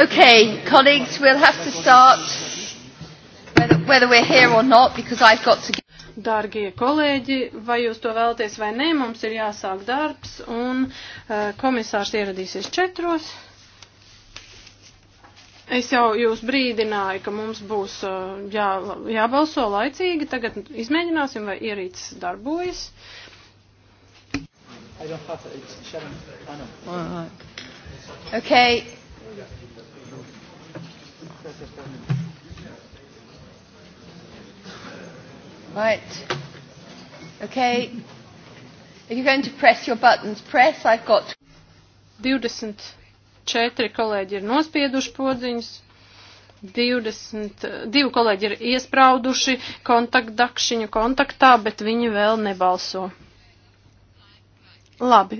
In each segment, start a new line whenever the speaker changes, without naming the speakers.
Okay, colleagues, we'll have to
start whether, whether we're here or not because I've got to. Dargie kolēģi, vai jūs to vēlaties vai nē, mums ir jāsāk darbs un uh, komisārs ieradīsies četros. Es jau jūs brīdināju, ka mums būs uh, jā, jābalso laicīgi. Tagad izmēģināsim, vai ierīces darbojas.
I don't have it. It's Sharon. I know. All right. Okay. Right.
Okay. If you're going to press your buttons, press. I've got 24 kolēģi ir nospieduši podziņus. 22 eh, kolēģi ir iesprauduši kontaktdakšiņu kontaktā, bet viņi vēl nebalso. Labi,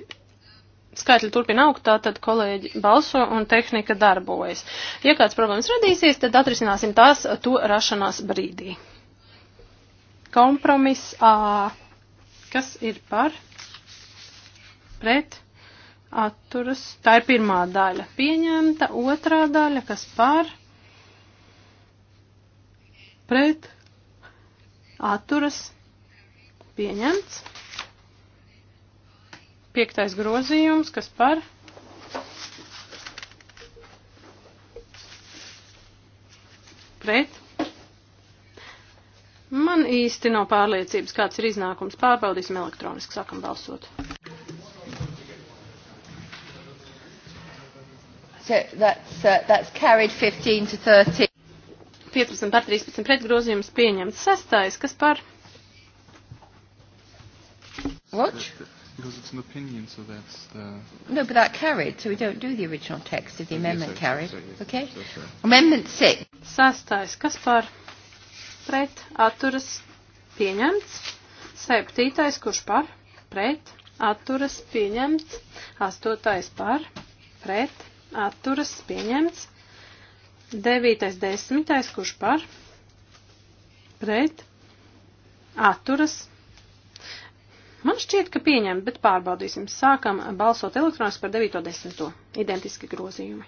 skaitļi turpina augt, tātad kolēģi balso un tehnika darbojas. Ja kāds problēmas radīsies, tad atrisināsim tās to rašanās brīdī. Kompromiss A. Kas ir par? Pret? Atturas. Tā ir pirmā daļa. Pieņemta. Otrā daļa. Kas par? Pret? Atturas. Pieņemts. Piektais grozījums, kas par? Pret? Man īsti nav pārliecības, kāds ir iznākums. Pārbaudīsim elektroniski, sākam balsot. So that's, uh, that's carried 15 to 13. 15 par 13 pretgrozījums pieņemts. Sestais, kas par?
Watch. Because it's an opinion, so that's the... No, but
that carried, so we don't do the original text if the oh, yes, amendment yes, carried. Yes, yes, okay? Yes, yes. Amendment 6. Sastais, kas par pret atturas pieņemts? Septītais, kurš par pret atturas pieņemts? Astotais par pret atturas pieņemts? Devītais, desmitais, kurš par pret atturas pieņemts? Man šķiet, ka pieņem, bet pārbaudīsim. Sākam balsot elektroniski par 9.10. Identiski grozījumi.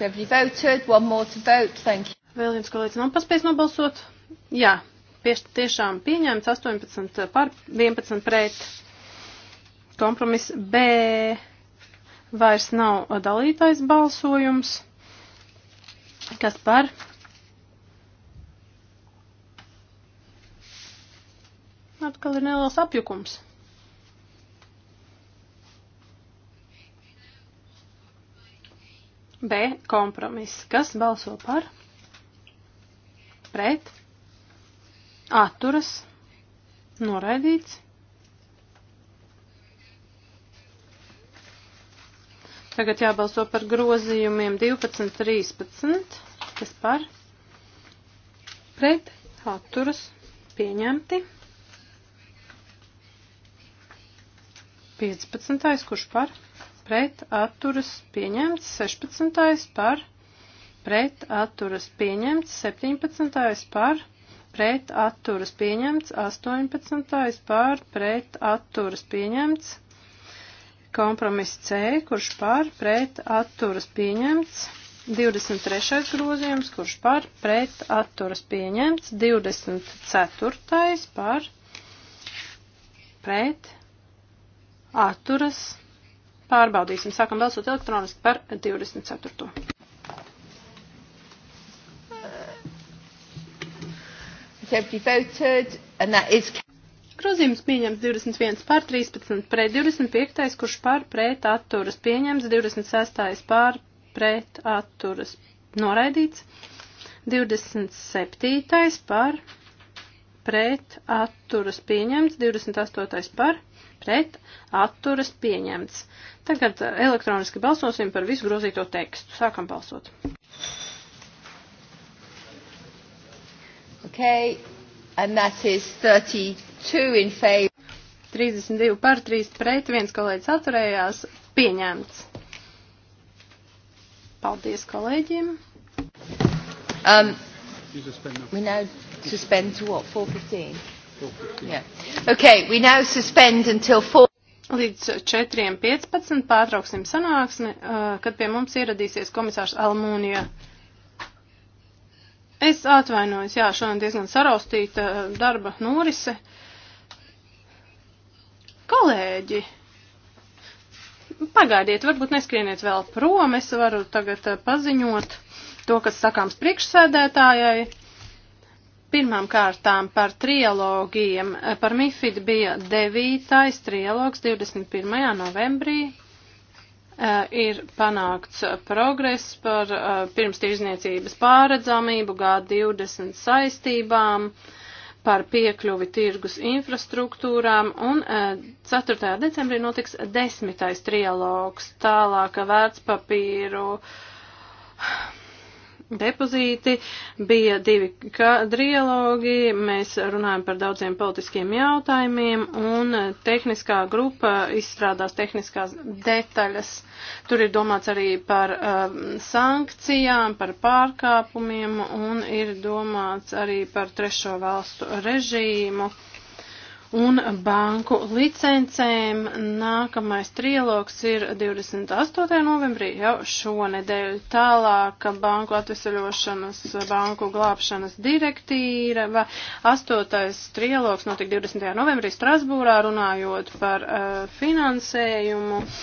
Voted, vote, Vēl viens kolēģis nav paspējis nobalsot. Jā, pieš, tiešām pieņemts 18 par 11 pret kompromis B. Vairs nav dalītais balsojums. Kas par? atkal ir neliels apjukums. B kompromiss. Kas balso par? Pret? Atturas? Noraidīts? Tagad jābalso par grozījumiem 12, 13. Kas par? Pret? Atturas? Pieņemti? 15. kurš par pret atturas pieņemts, 16. par pret atturas pieņemts, 17. par pret atturas pieņemts, 18. par pret atturas pieņemts, kompromiss C, kurš par pret atturas pieņemts, 23. grozījums, kurš par pret atturas pieņemts, 24. par pret atturas. Pārbaudīsim, sākam balsot elektroniski par 24. Is... Grozījums pieņems 21 pār 13 pret 25, kurš pār pret atturas pieņems, 26 pār pret atturas noraidīts, 27 pār pret atturas pieņems, 28 pār pret pret atturas pieņemts. Tagad eh, elektroniski balsosim par visu grozīto tekstu. Sākam balsot. Okay, and that is 32 in favor. 32 par 3 pret, viens kolēģis atturējās, pieņemts. Paldies kolēģiem. Um, we now suspend to what, 4.15? Yeah. Okay, we now suspend until 4. Līdz 4.15 pārtrauksim sanāksmi, uh, kad pie mums ieradīsies komisārs Almūnija. Es atvainojos, jā, šodien diezgan saraustīta uh, darba norise. Kolēģi! pagaidiet, varbūt neskrieniet vēl prom, es varu tagad uh, paziņot to, kas sakāms priekšsēdētājai. Pirmām kārtām par trilogiem. Par MIFID bija 9. trilogs 21. novembrī. Eh, ir panākts progress par eh, pirmstīrzniecības pāredzamību, G20 saistībām, par piekļuvi tirgus infrastruktūrām, un 4. Eh, decembrī notiks 10. trilogs, tālāka vērtspapīru depozīti, bija divi dialogi, mēs runājam par daudziem politiskiem jautājumiem, un tehniskā grupa izstrādās tehniskās detaļas. Tur ir domāts arī par uh, sankcijām, par pārkāpumiem, un ir domāts arī par trešo valstu režīmu. Uh, un banku licencēm. Nākamais trialogs ir 28. novembrī jau šonedēļ. Tālāk banku atvesaļošanas, banku glābšanas direktīva. Astotais trialogs notika 20. novembrī Strasbūrā runājot par uh, finansējumu. Uh,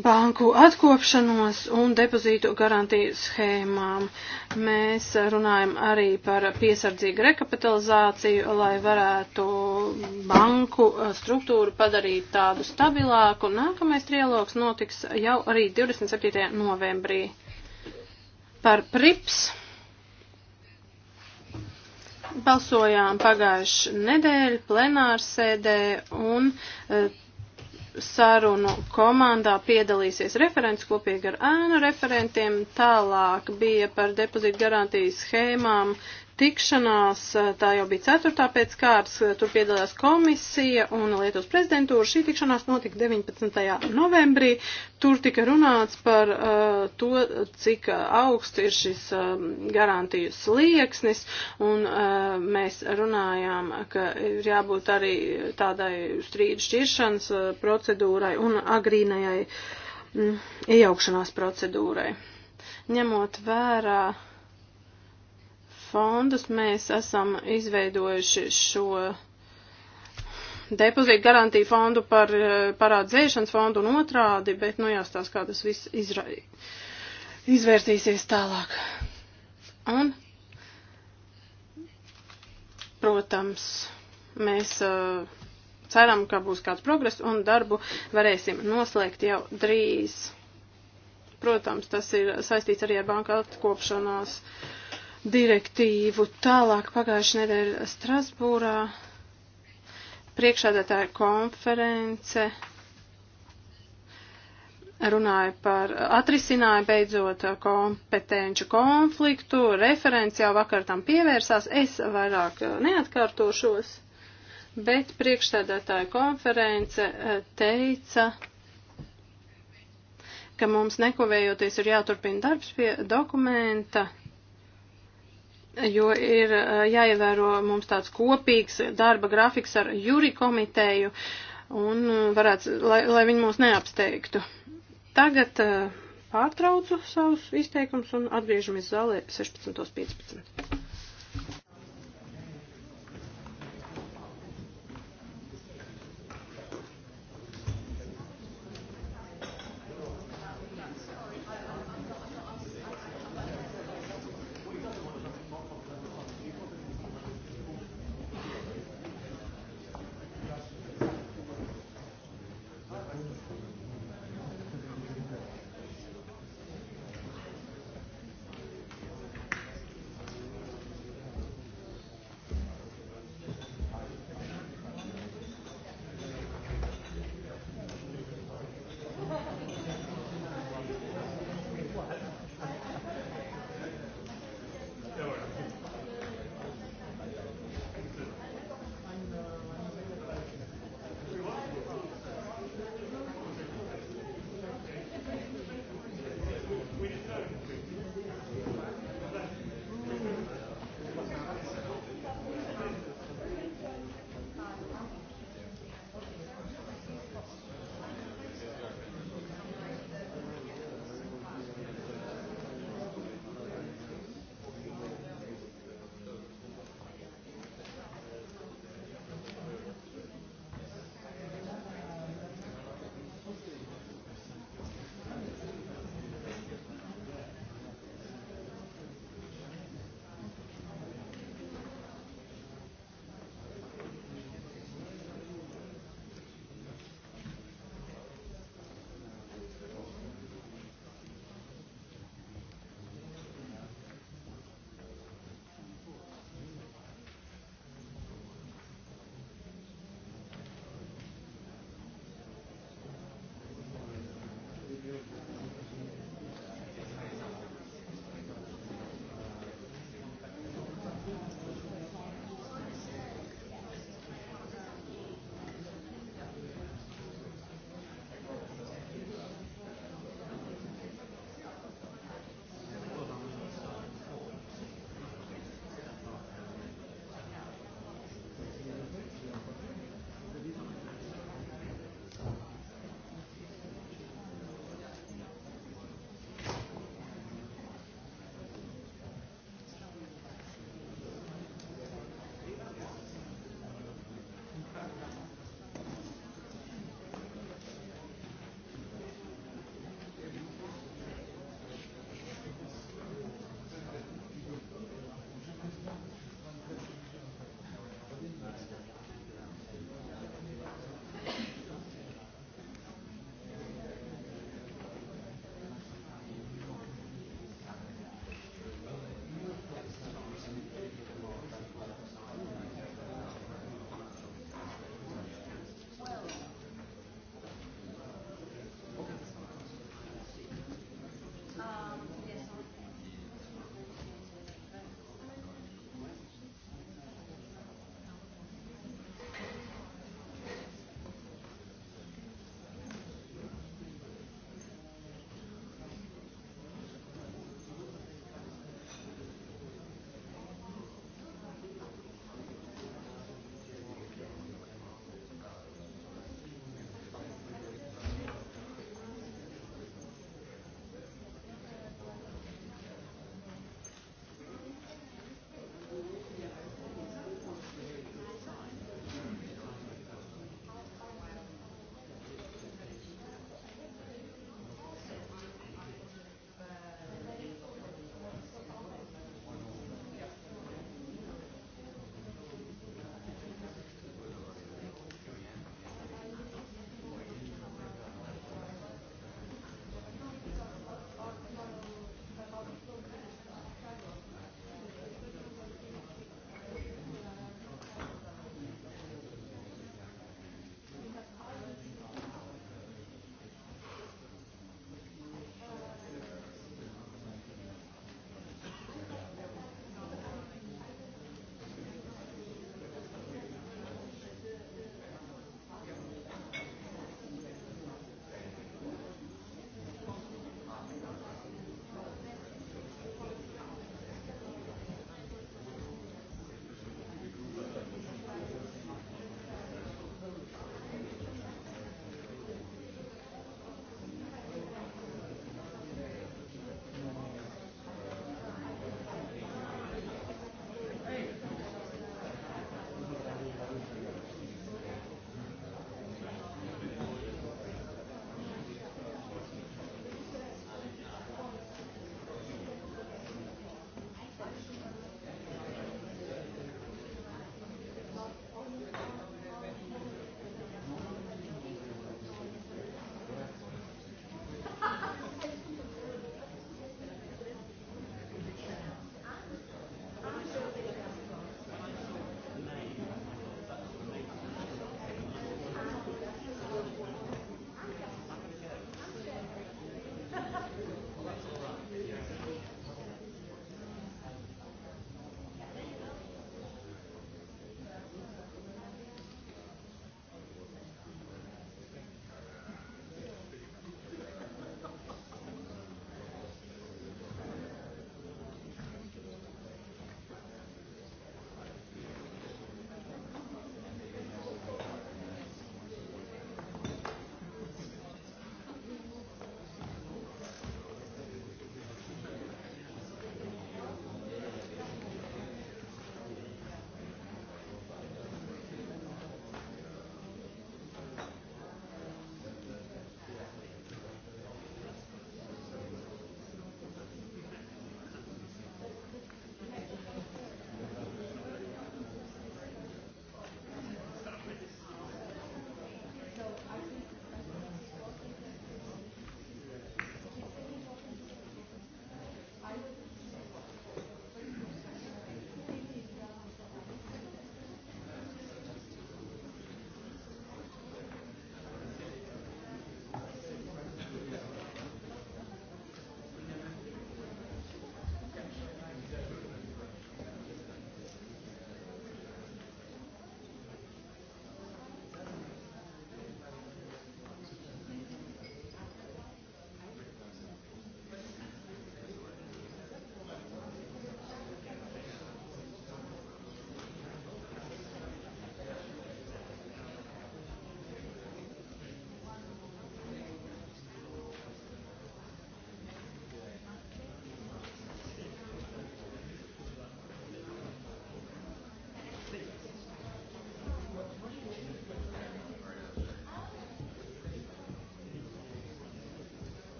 banku atkopšanos un depozītu garantiju schēmām. Mēs runājam arī par piesardzīgu rekapitalizāciju, lai varētu banku struktūru padarīt tādu stabilāku. Nākamais trialogs notiks jau arī 27. novembrī par prips. Balsojām pagājuši nedēļu plenārsēdē un eh, sarunu komandā piedalīsies referents kopīgi ar ēnu referentiem. Tālāk bija par depozītu garantijas schēmām tikšanās, eh, tā jau bija ceturtā pēc kārtas, eh, tur piedalās komisija un Lietuvas prezidentūra. Šī tikšanās notika 19. novembrī. Tur tika runāts par uh, to, cik augsts ir šis uh, garantiju slieksnis, un uh, mēs runājām, ka ir jābūt arī tādai strīdu šķiršanas uh, procedūrai un agrīnajai mm, iejaukšanās procedūrai. Ņemot vērā. Uh, fondus mēs esam izveidojuši šo depozītu garantiju fondu par eh, parādzēšanas fondu un otrādi, bet nu jāstās, kā tas viss izra... izvērsīsies tālāk. Un, protams, mēs uh, ceram, ka būs kāds progress un darbu varēsim noslēgt jau drīz. Protams, tas ir saistīts arī ar banka atkopšanās uh, direktīvu. Tālāk pagājušajā nedēļā Strasbūrā priekšādātāja konference runāja par atrisināja beidzot kompetenču konfliktu, referents jau vakar tam pievērsās, es vairāk neatkārtošos, bet priekšsēdētāja konference eh, teica, ka mums nekovējoties ir jāturpina darbs pie dokumenta jo ir eh, jāievēro mums tāds kopīgs darba grafiks ar jūri komiteju, un eh, varētu, lai, lai viņi mūs neapsteigtu. Tagad eh, pārtraucu savus izteikums un atgriežamies zālē 16.15.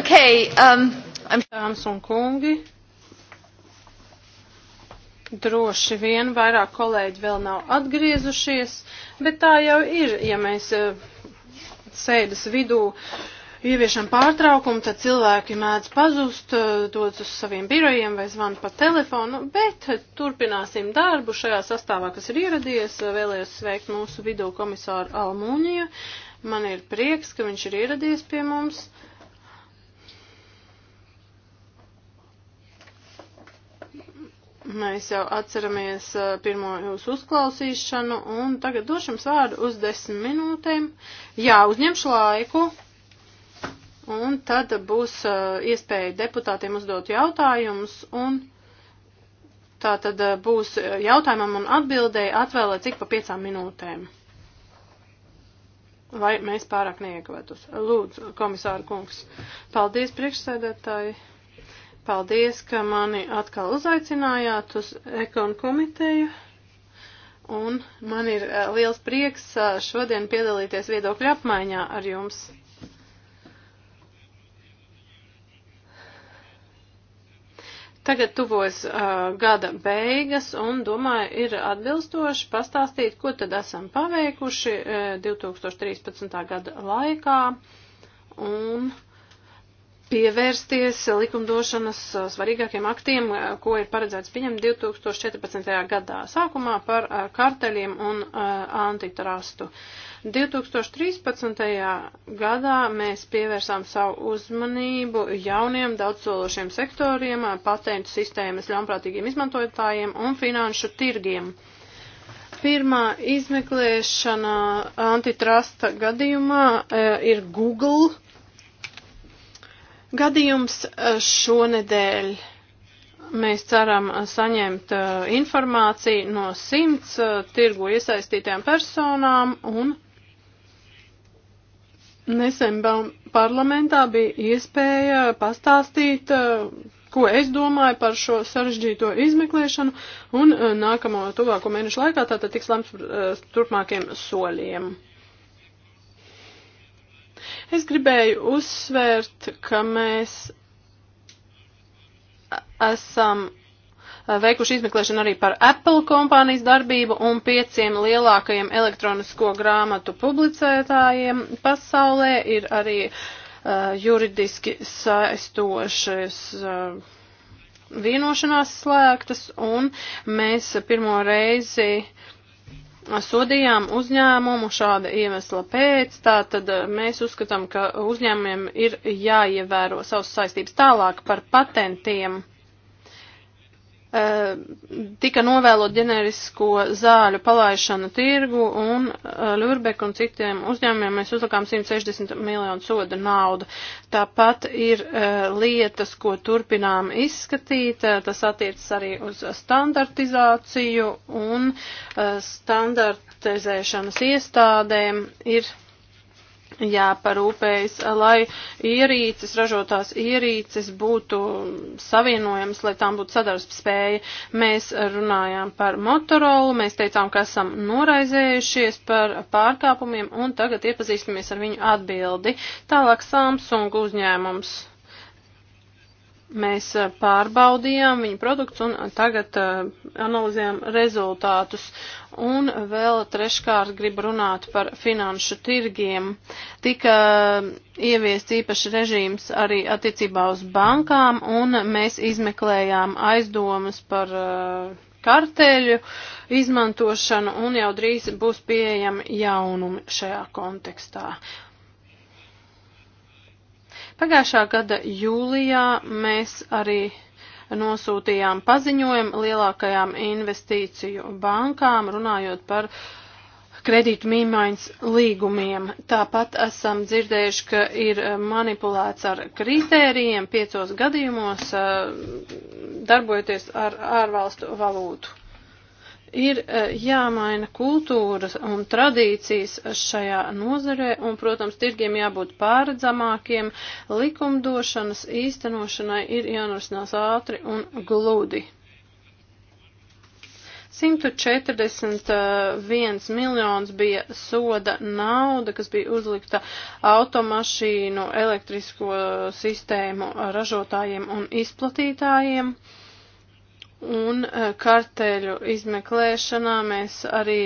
Okay, um, I'm... Dāmas un kungi, droši vien vairāk kolēģi vēl nav atgriezušies, bet tā jau ir, ja mēs uh, sēdes vidū ieviešam pārtraukumu, tad cilvēki mēdz pazust, uh, dodas uz saviem birojiem vai zvan pa telefonu, bet turpināsim darbu šajā sastāvā, kas ir ieradies. Vēlējos sveikt mūsu vidū komisāru Almūniju. Man ir prieks, ka viņš ir ieradies pie mums. Mēs jau atceramies pirmo jūsu uzklausīšanu, un tagad došu jums vārdu uz desmit minūtēm. Jā, uzņemšu laiku, un tad būs iespēja deputātiem uzdot jautājumus, un tā tad būs jautājumam un atbildēji atvēlēt cik pa piecām minūtēm. Vai mēs pārāk neiekvētus? Lūdzu, komisāra kungs. Paldies, priekšsēdētāji. Paldies, ka mani atkal uzaicinājāt uz ekonu komiteju. Un man ir eh, liels prieks eh, šodien piedalīties viedokļu apmaiņā ar jums. Tagad tuvojas uh, eh, gada beigas un, domāju, ir atbilstoši pastāstīt, ko tad esam paveikuši uh, 2013. gada laikā. Un, uh, pievērsties likumdošanas uh, svarīgākiem aktiem, uh, ko ir paredzēts pieņemt 2014. gadā. Sākumā par uh, karteļiem un antitrastu. 2013. gadā mēs pievērsām savu uzmanību jauniem daudzsološiem sektoriem, patentu sistēmas ļaunprātīgiem izmantotājiem un finanšu tirgiem pirmā izmeklēšana antitrusta gadījumā e, ir Google, Gadījums eh, šonedēļ mēs ceram eh, saņemt eh, informāciju no simts tirgu iesaistītām personām un nesen parlamentā bija iespēja pastāstīt, ko es domāju par šo sarežģīto izmeklēšanu un nākamo tuvāko mēnešu laikā tātad tiks lemts par turpmākiem soļiem. Es gribēju uzsvērt, ka mēs esam veikuši izmeklēšanu arī par Apple kompānijas darbību un pieciem lielākajiem elektronisko grāmatu publicētājiem pasaulē ir arī uh, juridiski saistošas uh, vienošanās slēgtas un mēs pirmo reizi sodījām uzņēmumu šāda iemesla pēc, tātad eh, mēs uzskatām, ka uzņēmumiem ir jāievēro savas saistības tālāk par patentiem. Eh, tika novēlot ģenerisko zāļu palaišanu tirgu un Ļurbek eh, un citiem uzņēmumiem mēs uzlikām 160 miljonu soda naudu. Tāpat ir eh, lietas, ko turpinām izskatīt, tas attiecas arī uz standartizāciju un standartizēšanas iestādēm ir jāparūpējas, lai ierīces, ražotās ierīces būtu savienojamas, lai tām būtu sadarbspēja. Mēs runājām par Motorola, mēs teicām, ka esam noraizējušies par pārkāpumiem un tagad iepazīstamies ar viņu atbildi. Tālāk Samsung uzņēmums Mēs eh, pārbaudījām viņu produktus un tagad eh, analizējam rezultātus. Un vēl treškārt gribu runāt par finanšu tirgiem. Tika eh, ieviests īpaši režīms arī attiecībā uz bankām, un mēs izmeklējām aizdomas par karteļu izmantošanu, un jau drīz būs pieejami jaunumi šajā kontekstā. Pagājušā gada jūlijā mēs arī nosūtījām paziņojumu lielākajām investīciju bankām, runājot par kredītu mīmaiņas līgumiem. Tāpat esam dzirdējuši, ka ir manipulēts ar kritērijiem piecos gadījumos, eh, darbojoties ar ārvalstu valūtu. Ir eh, jāmaina kultūras un tradīcijas šajā nozarē, un, protams, tirgiem jābūt pāredzamākiem, likumdošanas īstenošanai ir jānorisinās ātri un gludi. 141 miljons bija soda nauda, kas bija uzlikta automašīnu elektrisko sistēmu ražotājiem un izplatītājiem. Uh, Un eh, kartēļu izmeklēšanā mēs arī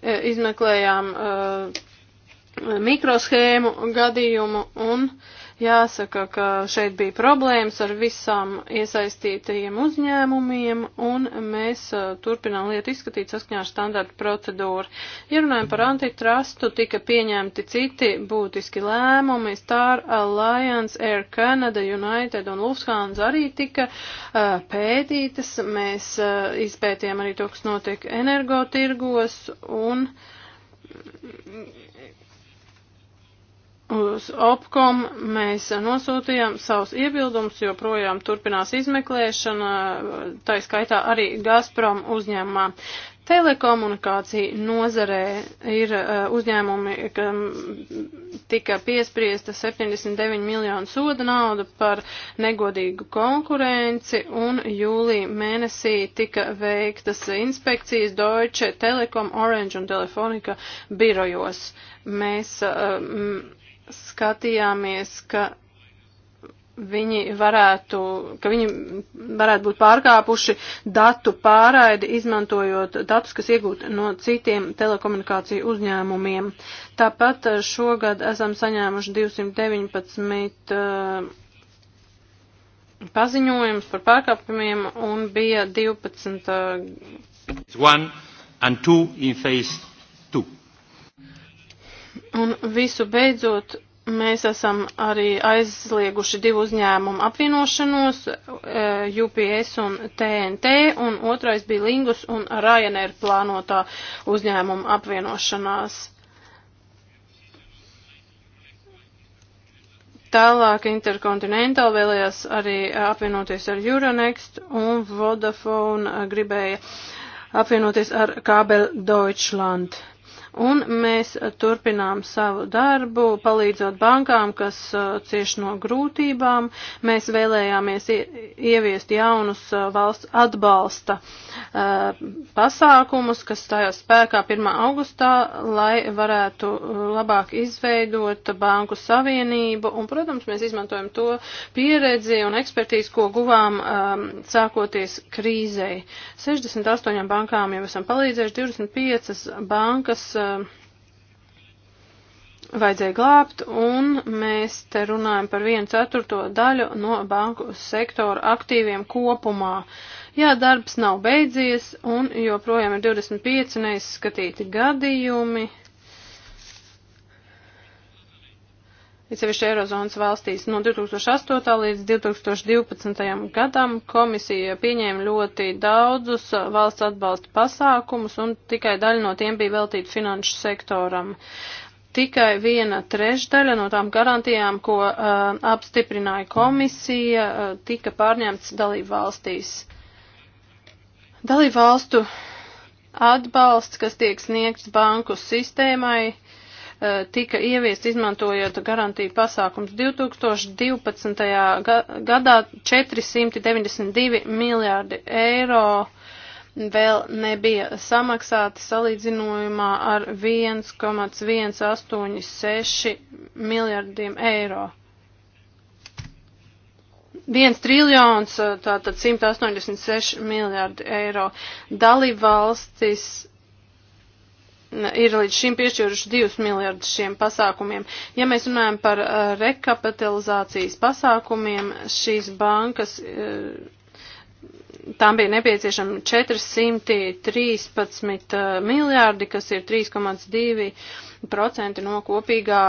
eh, izmeklējām eh, mikroshēmu gadījumu un uh, Jāsaka, ka šeit bija problēmas ar visām iesaistītajiem uzņēmumiem, un mēs uh, turpinām lietu izskatīt saskaņā ar standartu procedūru. Ja runājam par antitrustu, tika pieņemti citi būtiski lēmumi. Star Alliance, Air Canada, United un Lufthansa arī tika uh, pētītas. Mēs uh, izpētījām arī to, kas notiek energotirgos, un Uz OPCOM mēs nosūtījām savus iebildumus, joprojām turpinās izmeklēšana, tā skaitā arī Gazprom uzņēmumā. Telekomunikācija nozarē ir uh, uzņēmumi, kam tika piespriesta 79 miljonu soda nauda par negodīgu konkurenci, un jūlī mēnesī tika veiktas inspekcijas Deutsche Telekom, Orange un Telefonika birojos. Mēs, uh, skatījāmies, ka viņi varētu, ka viņi varētu būt pārkāpuši datu pārraidi, izmantojot datus, kas iegūt no citiem telekomunikāciju uzņēmumiem. Tāpat eh, šogad esam saņēmuši 219 uh, paziņojums par pārkāpumiem un bija 12. Uh,
eh, One and two in phase
Un visu beidzot, mēs esam arī aizlieguši divu uzņēmumu apvienošanos, e, UPS un TNT, un otrais bija Lingus un Ryanair plānotā uzņēmuma apvienošanās. Tālāk Intercontinental vēlējās arī apvienoties ar Euronext un Vodafone gribēja apvienoties ar Kabel Deutschland un mēs turpinām savu darbu, palīdzot bankām, kas uh, cieš no grūtībām. Mēs vēlējāmies ieviest jaunus uh, valsts atbalsta uh, pasākumus, kas stājās spēkā 1. augustā, lai varētu labāk izveidot banku savienību. Un, protams, mēs izmantojam to pieredzi un ekspertīzi, ko guvām um, sākoties krīzei. 68 bankām jau esam palīdzējuši, 25 bankas uh, vajadzēja glābt, un mēs te runājam par vienu ceturto daļu no banku sektora aktīviem kopumā. Jā, darbs nav beidzies, un joprojām ir 25 neizskatīti gadījumi, Īsevišķi Eirozonas valstīs no 2008. līdz 2012. gadam komisija pieņēma ļoti daudzus uh, valsts atbalsta pasākumus un tikai daļa no tiem bija veltīta finanšu sektoram tikai viena trešdaļa no tām garantijām, ko uh, apstiprināja komisija, uh, tika pārņemts dalību valstīs. Dalību valstu atbalsts, kas tiek sniegts banku sistēmai, E, tika ieviest izmantojot garantiju pasākums 2012. gadā 492 miljārdi eiro vēl nebija samaksāti salīdzinojumā ar 1,186 miljardiem eiro. 1 triljons, tātad 186 miljārdi eiro. Dalībvalstis ir līdz šim piešķīruši 2 miljardus šiem pasākumiem. Ja mēs runājam par uh, rekapitalizācijas pasākumiem, šīs bankas, uh, tām bija nepieciešami 413 uh, miljārdi, kas ir 3,2% no kopīgā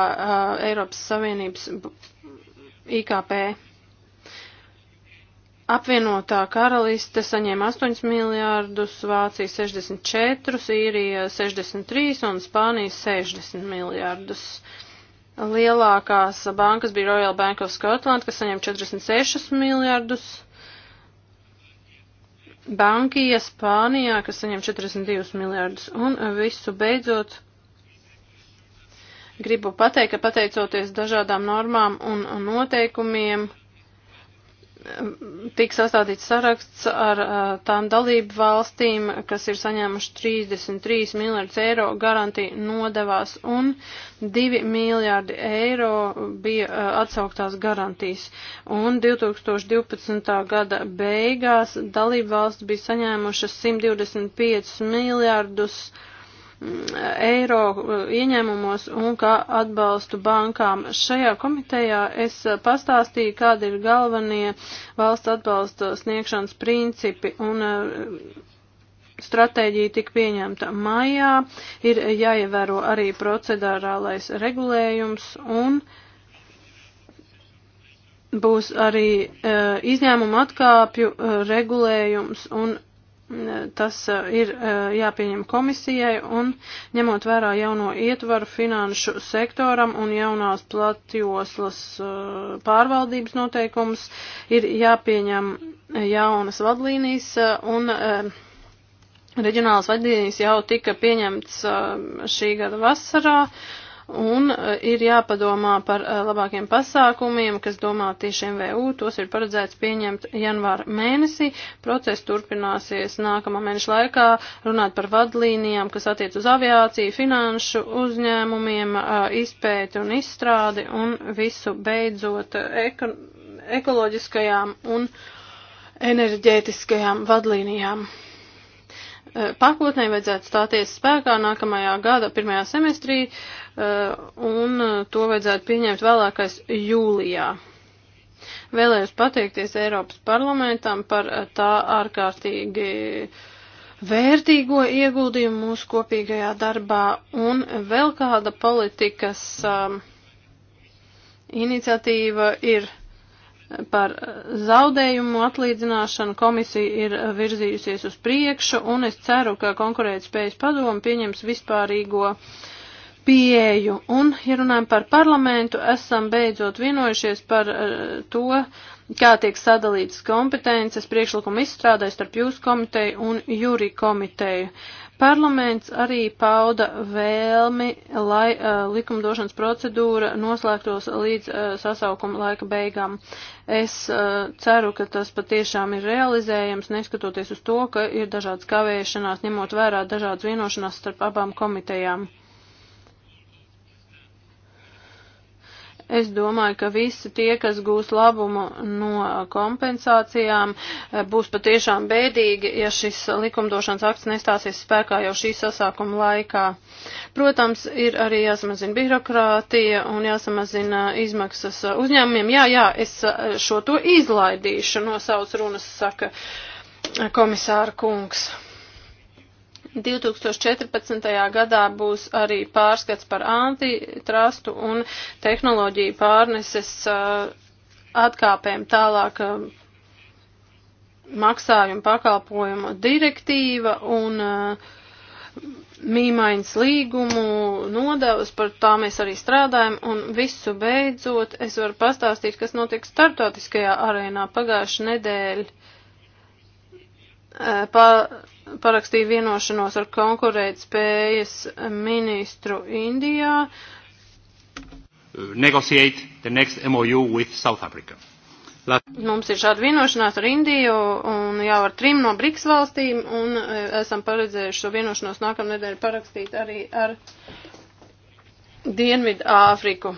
Eiropas Savienības IKP. Apvienotā karaliste saņēma 8 miljārdus, Vācija 64, Sīrija 63 un Spānija 60 miljārdus. Lielākās bankas bija Royal Bank of Scotland, kas saņēma 46 miljārdus. Bankija Spānijā, kas saņem 42 miljārdus. Un visu beidzot, gribu pateikt, ka pateicoties dažādām normām un noteikumiem, tiks sastādīts saraksts ar uh, tām dalību valstīm, kas ir saņēmuši 33 miljardus eiro garantiju nodevās un 2 miljardi eiro bija uh, atsauktās garantijas. Un 2012. gada beigās dalību valsts bija saņēmušas 125 miljardus eiro eiro e, ieņēmumos un kā atbalstu bankām. Šajā komitejā es pastāstīju, kādi ir galvenie valsts atbalsta sniegšanas principi un e, stratēģija tika pieņemta maijā, ir jāievēro arī procedārālais regulējums un būs arī e, izņēmuma atkāpju e, regulējums un Tas e, ir e, jāpieņem komisijai un ņemot vērā jauno ietvaru finanšu sektoram un jaunās platjoslas e, pārvaldības noteikumus, ir jāpieņem jaunas vadlīnijas un reģionālas vadlīnijas jau tika pieņemts šī gada vasarā Un e, ir jāpadomā par e, labākiem pasākumiem, kas domāti tieši MVU. Tos ir paredzēts pieņemt janvāra mēnesī. Process turpināsies nākamā mēneša laikā. Runāt par vadlīnijām, kas attiec uz aviāciju, finanšu uzņēmumiem, e, izpēti un izstrādi un visu beidzot eko, ekoloģiskajām un enerģētiskajām vadlīnijām pakotnē vajadzētu stāties spēkā nākamajā gada pirmajā semestrī, Eh, un eh, to vajadzētu pieņemt vēlākais jūlijā. Vēlējos pateikties Eiropas parlamentam par eh, tā ārkārtīgi vērtīgo ieguldījumu mūsu kopīgajā darbā un vēl kāda politikas um, iniciatīva ir par zaudējumu atlīdzināšanu komisija ir virzījusies uz priekšu, un es ceru, ka konkurētspējas padomu pieņems vispārīgo uh, pieeju. Un, ja runājam par parlamentu, esam beidzot vienojušies par uh, to, kā tiek sadalītas kompetences priekšlikuma izstrādē starp jūsu komiteju un jūri komiteju. Parlaments arī pauda vēlmi, lai uh, likumdošanas procedūra noslēgtos līdz uh, sasaukuma laika beigām. Es uh, ceru, ka tas patiešām ir realizējams, neskatoties uz to, ka ir dažādas kavēšanās, ņemot vērā dažādas vienošanās starp abām komitejām. Uh, Es domāju, ka visi tie, kas gūs labumu no kompensācijām, būs patiešām bēdīgi, ja šis likumdošanas akts nestāsies spēkā jau šī sasākuma laikā. Protams, ir arī jāsamazina birokrātija un jāsamazina izmaksas uzņēmumiem. Jā, jā, es šo to izlaidīšu no savas runas, saka komisāra kungs. 2014. gadā būs arī pārskats par antitrustu un tehnoloģiju pārneses uh, atkāpēm tālāk uh, maksājumu pakalpojumu direktīva un uh, mīmaiņas līgumu nodevas, par tā mēs arī strādājam, un visu beidzot es varu pastāstīt, kas notiek startautiskajā arēnā pagājuši nedēļa. Pa, parakstīja vienošanos ar konkurētspējas ministru Indijā.
Uh, negotiate the next MOU with South Africa.
Mums ir šāda vienošanās ar Indiju un jau ar trim no BRICS valstīm, un uh, esam paredzējuši šo vienošanos nākamnedēļ parakstīt arī ar Dienvidu Āfriku.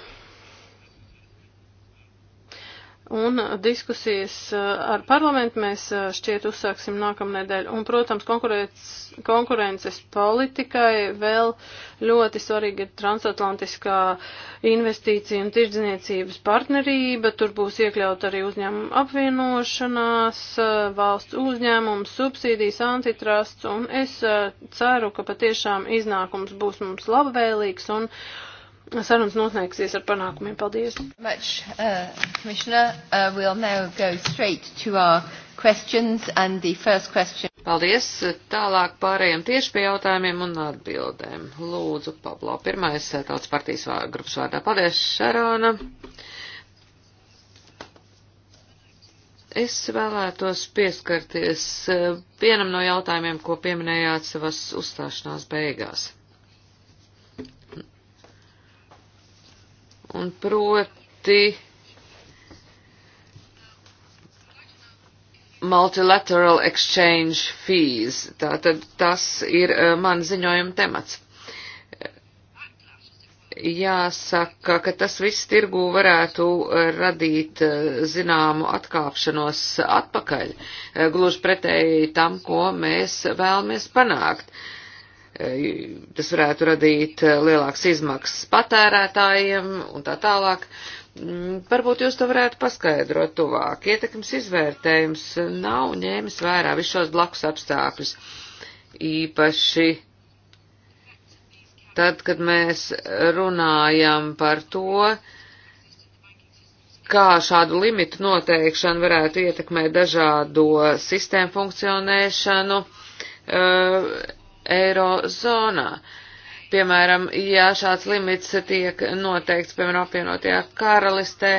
Un diskusijas eh, ar parlamentu mēs eh, šķiet uzsāksim nākamnedēļ. Un, protams, konkurences politikai vēl ļoti svarīga ir transatlantiskā investīcija un tirdzniecības partnerība. Tur būs iekļaut arī uzņēmumu apvienošanās, eh, valsts uzņēmumu, subsīdijas, antitrusts. Un es ceru, ka patiešām iznākums būs mums labvēlīgs. Un, uh, Sarunas noslēgsies ar panākumiem. Paldies! Much,
uh, Commissioner, uh, we'll now go straight to our questions and the first
question. Paldies! Tālāk pārējiem tieši pie jautājumiem un atbildēm. Lūdzu, Pablo, pirmais uh, tautas partijas vār, grupas vārdā. Paldies, Šarona! Es vēlētos pieskarties uh, vienam no jautājumiem, ko pieminējāt savas uzstāšanās beigās. un proti Multilateral Exchange Fees. Tātad tas ir eh, man ziņojuma temats. Jāsaka, ka tas viss tirgū varētu eh, radīt eh, zināmu atkāpšanos atpakaļ, gluži pretēji tam, ko mēs vēlamies panākt. Uh, tas varētu radīt eh, lielākas izmaksas patērētājiem un tā tālāk. Mm, varbūt jūs to varētu paskaidrot tuvāk. Ietekmes izvērtējums nav ņēmis vērā visus šos blakus apstākļus. Īpaši tad, kad mēs runājam par to, kā šādu limitu noteikšanu varētu ietekmēt dažādo sistēmu funkcionēšanu, eh, eirozonā. Piemēram, ja šāds limits tiek noteikts, piemēram, apvienotajā karalistē,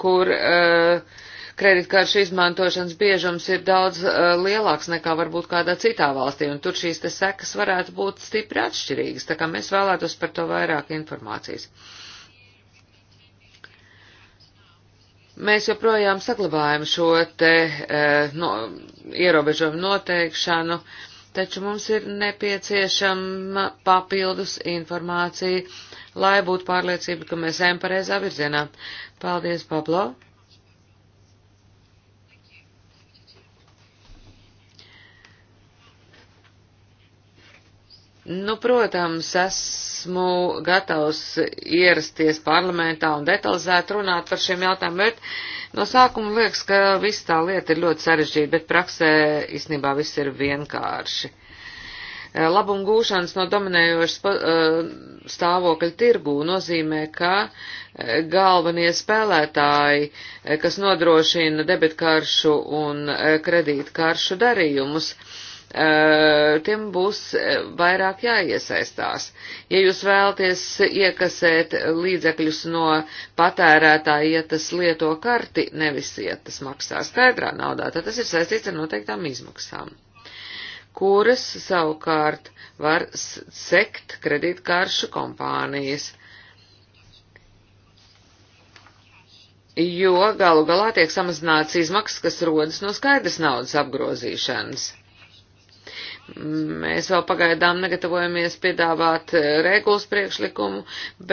kur uh, eh, kreditkāršu izmantošanas biežums ir daudz uh, lielāks nekā varbūt kādā citā valstī, un tur šīs te sekas varētu būt stipri atšķirīgas, tā kā mēs vēlētos par to vairāk informācijas. Mēs joprojām saglabājam šo te uh, no, ierobežojumu noteikšanu. Uh, taču mums ir nepieciešama papildus informācija, lai būtu pārliecība, ka mēs ejam pareizā virzienā. Paldies, Pablo! Nu, protams, esmu gatavs ierasties parlamentā un detalizēt runāt par šiem jautājumiem, bet no sākuma liekas, ka viss tā lieta ir ļoti sarežģīta, bet praksē īstenībā viss ir vienkārši. Eh, Labuma gūšanas no dominējošas eh, stāvokļa tirgū nozīmē, ka eh, galvenie spēlētāji, kas nodrošina debitkaršu un kredītkaršu darījumus, Eh, tiem būs eh, vairāk jāiesaistās. Ja jūs vēlaties iekasēt līdzekļus no patērētāja, ja tas lieto karti, nevis, ja tas maksā skaidrā naudā, tad tas ir saistīts ar noteiktām izmaksām, kuras savukārt var sekt kredītkāršu kompānijas. Jo galu galā tiek samazināts izmaksas, kas rodas no skaidras naudas apgrozīšanas. Mēs vēl pagaidām negatavojamies piedāvāt eh, regulas priekšlikumu,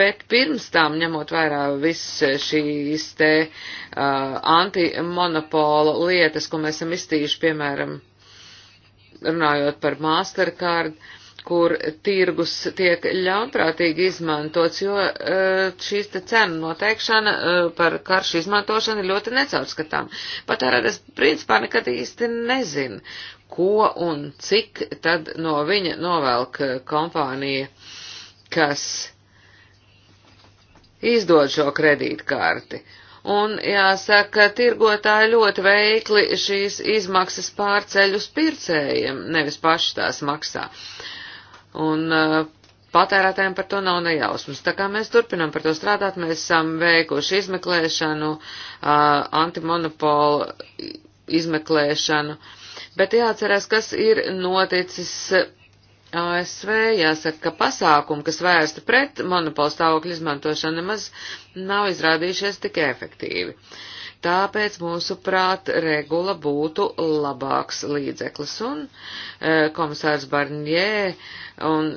bet pirms tam, ņemot vērā visas šīs te uh, antimonopola lietas, ko mēs esam iztījuši, piemēram, runājot par Mastercard, uh, kur tirgus tiek ļaunprātīgi izmantots, jo e, šīs te cenu noteikšana e, par karšu izmantošanu ir ļoti necaurskatām. Patērētājs principā nekad īsti nezin, ko un cik tad no viņa novelk kompānija, kas izdod šo kredītkarti. Un jāsaka, tirgotāji ļoti veikli šīs izmaksas pārceļ uz pircējiem, nevis paši tās maksā. Uh, Un uh, patērētājiem par to nav nejausmas. Tā kā mēs turpinām par to strādāt, mēs esam veikuši izmeklēšanu, uh, antimonopolu izmeklēšanu, bet jāatcerās, kas ir noticis ASV jāsaka, ka pasākumi, kas vērsti pret monopolu stāvokļu izmantošanu, nemaz nav izrādījušies tik efektīvi. Tāpēc mūsu prāt regula būtu labāks līdzeklis un e, komisārs Barņē un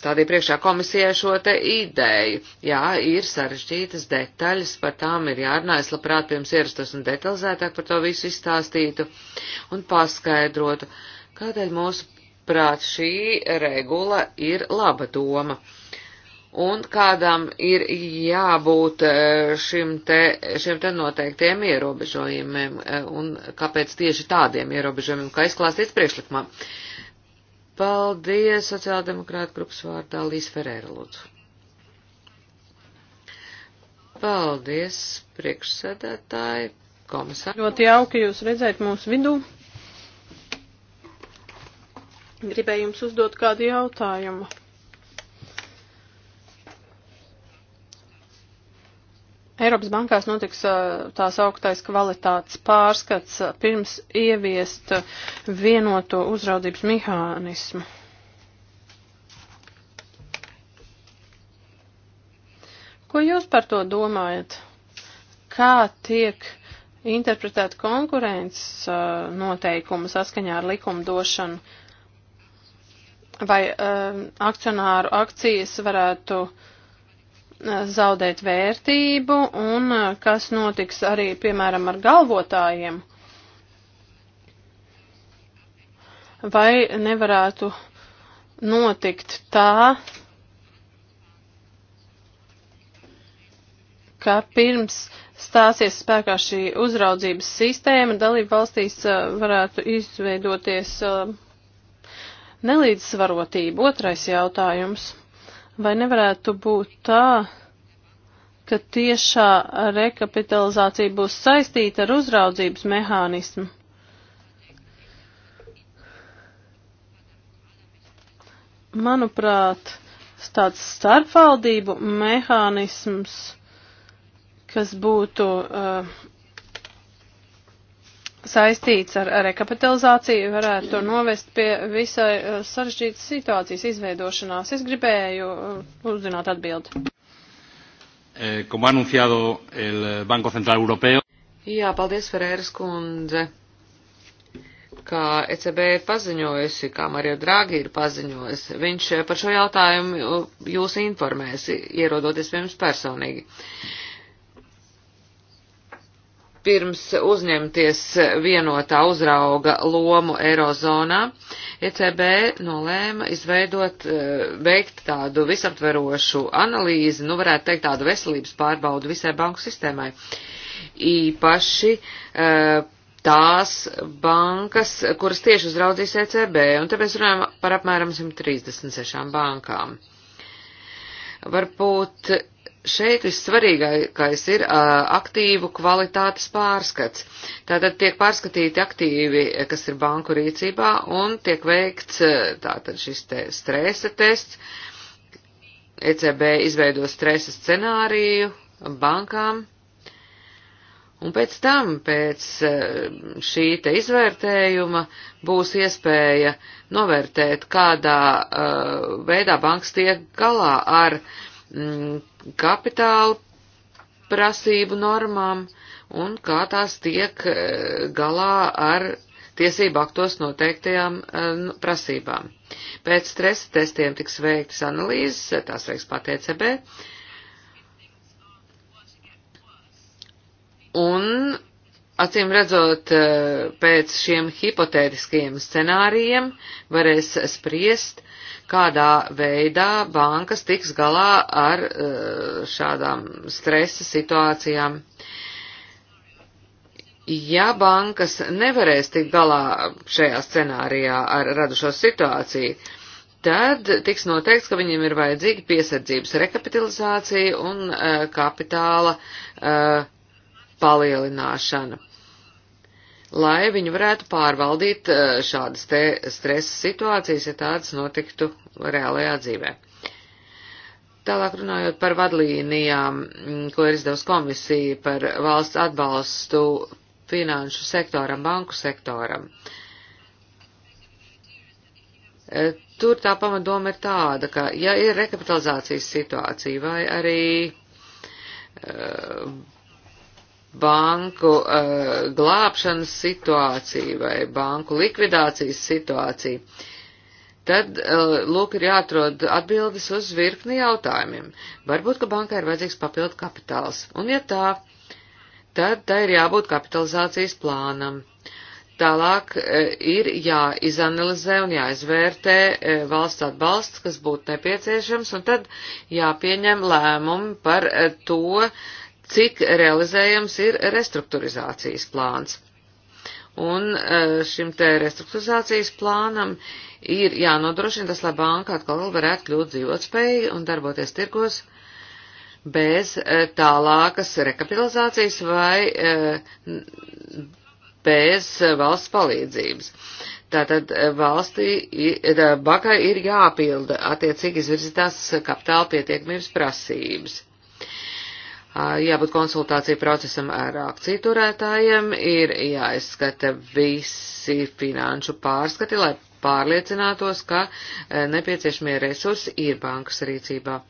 stādīja priekšā komisijai šo te ideju. Jā, ir sarežģītas detaļas, par tām ir jārunā. Es labprāt pirms ierastos un detalizētāk par to visu izstāstītu un paskaidrotu, kādēļ mūsu prāt šī regula ir laba doma. Uh, un kādam ir jābūt e, šim te, šiem te noteiktiem ierobežojumiem, e, un kāpēc tieši tādiem ierobežojumiem, kā izklāstīts priekšlikumā. Paldies, sociāldemokrāta grupas vārdā Līs Ferēra, lūdzu. Paldies,
priekšsēdētāji, komisāri. Ļoti jauki jūs redzēt mūsu vidū. Gribēju jums uzdot kādu jautājumu. Eiropas bankās notiks tās augtais kvalitātes pārskats pirms ieviest vienoto uzraudzības mehānismu. Ko jūs par to domājat? Kā tiek interpretēt konkurences noteikumu saskaņā ar likumdošanu? Vai um, akcionāru akcijas varētu uh, zaudēt vērtību un eh, kas notiks arī, piemēram, ar galvotājiem. Vai nevarētu notikt tā, ka pirms stāsies spēkā šī uzraudzības sistēma, dalību valstīs eh, varētu izveidoties eh, nelīdzsvarotība. Otrais jautājums. Vai nevarētu būt tā, ka tiešā rekapitalizācija būs saistīta ar uzraudzības mehānismu? Manuprāt, tāds starpvaldību mehānisms, kas būtu uh, saistīts ar rekapitalizāciju, varētu novest pie visai uh, sarežģītas situācijas izveidošanās. Es gribēju uh, uzzināt atbildi.
Eh, como ha anunciado el Banco Central Europeo.
Jā, paldies, Ferēras kundze.
Kā ECB ir paziņojusi, kā Mario Draghi ir paziņojusi, viņš eh, par šo jautājumu uh, jūs informēs, ierodoties pie jums personīgi. Uh, Pirms uzņemties vienotā uzrauga lomu Eirozonā, ECB nolēma izveidot, e, veikt tādu visaptverošu analīzi, nu varētu teikt tādu veselības pārbaudu visai banku sistēmai. Īpaši e, tās bankas, kuras tieši uzraudzīs ECB, un te mēs runājam par apmēram 136 bankām. Varbūt šeit vissvarīgākais ir aktīvu kvalitātes pārskats. Tātad tiek pārskatīti aktīvi, kas ir banku rīcībā, un tiek veikts tātad šis te stresa tests. ECB izveido stresa scenāriju bankām. Un pēc tam, pēc šī te izvērtējuma, būs iespēja novērtēt, kādā uh, veidā banks tiek galā ar mm, kapitāla prasību normām un kā tās tiek eh, galā ar tiesību aktos noteiktajām eh, prasībām. Pēc stresa testiem tiks veiktas analīzes, eh, tās veiks pat ECB. Un Acīm redzot, eh, pēc šiem hipotētiskajiem scenārijiem varēs spriest, kādā veidā bankas tiks galā ar eh, šādām stresa situācijām. Ja bankas nevarēs tikt galā šajā scenārijā ar radušo situāciju, tad tiks noteikts, ka viņiem ir vajadzīga piesardzības rekapitalizācija un eh, kapitāla uh, palielināšana, lai viņi varētu pārvaldīt eh, šādas te stresa situācijas, ja tādas notiktu reālajā dzīvē. Tālāk runājot par vadlīnijām, mm, ko ir izdevusi komisija par valsts atbalstu finanšu sektoram, banku sektoram. Eh, tur tā pamatoma ir tāda, ka ja ir rekapitalizācijas situācija vai arī eh, banku uh, glābšanas situāciju vai banku likvidācijas situāciju, tad, uh, lūk, ir jāatrod atbildes uz virkni jautājumiem. Varbūt, ka bankai ir vajadzīgs papildu kapitāls, un ja tā, tad tai ir jābūt kapitalizācijas plānam. Tālāk eh, ir jāizanalizē un jāizvērtē valsts atbalsts, kas būtu nepieciešams, un tad jāpieņem lēmumi par to, cik realizējams ir restruktūrizācijas plāns. Un e, šim te restruktūrizācijas plānam ir jānodrošina tas, lai banka atkal varētu kļūt dzīvotspēja un darboties tirgos bez e, tālākas rekapitalizācijas vai e, bez valsts palīdzības. Tātad valstī, bankai ir jāpilda attiecīgi izvirzītās kapitāla pietiekamības prasības jābūt konsultāciju procesam ar akciju turētājiem, ir jāizskata visi finanšu pārskati, lai pārliecinātos, ka nepieciešamie resursi ir bankas rīcībā.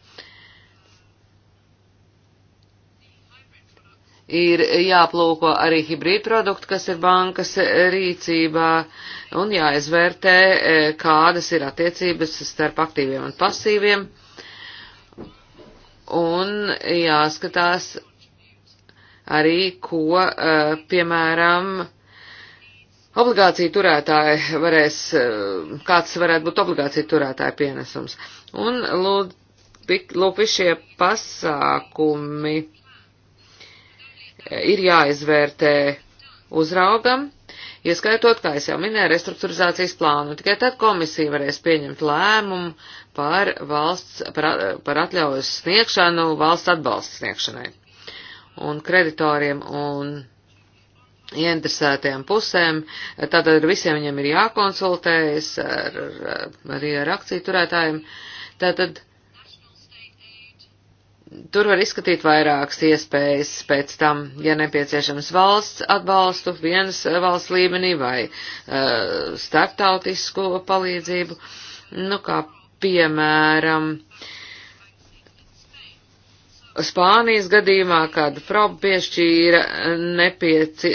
ir jāplūko arī hibrīdprodukti, kas ir bankas rīcībā, un jāizvērtē, kādas ir attiecības starp aktīviem un pasīviem un jāskatās arī, ko, eh, piemēram, obligāciju turētāji varēs, eh, kāds varētu būt obligāciju turētāja pienesums. Un lūk, šie pasākumi eh, ir jāizvērtē uzraugam, ieskaitot, kā es jau minēju, restruktūrizācijas plānu. Tikai tad komisija varēs pieņemt lēmumu par, valsts, par, par atļaujas sniegšanu valsts atbalsta sniegšanai. Un kreditoriem un ieinteresētajām pusēm, tātad ar visiem viņiem ir jākonsultējas, ar, ar, arī ar akciju turētājiem. Tātad tur var izskatīt vairākas iespējas pēc tam, ja nepieciešams valsts atbalstu vienas valsts līmenī vai uh, eh, starptautisko palīdzību. Nu, kā piemēram, Spānijas gadījumā kādu probu piešķīra nepieci,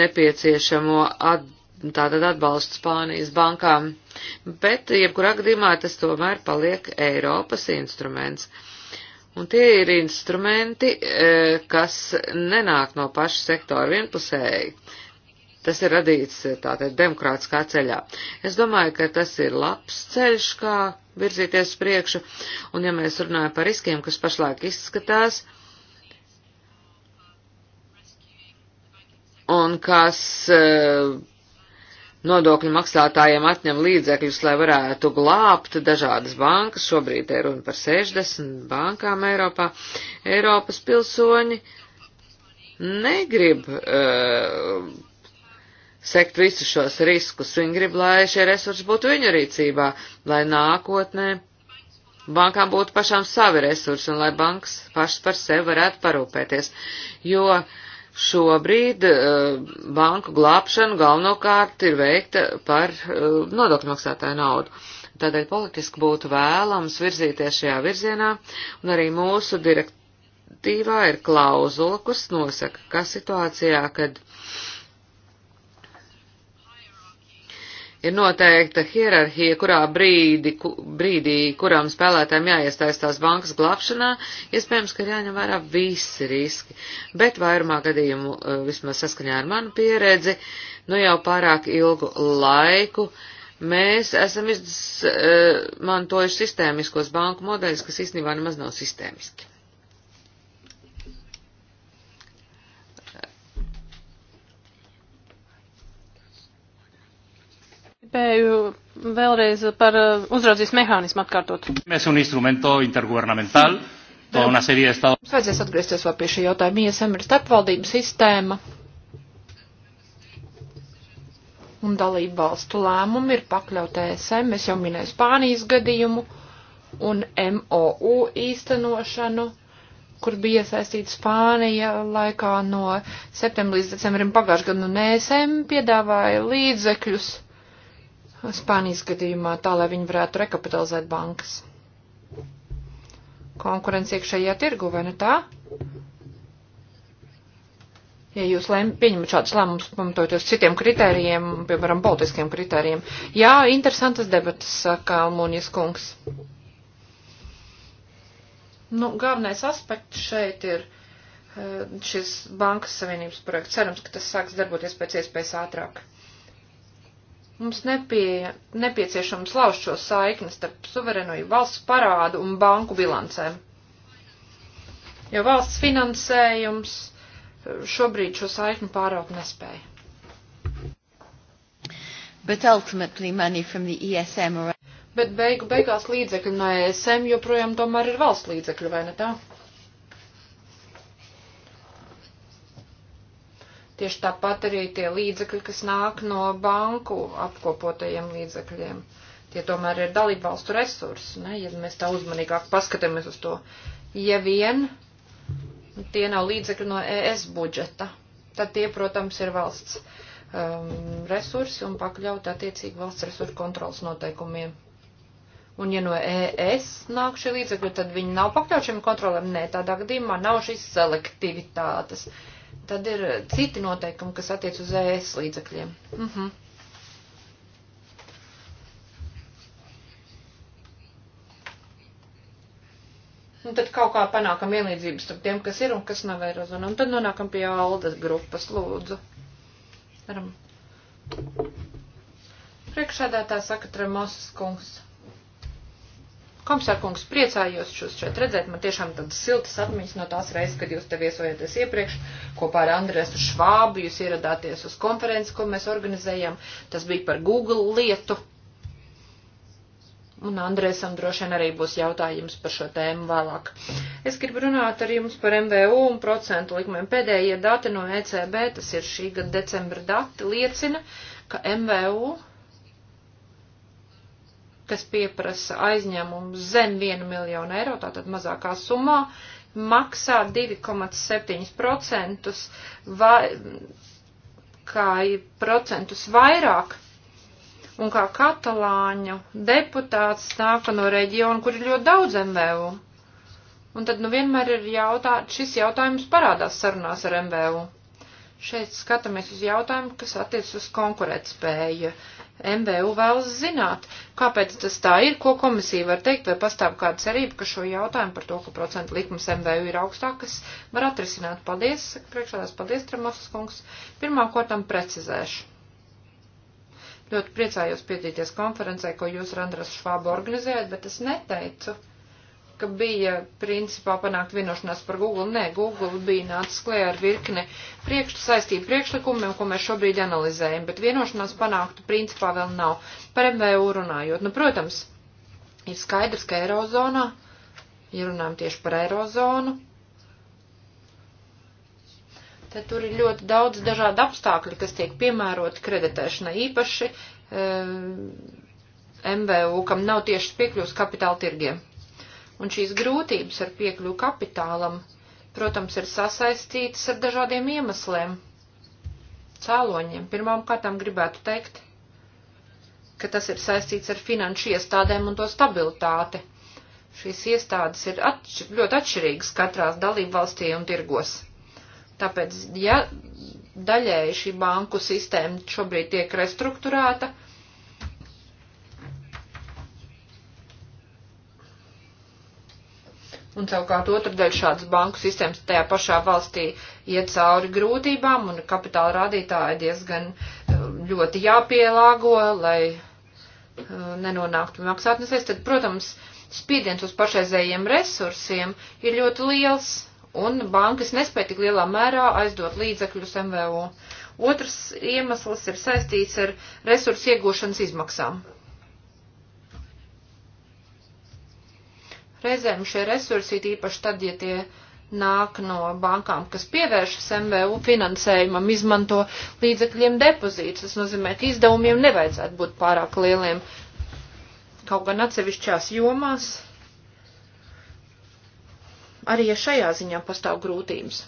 nepieciešamo at, tātad atbalstu Spānijas bankām, bet jebkurā gadījumā tas tomēr paliek Eiropas instruments. Un tie ir instrumenti, eh, kas nenāk no paša sektora vienpusēji tas ir radīts eh, tātad demokrātiskā ceļā. Es domāju, ka tas ir labs ceļš, kā virzīties priekšu, un ja mēs runājam par riskiem, kas pašlaik izskatās, un kas eh, nodokļu maksātājiem atņem līdzekļus, lai varētu glābt dažādas bankas, šobrīd ir runa par 60 bankām Eiropā, Eiropas pilsoņi negrib uh, sekt visus šos riskus. Viņi grib, lai šie resursi būtu viņu rīcībā, lai nākotnē bankām būtu pašām savi resursi un lai bankas pašas par sevi varētu parūpēties. Jo šobrīd uh, banku glābšana galvenokārt ir veikta par uh, nodokļu maksātāju naudu. Tādēļ politiski būtu vēlams virzīties šajā virzienā, un arī mūsu direktīvā ir klauzula, kas nosaka, ka situācijā, kad uh, ir noteikta hierarhija, kurā brīdi, ku, brīdī, kurām spēlētājiem jāiestaistās bankas glābšanā, iespējams, ka ir jāņem vērā visi riski, bet vairumā gadījumu, eh, vismaz saskaņā ar manu pieredzi, nu jau pārāk ilgu laiku, mēs esam izmantojuši eh, sistēmiskos banku modeļus, kas īstenībā nemaz nav sistēmiski.
gribēju vēlreiz par eh, uzraudzības mehānismu atkārtot. Mēs un
instrumento intergubernamental. Mums
vajadzēs atgriezties vēl pie šī jautājuma. ISM ir
starpvaldības sistēma un dalību valstu lēmumi ir pakļauti ESM. Es jau minēju Spānijas gadījumu un MOU īstenošanu kur bija iesaistīta Spānija laikā no septembra līdz decembrim pagājušajā gadu, un ESM piedāvāja līdzekļus Spānijas gadījumā, tā lai viņi varētu rekapitalizēt bankas. Konkurence iekšējā tirgu, vai ne tā? Ja jūs lēm, pieņemat šādus lēmumus, pamatoties citiem kritērijiem, piemēram, politiskiem kritērijiem. Jā, interesantas debatas, saka Almūnijas kungs. Nu, galvenais aspekts šeit ir eh, šis bankas savienības projekts. Cerams, ka tas sāks darboties pēc iespējas ātrāk. Mums nepie, nepieciešams lauzt šo saikni starp suverenoju valsts parādu un banku bilancēm. Jo valsts finansējums eh, šobrīd šo saikni pāraut nespēja.
But ultimately money from the ESM or...
Bet beigu beigās līdzekļi no ESM joprojām tomēr ir valsts līdzekļi, vai ne tā? Tieši tāpat arī tie līdzekļi, kas nāk no banku apkopotajiem līdzekļiem. Tie tomēr ir dalībvalstu resursi, ne? ja mēs tā uzmanīgāk paskatāmies uz to. Ja vien tie nav līdzekļi no ES budžeta, tad tie, protams, ir valsts um, resursi un pakļauti attiecīgi valsts resursu kontrolas noteikumiem. Un ja no ES nāk šie līdzekļi, tad viņi nav pakļauti šiem kontrolēm. Nē, tādā gadījumā nav šīs selektivitātes. Uh, Tad ir eh, citi noteikumi, kas attiec uz ES līdzekļiem. Uh -huh. Un tad kaut kā panākam vienlīdzības starp tiem, kas ir un kas nav Eirozonā. Un tad nonākam pie Aldas grupas, lūdzu. Varam. Priekšādā tā saka Tremosas kungs. Komisārkungs, priecājos jūs šeit redzēt. Man tiešām tādas siltas atmiņas no tās reizes, kad jūs te viesojaties iepriekš. Kopā ar Andresu Švābu jūs ieradāties uz konferenci, ko mēs organizējam. Tas bija par Google lietu. Un Andresam droši vien arī būs jautājums par šo tēmu vēlāk. Es gribu runāt ar jums par MVU un procentu likumiem. Pēdējie dati no ECB, tas ir šī gada decembra dati, liecina, ka MVU kas pieprasa aizņēmumu zem 1 miljonu eiro, tātad mazākā summā, maksā 2,7% vai kā procentus vairāk. Un kā katalāņu deputāts nāka no reģiona, kur ir ļoti daudz MVU. Un tad nu vienmēr ir jautā, šis jautājums parādās sarunās ar MVU. Šeit skatāmies uz jautājumu, kas attiec uz konkurētspēju. Uh, MBU vēlas zināt, kāpēc tas tā ir, ko komisija var teikt, vai pastāv kāda cerība, ka šo jautājumu par to, ka procentu likums MBU ir augstākas, var atrisināt. Paldies, priekšādās paldies, Tramosas kungs. Pirmām kārtām precizēšu. Ļoti priecājos piedīties konferencē, ko jūs ar Andras Švābu organizējat, bet es neteicu ka bija principā panākt vienošanās par Google. Nē, Google bija nācis klējā ar virkni priekšstu saistību priekšlikumiem, ko mēs šobrīd analizējam, bet vienošanās panāktu principā vēl nav. Par MVU runājot, nu, protams, ir skaidrs, ka Eirozonā, ja runājam tieši par Eirozonu, tad tur ir ļoti daudz dažādu apstākļu, kas tiek piemēroti kreditēšanai īpaši. E, eh, MVU, kam nav tieši piekļuvs kapitāla tirgiem un šīs grūtības ar piekļuvu kapitālam, protams, ir sasaistītas ar dažādiem iemesliem, cēloņiem. Pirmām kārtām gribētu teikt, ka tas ir saistīts ar finanšu iestādēm un to stabilitāti. Šīs iestādes ir atš ļoti atšķirīgas katrās dalību valstī un tirgos. Tāpēc, ja daļēji šī banku sistēma šobrīd tiek restruktūrēta, Un savukārt otra daļa šādas banku sistēmas tajā pašā valstī iet cauri grūtībām un kapitāla rādītāji diezgan eh, ļoti jāpielāgo, lai eh, nenonāktu maksātnesēs, tad, protams, spiediens uz pašreizējiem resursiem ir ļoti liels un bankas nespēja tik lielā mērā aizdot līdzekļus MVO. Otrs iemesls ir saistīts ar resursu iegūšanas izmaksām. Reizēm šie resursi, īpaši tad, ja tie nāk no bankām, kas pievēršas MVU finansējumam, izmanto līdzekļiem depozītus. Tas nozīmē, ka izdevumiem nevajadzētu būt pārāk lieliem. Kaut gan atsevišķās jomās arī ja šajā ziņā pastāv grūtības.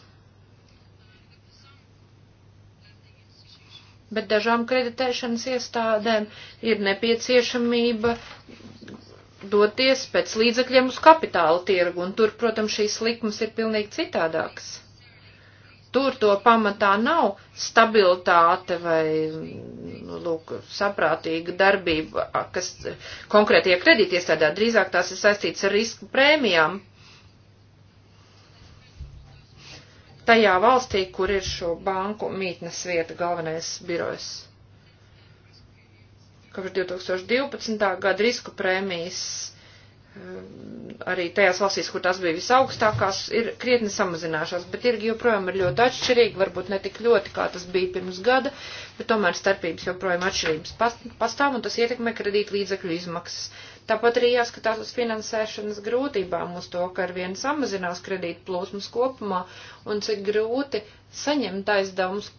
Bet dažām kreditēšanas iestādēm ir nepieciešamība doties pēc līdzekļiem uz kapitāla tirgu, un tur, protams, šīs likmes ir pilnīgi citādākas. Tur to pamatā nav stabilitāte vai, nu, lūk, saprātīga darbība, kas konkrētie kredīti iestādā, drīzāk tās ir saistīts ar risku prēmijām. Tajā valstī, kur ir šo banku mītnes vieta galvenais birojs kopš 2012. gada risku prēmijas ehm, arī tajās valstīs, kur tās bija visaugstākās, ir krietni samazinājušās, bet tirgi joprojām ir ļoti atšķirīgi, varbūt ne tik ļoti, kā tas bija pirms gada, bet tomēr starpības joprojām atšķirības pastāv un tas ietekmē kredīt līdzekļu izmaksas. Tāpat arī jāskatās uz finansēšanas grūtībām, uz to, ka ar vienu samazinās kredīt plūsmas kopumā un cik grūti saņemt aizdevumus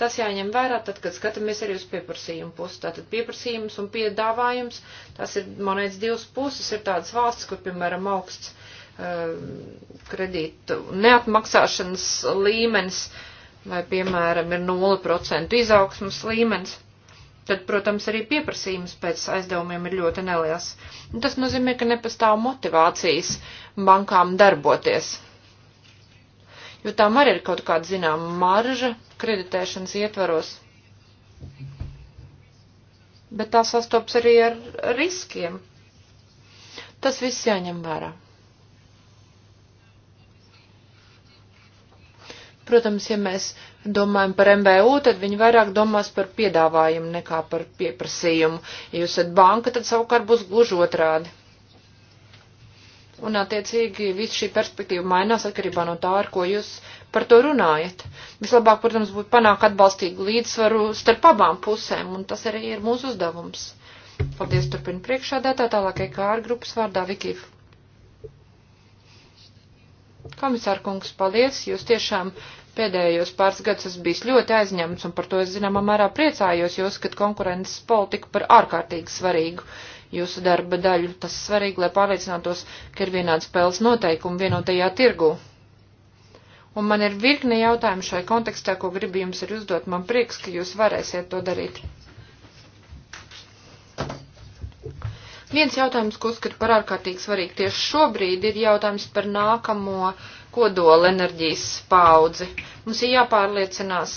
Tas jāņem vērā tad, kad skatāmies arī uz pieprasījumu pusi. Tātad pieprasījums un piedāvājums, tas ir monētas divas puses, ir tādas valsts, kur, piemēram, augsts uh, kredītu neatmaksāšanas līmenis vai, piemēram, ir 0% izaugsmas līmenis. Tad, protams, arī pieprasījums pēc aizdevumiem ir ļoti neliels. Un tas nozīmē, ka nepastāv motivācijas bankām darboties jo tām arī ir kaut kāda zināma marža kreditēšanas ietvaros. Bet tā sastops arī ar riskiem. Tas viss jāņem vērā. Protams, ja mēs domājam par MBU, tad viņi vairāk domās par piedāvājumu nekā par pieprasījumu. Ja jūs esat banka, tad savukārt būs gluži otrādi. Un, attiecīgi, viss šī perspektīva mainās atkarībā no tā, ar ko jūs par to runājat. Vislabāk, protams, būtu panākt atbalstīgu līdzsvaru starp abām pusēm, un tas arī ir mūsu uzdevums. Paldies, turpina priekšādētā, tālāk EKR grupas vārdā Vikīv. Komisār kungs, paldies, jūs tiešām pēdējos pāris gadus esmu bijis ļoti aizņemts, un par to es zināmā mērā priecājos, jo uzskat konkurences politiku par ārkārtīgi svarīgu jūsu darba daļu. Tas svarīgi, lai pārliecinātos, ka ir vienāds spēles noteikumi vienotajā tirgū. Un man ir virkne jautājumu šai kontekstā, ko gribu jums ir uzdot. Man prieks, ka jūs varēsiet to darīt. Viens jautājums, ko uzskatu par ārkārtīgi svarīgu tieši šobrīd, ir jautājums par nākamo kodola enerģijas paudzi. Mums ir jāpārliecinās,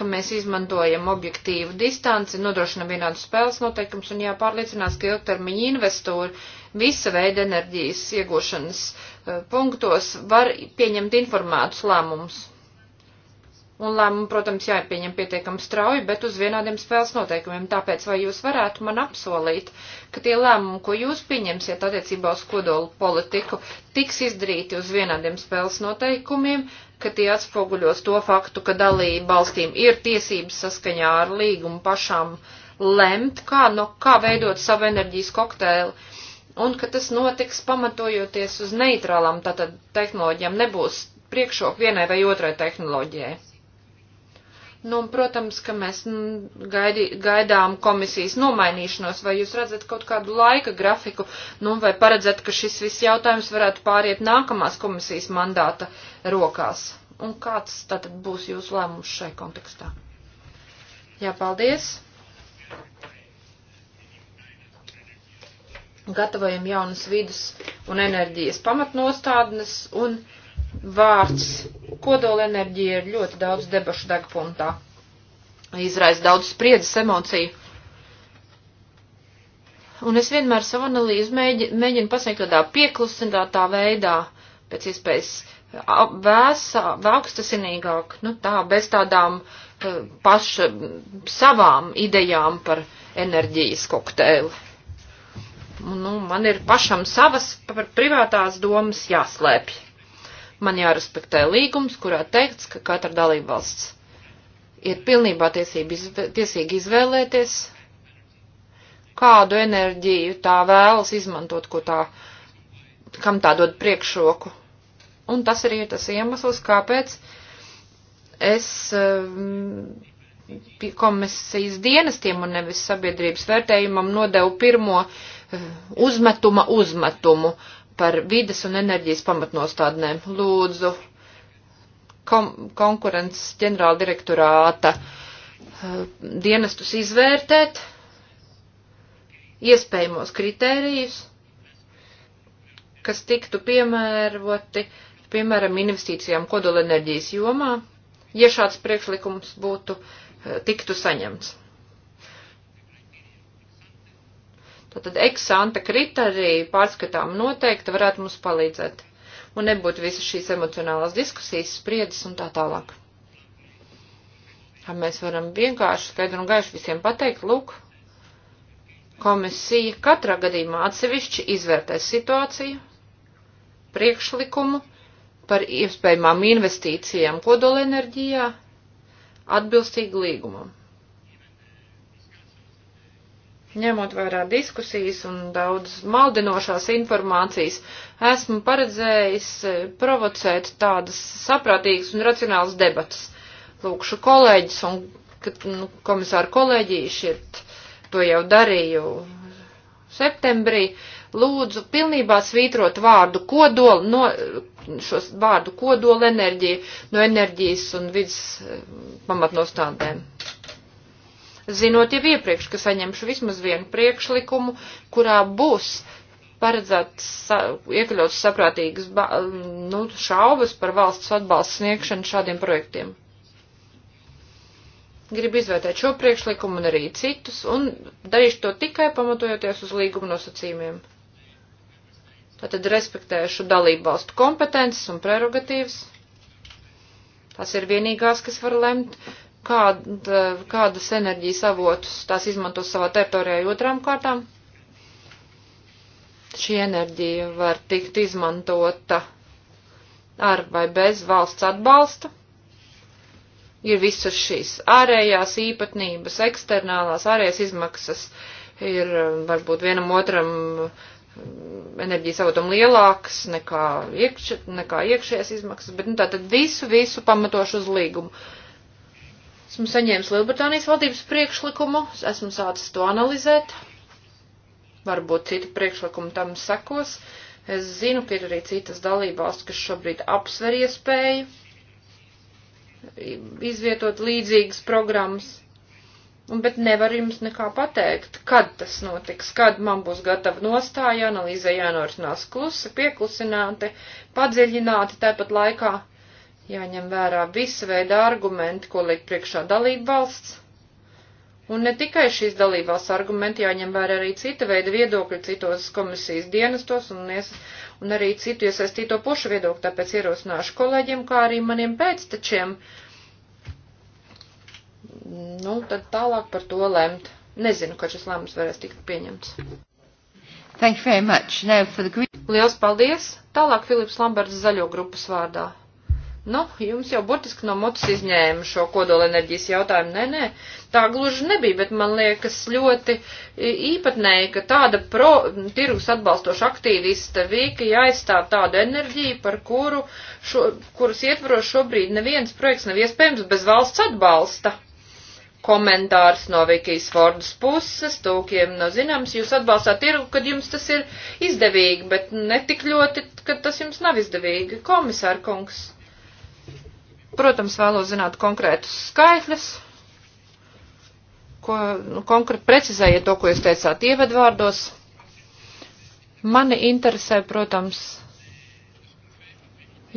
ka mēs izmantojam objektīvu distanci, nodrošinam vienādus spēles noteikumus un jāpārliecinās, ka ilgtermiņa investori visa veida enerģijas iegūšanas eh, punktos var pieņemt informētus lēmumus. Un lēmumu, protams, jāpieņem pietiekami strauji, bet uz vienādiem spēles noteikumiem. Tāpēc vai jūs varētu man apsolīt, ka tie lēmumi, ko jūs pieņemsiet attiecībā uz kodolu politiku, tiks izdarīti uz vienādiem spēles noteikumiem, ka tie atspoguļos to faktu, ka dalība valstīm ir tiesības saskaņā ar līgumu pašām lemt, kā, no, kā veidot savu enerģijas kokteili, un ka tas notiks pamatojoties uz neitrālām tātad tehnoloģijām, nebūs priekšrok vienai vai otrai tehnoloģijai. Nu, un, protams, ka mēs mm, gaidi, gaidām komisijas nomainīšanos, vai jūs redzat kaut kādu laika grafiku, nu, vai paredzat, ka šis viss jautājums varētu pāriet nākamās komisijas mandāta rokās. Un kāds tad būs jūsu lēmums šai kontekstā? Jā, paldies. Gatavojam jaunas vidas un enerģijas pamatnostādnes un vārds kodolenerģija ir ļoti daudz debašu degpuntā. Izraisa daudz spriedzes emociju. Un es vienmēr savu analīzi mēģinu, mēģinu pasniegt tādā pieklusinātā veidā, pēc iespējas vēsā, augstasinīgāk, nu tā, bez tādām eh, paša savām idejām par enerģijas kokteili. Nu, man ir pašam savas privātās domas jāslēpj. Man jārespektē līgums, kurā teikts, ka katra dalība valsts ir pilnībā izvē, tiesīgi izvēlēties, kādu enerģiju tā vēlas izmantot, ko tā, kam tā dod priekšroku. Un tas arī ir tas iemesls, kāpēc es ehm, komisijas dienestiem un nevis sabiedrības vērtējumam nodevu pirmo eh, uzmetuma uzmetumu. Uh, par vides un enerģijas pamatnostādnēm. Lūdzu, kom, konkurences ģenerāldirektorāta eh, dienestus izvērtēt iespējamos kritērijus, kas tiktu piemēroti, piemēram, investīcijām kodolenerģijas jomā, ja šāds priekšlikums būtu eh, tiktu saņemts. Tātad eksanta kriterija pārskatām noteikti varētu mums palīdzēt. Un nebūtu visas šīs emocionālās diskusijas, spriedzes un tā tālāk. Tā mēs varam vienkārši skaidru un gaišu visiem pateikt, lūk, komisija katrā gadījumā atsevišķi izvērtēs situāciju, priekšlikumu par iespējamām investīcijām kodolenerģijā atbilstīgi līgumam ņemot vērā diskusijas un daudz maldinošās informācijas, esmu paredzējis eh, provocēt tādas saprātīgas un racionālas debatas. Lūkšu kolēģis un nu, komisāru kolēģiju šeit to jau darīju septembrī. Lūdzu, pilnībā svītrot vārdu kodol, no, šos vārdu kodola enerģiju no enerģijas un vidas eh, pamatnostādēm zinot jau iepriekš, ka saņemšu vismaz vienu priekšlikumu, kurā būs paredzēts, sa, iekļauts saprātīgas ba, nu, šaubas par valsts atbalstu sniegšanu šādiem projektiem. Gribu izvērtēt šo priekšlikumu un arī citus, un darīšu to tikai pamatojoties uz līguma nosacījumiem. Tātad respektēšu dalību valstu kompetences un prerogatīvas. Tās ir vienīgās, kas var lemt kāda, eh, kādas enerģijas avotus tās izmanto savā teritorijā, jo otrām kārtām šī enerģija var tikt izmantota ar vai bez valsts atbalsta. Ir visas šīs ārējās īpatnības, eksternālās ārējās izmaksas, ir eh, varbūt vienam otram eh, enerģijas avotam lielāks nekā, iekš, nekā iekšējās izmaksas, bet nu, tātad visu, visu pamatošu uz līgumu. Uh, Esmu saņēmis Lielbritānijas valdības priekšlikumu, esmu sācis to analizēt. Varbūt citu priekšlikumu tam sekos. Es zinu, ka ir arī citas dalībvalsts, kas šobrīd apsver iespēju izvietot līdzīgas programmas. Un, bet nevar jums nekā pateikt, kad tas notiks, kad man būs gatava nostāja, analīze jānorisinās klusi, pieklusināti, padziļināti, tāpat laikā jāņem vērā visa veida argumenti, ko liek priekšā dalība valsts. Un ne tikai šīs dalībās argumenti jāņem vērā arī cita veida viedokļi citos komisijas dienestos un, ies, un arī citu iesaistīto pušu viedokļu, tāpēc ierosināšu kolēģiem, kā arī maniem pēctečiem, nu, tad tālāk par to lemt. Nezinu, kad šis lēmums varēs tikt pieņemts. Thank you very much. Now for the... Liels paldies! Tālāk Filips Lamberts zaļo grupas vārdā. Nu, jums jau burtiski no mutes izņēma šo kodolenerģijas jautājumu. Nē, nē, tā gluži nebija, bet man liekas ļoti īpatnēji, ka tāda pro tirgus atbalstoša aktīvista vīka jāizstāv tādu enerģiju, par kuru, šo, kuras ietvaros šobrīd neviens projekts nav iespējams bez valsts atbalsta. Komentārs no Vikijas Fordas puses, tūkiem, no zināms, jūs atbalstāt tirgu, kad jums tas ir izdevīgi, bet ne tik ļoti, kad tas jums nav izdevīgi. Komisār kungs protams, vēlos zināt konkrētus skaitļus, ko nu, konkrēti precizējiet to, ko jūs teicāt ievadvārdos. Mani interesē, protams,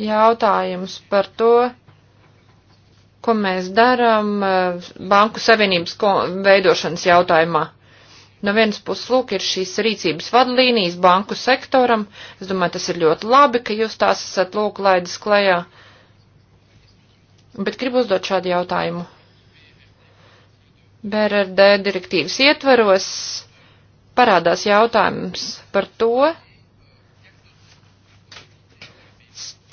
jautājums par to, ko mēs darām eh, Banku Savienības veidošanas jautājumā. No vienas puses, lūk, ir šīs rīcības vadlīnijas banku sektoram. Es domāju, tas ir ļoti labi, ka jūs tās esat lūk laidis klajā. Uh, Bet gribu uzdot šādu jautājumu. BRD direktīvas ietvaros parādās jautājums par to,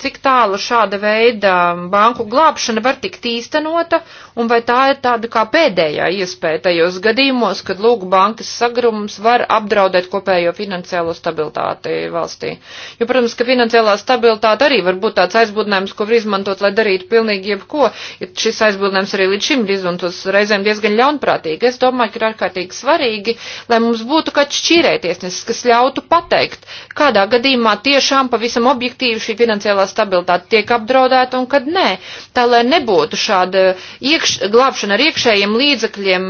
cik tālu šāda veida banku glābšana var tikt īstenota, un vai tā ir tāda kā pēdējā iespēja tajos gadījumos, kad lūgu bankas sagrums var apdraudēt kopējo finansiālo stabilitāti valstī. Jo, protams, ka finansiālā stabilitāte arī var būt tāds aizbūdinājums, ko var izmantot, lai darītu pilnīgi jebko, ja šis aizbūdinājums arī līdz šim ir izmantots reizēm diezgan ļaunprātīgi. Es domāju, ka ir ārkārtīgi svarīgi, lai mums būtu kāds šķīrēties, kas ļautu pateikt, kādā gadījumā tiešām pavisam objektīvi šī finansiālā stabilitāte tiek apdraudēta un kad nē. Tā lai nebūtu šāda iekš, glābšana ar iekšējiem līdzekļiem,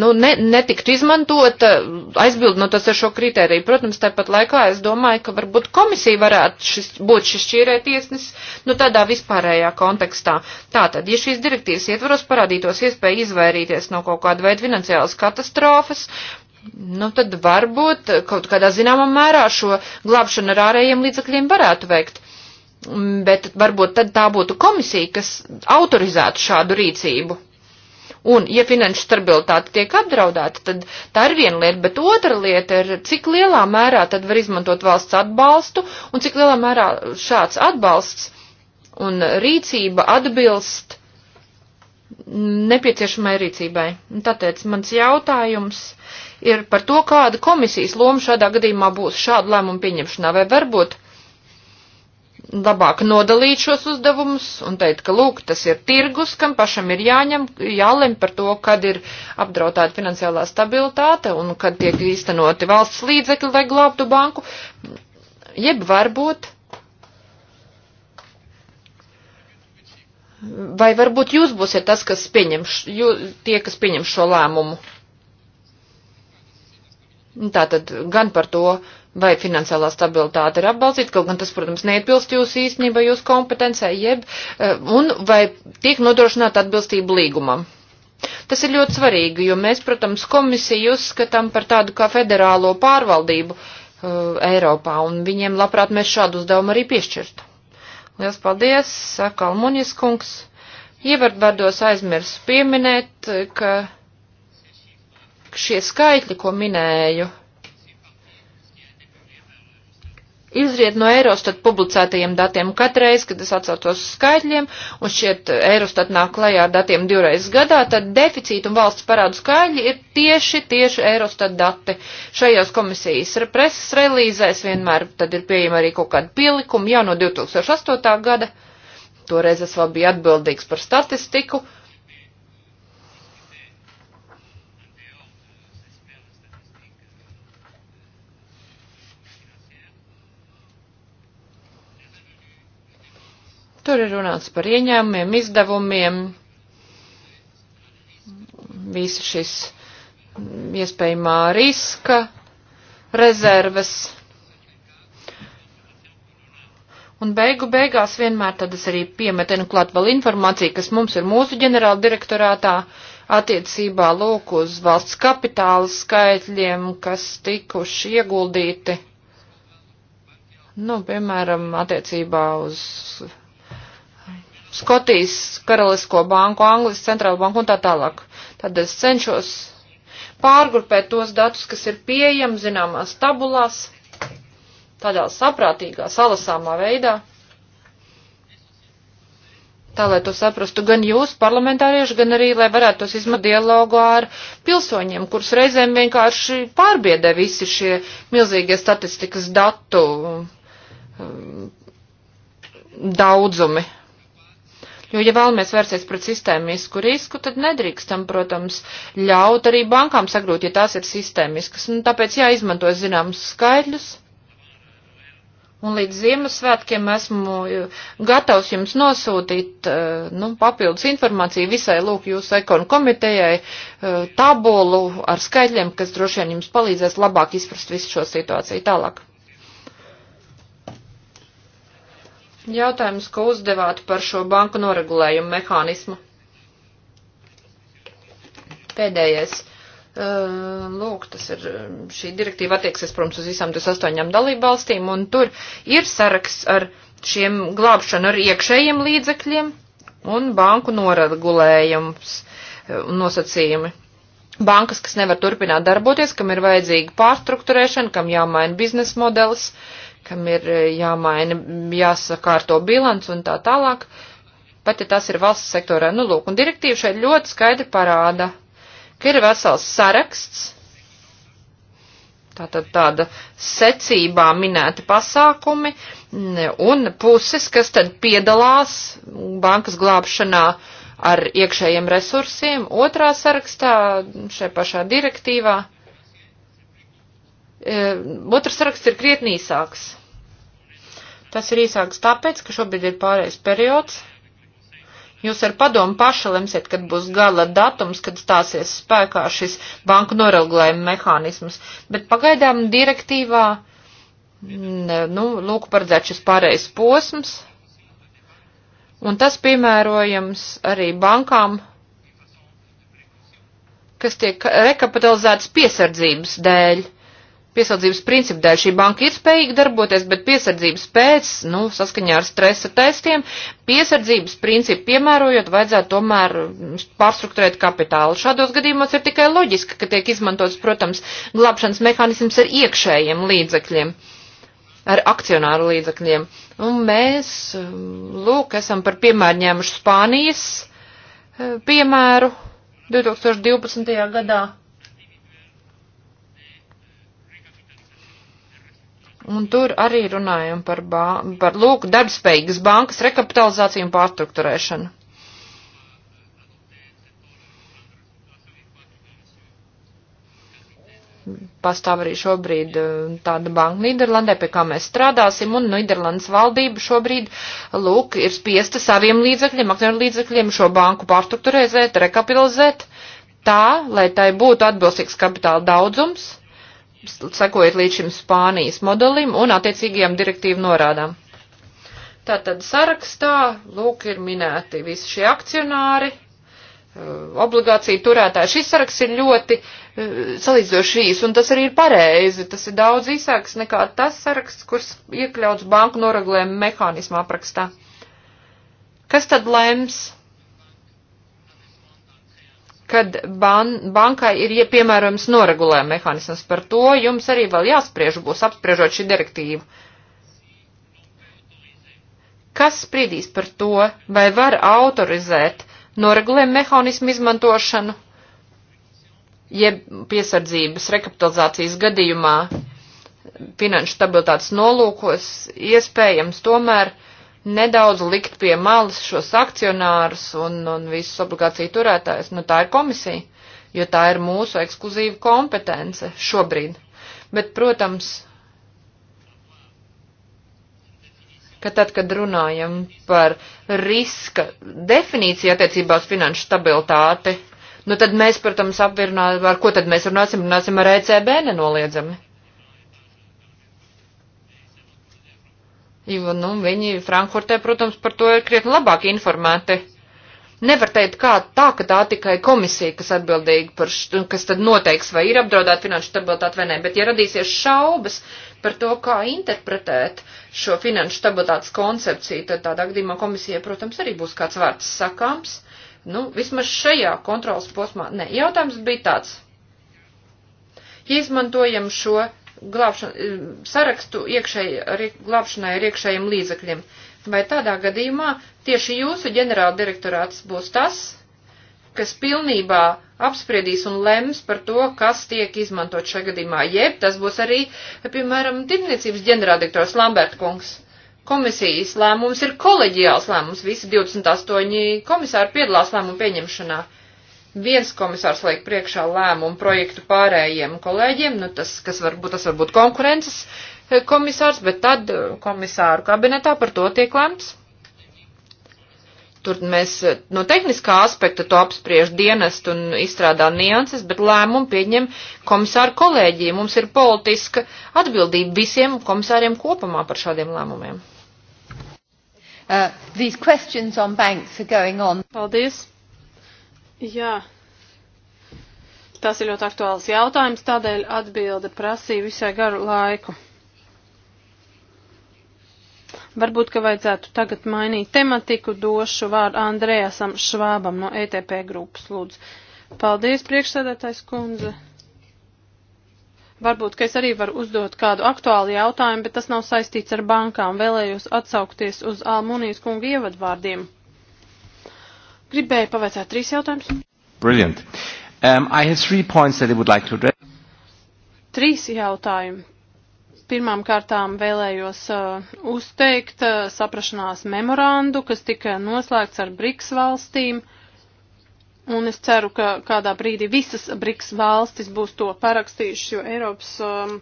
nu, ne, netiktu izmantota, aizbildnotos ar šo kritēriju. Protams, tāpat laikā es domāju, ka varbūt komisija varētu šis, būt šis šķīrētiesnis, nu, tādā vispārējā kontekstā. Tātad, ja šīs direktīvas ietvaros parādītos iespēja izvairīties no kaut kāda veida finansiālas katastrofas, nu tad varbūt kaut kādā zināmā mērā šo glābšanu ar ārējiem līdzakļiem varētu veikt. Mm, bet varbūt tad tā būtu komisija, kas autorizētu šādu rīcību. Un, ja finanšu stabilitāte tiek apdraudēta, tad tā ir viena lieta, bet otra lieta ir, cik lielā mērā tad var izmantot valsts atbalstu un cik lielā mērā šāds atbalsts un rīcība atbilst nepieciešamai rīcībai. Un tātad mans jautājums ir par to, kāda komisijas loma šādā gadījumā būs šādu lēmumu pieņemšanā, vai varbūt labāk nodalīt šos uzdevumus un teikt, ka lūk, tas ir tirgus, kam pašam ir jāņem, jālem par to, kad ir apdrautāta finansiālā stabilitāte un kad tiek īstenoti valsts līdzekļi, lai glābtu banku, jeb varbūt. Vai varbūt jūs būsiet tas, kas pieņem, jū, tie, kas pieņem šo lēmumu? Nu, tātad gan par to, vai finansiālā stabilitāte ir apbalstīta, kaut gan tas, protams, neatbilst jūsu īstenībā, jūsu kompetencē, jeb, eh, un vai tiek nodrošināta atbilstība līgumam. Tas ir ļoti svarīgi, jo mēs, protams, komisiju uzskatām par tādu kā federālo pārvaldību uh, Eiropā, un viņiem labprāt mēs šādu uzdevumu arī piešķirtu. Lielas paldies, saka Almuņas kungs. Ievardvardos aizmirsu pieminēt, eh, ka šie skaitļi, ko minēju, izriet no Eurostat publicētajiem datiem katreiz, kad es atsaucos uz skaitļiem, un šķiet Eurostat nāk klajā ar datiem divreiz gadā, tad deficīta un valsts parādu skaitļi ir tieši, tieši Eurostat dati. Šajos komisijas preses relīzēs vienmēr tad ir pieejama arī kaut kāda pielikuma jau no 2008. gada. Toreiz es vēl biju atbildīgs par statistiku. Uh, Tur ir runāts par ieņēmumiem, izdevumiem, visu šis iespējamā riska rezerves. Un beigu beigās vienmēr tad es arī piemetenu klāt vēl informāciju, kas mums ir mūsu ģenerāla direktorātā attiecībā lūk uz valsts kapitāla skaitļiem, kas tikuši ieguldīti, nu, piemēram, attiecībā uz Skotijas Karalisko banku, Anglijas centrālo banku un tā tālāk. Tad es cenšos pārgrupēt tos datus, kas ir pieejami zināmās tabulās, tādā saprātīgā, salasāmā veidā. Tā, lai to saprastu gan jūs, parlamentārieši, gan arī, lai varētu tos izmantot dialogu ar pilsoņiem, kurus reizēm vienkārši pārbiedē visi šie milzīgie statistikas datu um, daudzumi. Jo, ja vēlamies vērsties pret sistēmisku risku, tad nedrīkstam, protams, ļaut arī bankām sagrūt, ja tās ir sistēmiskas. Nu, tāpēc jāizmanto zināmas skaidrs. Un līdz Ziemassvētkiem esmu e, gatavs jums nosūtīt e, nu, papildus informāciju visai lūk jūsu ekonu komitejai e, tabulu ar skaidļiem, kas droši vien jums palīdzēs labāk izprast visu šo situāciju tālāk. Jautājums, ko uzdevāt par šo banku noregulējumu mehānismu? Pēdējais. Uh, lūk, tas ir šī direktīva attieksies, protams, uz visām 28 dalību valstīm, un tur ir saraksts ar šiem glābšanu ar iekšējiem līdzekļiem un banku noregulējums uh, nosacījumi bankas, kas nevar turpināt darboties, kam ir vajadzīga pārstruktūrēšana, kam jāmaina biznesa modelis, kam ir e, jāmaina, jāsakārto bilants un tā tālāk, pat ja tas ir valsts sektorā. Nu, lūk, un direktīva šeit ļoti skaidri parāda, ka ir vesels saraksts, tātad tāda secībā minēta pasākumi un puses, kas tad piedalās bankas glābšanā ar iekšējiem resursiem. Otrā sarakstā, šajā pašā direktīvā E, otrs saraksts ir krietni īsāks. Tas ir īsāks tāpēc, ka šobrīd ir pārējais periods. Jūs ar padomu paši lemsiet, kad būs gala datums, kad stāsies spēkā šis banku noregulējuma mehānisms. Bet pagaidām direktīvā, nu, lūk, paredzēt šis pārējais posms. Un tas piemērojams arī bankām, kas tiek rekapitalizētas piesardzības dēļ piesardzības principu dēļ šī banka ir spējīga darboties, bet piesardzības pēc, nu, saskaņā ar stresa testiem, piesardzības principu piemērojot, vajadzētu tomēr pārstruktūrēt kapitālu. Šādos gadījumos ir tikai loģiski, ka tiek izmantots, protams, glābšanas mehānisms ar iekšējiem līdzekļiem, ar akcionāru līdzekļiem. Un mēs, lūk, esam par piemēru ņēmuši Spānijas eh, piemēru 2012. gadā Un tur arī runājam par, par lūk, darbspējīgas bankas rekapitalizāciju un pārstruktūrēšanu. pastāv arī šobrīd e, tāda banka Nīderlandē, pie kā mēs strādāsim, un Nīderlandes valdība šobrīd, lūk, ir spiesta saviem līdzekļiem, akcionāru līdzekļiem šo banku pārstruktūrēzēt, rekapitalizēt, tā, lai tai būtu atbilstīgs kapitāla daudzums, sekojiet līdz šim Spānijas modelim un attiecīgajām direktīvu norādām. Tātad sarakstā, lūk, ir minēti visi šie akcionāri, eh, obligāciju turētāji. Šis saraksts ir ļoti eh, salīdzoši īs, un tas arī ir pareizi. Tas ir daudz īsāks nekā tas saraksts, kurš iekļauts banku noraglējuma mehānismā aprakstā. Kas tad lems? kad ban bankai ir ja, piemērojams noregulējuma mehānisms. Par to jums arī vēl jāspriež, būs apspriežot šī direktīva. Kas spriedīs par to, vai var autorizēt noregulējuma mehānismu izmantošanu, jeb piesardzības rekapitalizācijas gadījumā finanšu stabilitātes nolūkos, iespējams tomēr nedaudz likt pie malas šos akcionārus un, un visus obligāciju turētājus. Nu, tā ir komisija, jo tā ir mūsu ekskluzīva kompetence šobrīd. Bet, protams, ka tad, kad runājam par riska definīciju attiecībā uz finanšu stabilitāti, nu tad mēs, protams, apvirinām, ar ko tad mēs runāsim, runāsim ar ECB nenoliedzami. jo, nu, viņi Frankfurtē, protams, par to ir krietni labāk informēti. Nevar teikt, kā tā, ka tā tikai komisija, kas atbildīga par, š, kas tad noteiks, vai ir apdraudēta finanšu stabilitāte vai nē, bet ja radīsies šaubas par to, kā interpretēt šo finanšu stabilitātes koncepciju, tad tādā gadījumā komisija, protams, arī būs kāds vārds sakāms. Nu, vismaz šajā kontrolas posmā. Nē, jautājums bija tāds. Ja izmantojam šo glābšana, eh, sarakstu iekšēji, glābšanai ar iekšējiem līdzekļiem. Vai tādā gadījumā tieši jūsu ģenerāla direktorāts būs tas, kas pilnībā apspriedīs un lems par to, kas tiek izmantot šajā gadījumā. Jeb tas būs arī, piemēram, tirdzniecības ģenerāldirektors Lamberta kungs. Komisijas lēmums ir koleģiāls lēmums, visi 28 komisāri piedalās lēmumu pieņemšanā viens komisārs liek priekšā lēmumu projektu pārējiem kolēģiem, nu tas, kas varbūt, tas varbūt konkurences eh, komisārs, bet tad eh, komisāru kabinetā par to tiek lemts. Tur mēs eh, no tehniskā aspekta to apspriež dienest un izstrādā nianses, bet lēmumu pieņem komisāru kolēģi. Mums ir politiska atbildība visiem komisāriem kopumā par šādiem lēmumiem.
Uh,
Paldies. Jā, tas ir ļoti aktuāls jautājums, tādēļ atbilde prasīja visai garu laiku. Varbūt, ka vajadzētu tagad mainīt tematiku, došu vārdu Andrejasam Švābam no ETP grupas, lūdzu. Paldies, priekšsēdētājs kundze. Varbūt, ka es arī varu uzdot kādu aktuālu jautājumu, bet tas nav saistīts ar bankām. Vēlējos atsaukties uz Almunijas kunga ievadvārdiem. Gribēju pavaicāt trīs jautājumus.
Brilliant. Um, I have three points that I would like to address.
Trīs jautājumi. Pirmām kārtām vēlējos uh, uzteikt uh, saprašanās memorandu, kas tika noslēgts ar BRICS valstīm. Uh, Un es ceru, ka kādā brīdī visas BRICS valstis būs to parakstījušas, jo Eiropas um,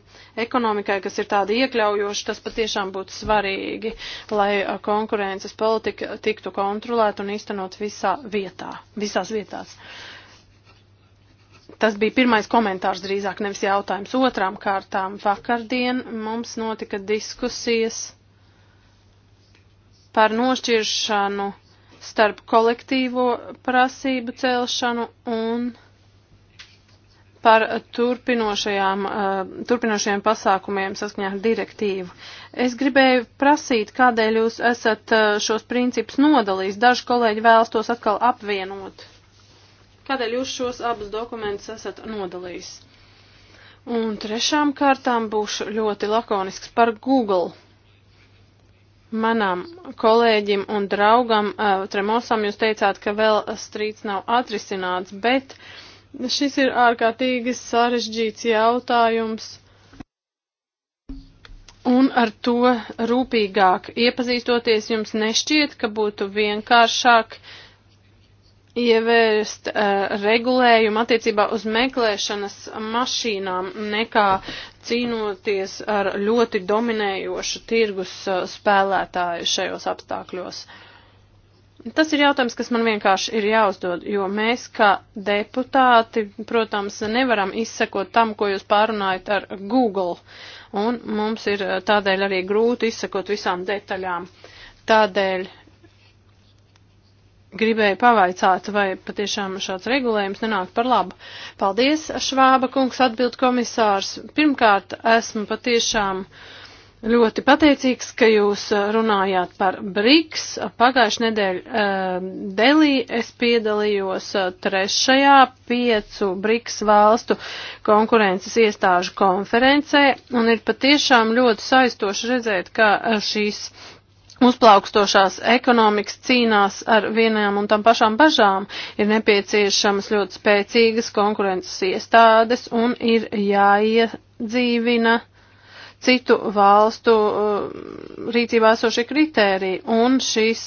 ekonomikai, kas ir tāda iekļaujoša, tas patiešām būtu svarīgi, lai uh, konkurences politika tiktu kontrolēta un īstenot visā vietā, visās vietās. Tas bija pirmais komentārs drīzāk, nevis jautājums. Otrām kārtām vakardien mums notika diskusijas par nošķiršanu starp kolektīvo prasību celšanu un par turpinošajām, eh, turpinošajiem pasākumiem saskaņā ar direktīvu. Es gribēju prasīt, kādēļ jūs esat eh, šos principus nodalījis. Daži kolēģi vēlas tos atkal apvienot. Kādēļ jūs šos abus dokumentus esat nodalījis? Un trešām kārtām būšu ļoti lakonisks par Google manam kolēģim un draugam uh, Tremosam jūs teicāt, ka vēl strīds nav atrisināts, bet šis ir ārkārtīgi sarežģīts jautājums. Un ar to rūpīgāk iepazīstoties, jums nešķiet, ka būtu vienkāršāk uh, ievērst uh, eh, regulējumu attiecībā uz meklēšanas mašīnām nekā cīnoties ar ļoti dominējošu tirgus uh, spēlētāju šajos apstākļos. Tas ir jautājums, kas man vienkārši ir jāuzdod, jo mēs kā deputāti, protams, nevaram izsekot tam, ko jūs pārunājat ar Google, un mums ir eh, tādēļ arī grūti izsekot visām detaļām. Tādēļ gribēju pavaicāt, vai patiešām šāds regulējums nenāk par labu. Paldies, Švāba kungs, atbild komisārs. Pirmkārt, esmu patiešām ļoti pateicīgs, ka jūs eh, runājāt par BRICS. Pagājuši nedēļ uh, eh, Delī es piedalījos eh, trešajā piecu BRICS valstu konkurences iestāžu konferencē, un ir patiešām ļoti saistoši redzēt, ka šīs Uzplaukstošās ekonomikas cīnās ar vienām un tam pašām bažām, ir nepieciešamas ļoti spēcīgas konkurences iestādes un ir jāiedzīvina citu valstu uh, rīcībā esošie kritēriji. Un šis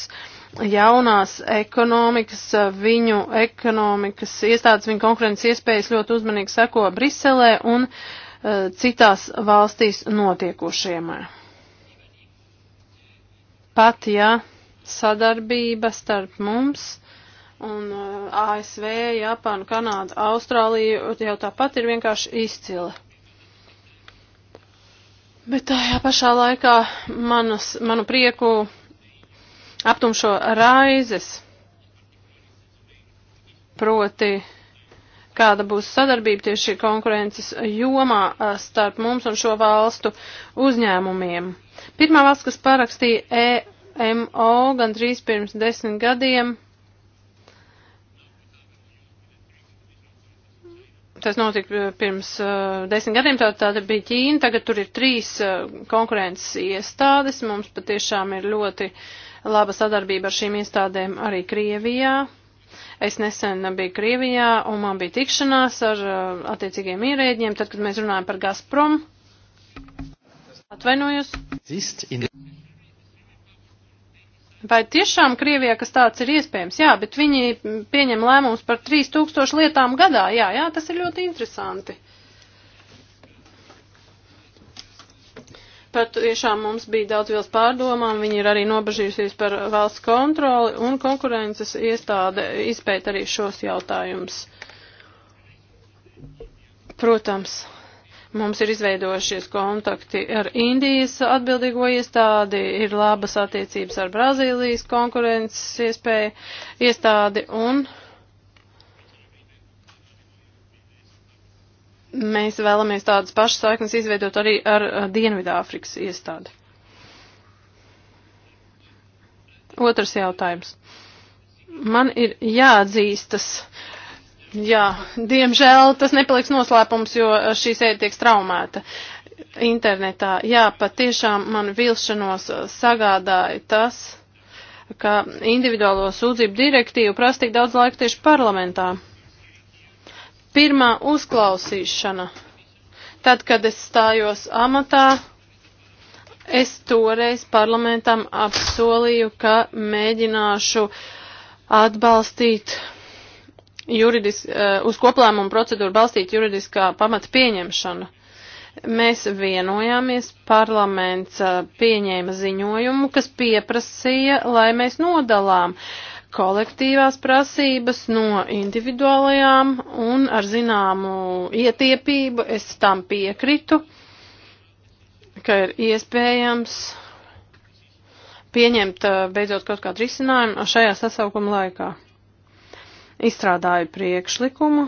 jaunās ekonomikas, uh, viņu ekonomikas iestādes, viņu konkurences iespējas ļoti uzmanīgi seko Briselē un uh, citās valstīs notiekošiemai. Pat ja sadarbība starp mums un ASV, Japānu, Kanādu, Austrāliju jau tāpat ir vienkārši izcila. Bet tajā pašā laikā manas, manu prieku aptumšo raizes, proti, kāda būs sadarbība tieši konkurences jomā starp mums un šo valstu uzņēmumiem. Pirmā valsts, kas parakstīja EMO gandrīz pirms desmit gadiem, tas notika eh, pirms uh, desmit gadiem, tā, tāda bija Ķīna, tagad tur ir trīs uh, konkurences iestādes, mums patiešām ir ļoti laba sadarbība ar šīm iestādēm arī Krievijā. Es nesen biju Krievijā un man bija tikšanās ar uh, attiecīgiem ierēģiem, tad, kad mēs runājam par Gazprom. Uh, Atvainojos. Vai tiešām Krievijā, kas tāds ir iespējams? Jā, bet viņi pieņem lēmumus par 3000 lietām gadā. Jā, jā, tas ir ļoti interesanti. Pat tiešām mums bija daudz vielas pārdomām, viņi ir arī nobežījusies par valsts kontroli un konkurences iestāde izpēt arī šos jautājumus. Protams. Mums ir izveidojušies kontakti ar Indijas atbildīgo iestādi, ir labas attiecības ar Brazīlijas konkurences iespēju iestādi un mēs vēlamies tādas pašas saiknes izveidot arī ar uh, Dienvidāfrikas iestādi. Otrs jautājums. Man ir jāatzīstas, uh, Jā, diemžēl tas nepaliks noslēpums, jo eh, šī sēde tiek traumēta internetā. Jā, pat tiešām man vilšanos eh, sagādāja tas, ka individuālo sūdzību direktīvu prasa tik daudz laika tieši parlamentā. Pirmā uzklausīšana. Tad, kad es stājos amatā, es toreiz parlamentam apsolīju, ka mēģināšu atbalstīt juridis, eh, uz koplēmumu procedūru balstīt juridiskā pamata pieņemšanu. Mēs vienojāmies, parlaments eh, pieņēma ziņojumu, kas pieprasīja, lai mēs nodalām kolektīvās prasības no individuālajām un ar zināmu ietiepību es tam piekritu, ka ir iespējams pieņemt eh, beidzot kaut kādu risinājumu šajā sasaukuma laikā izstrādāju priekšlikumu.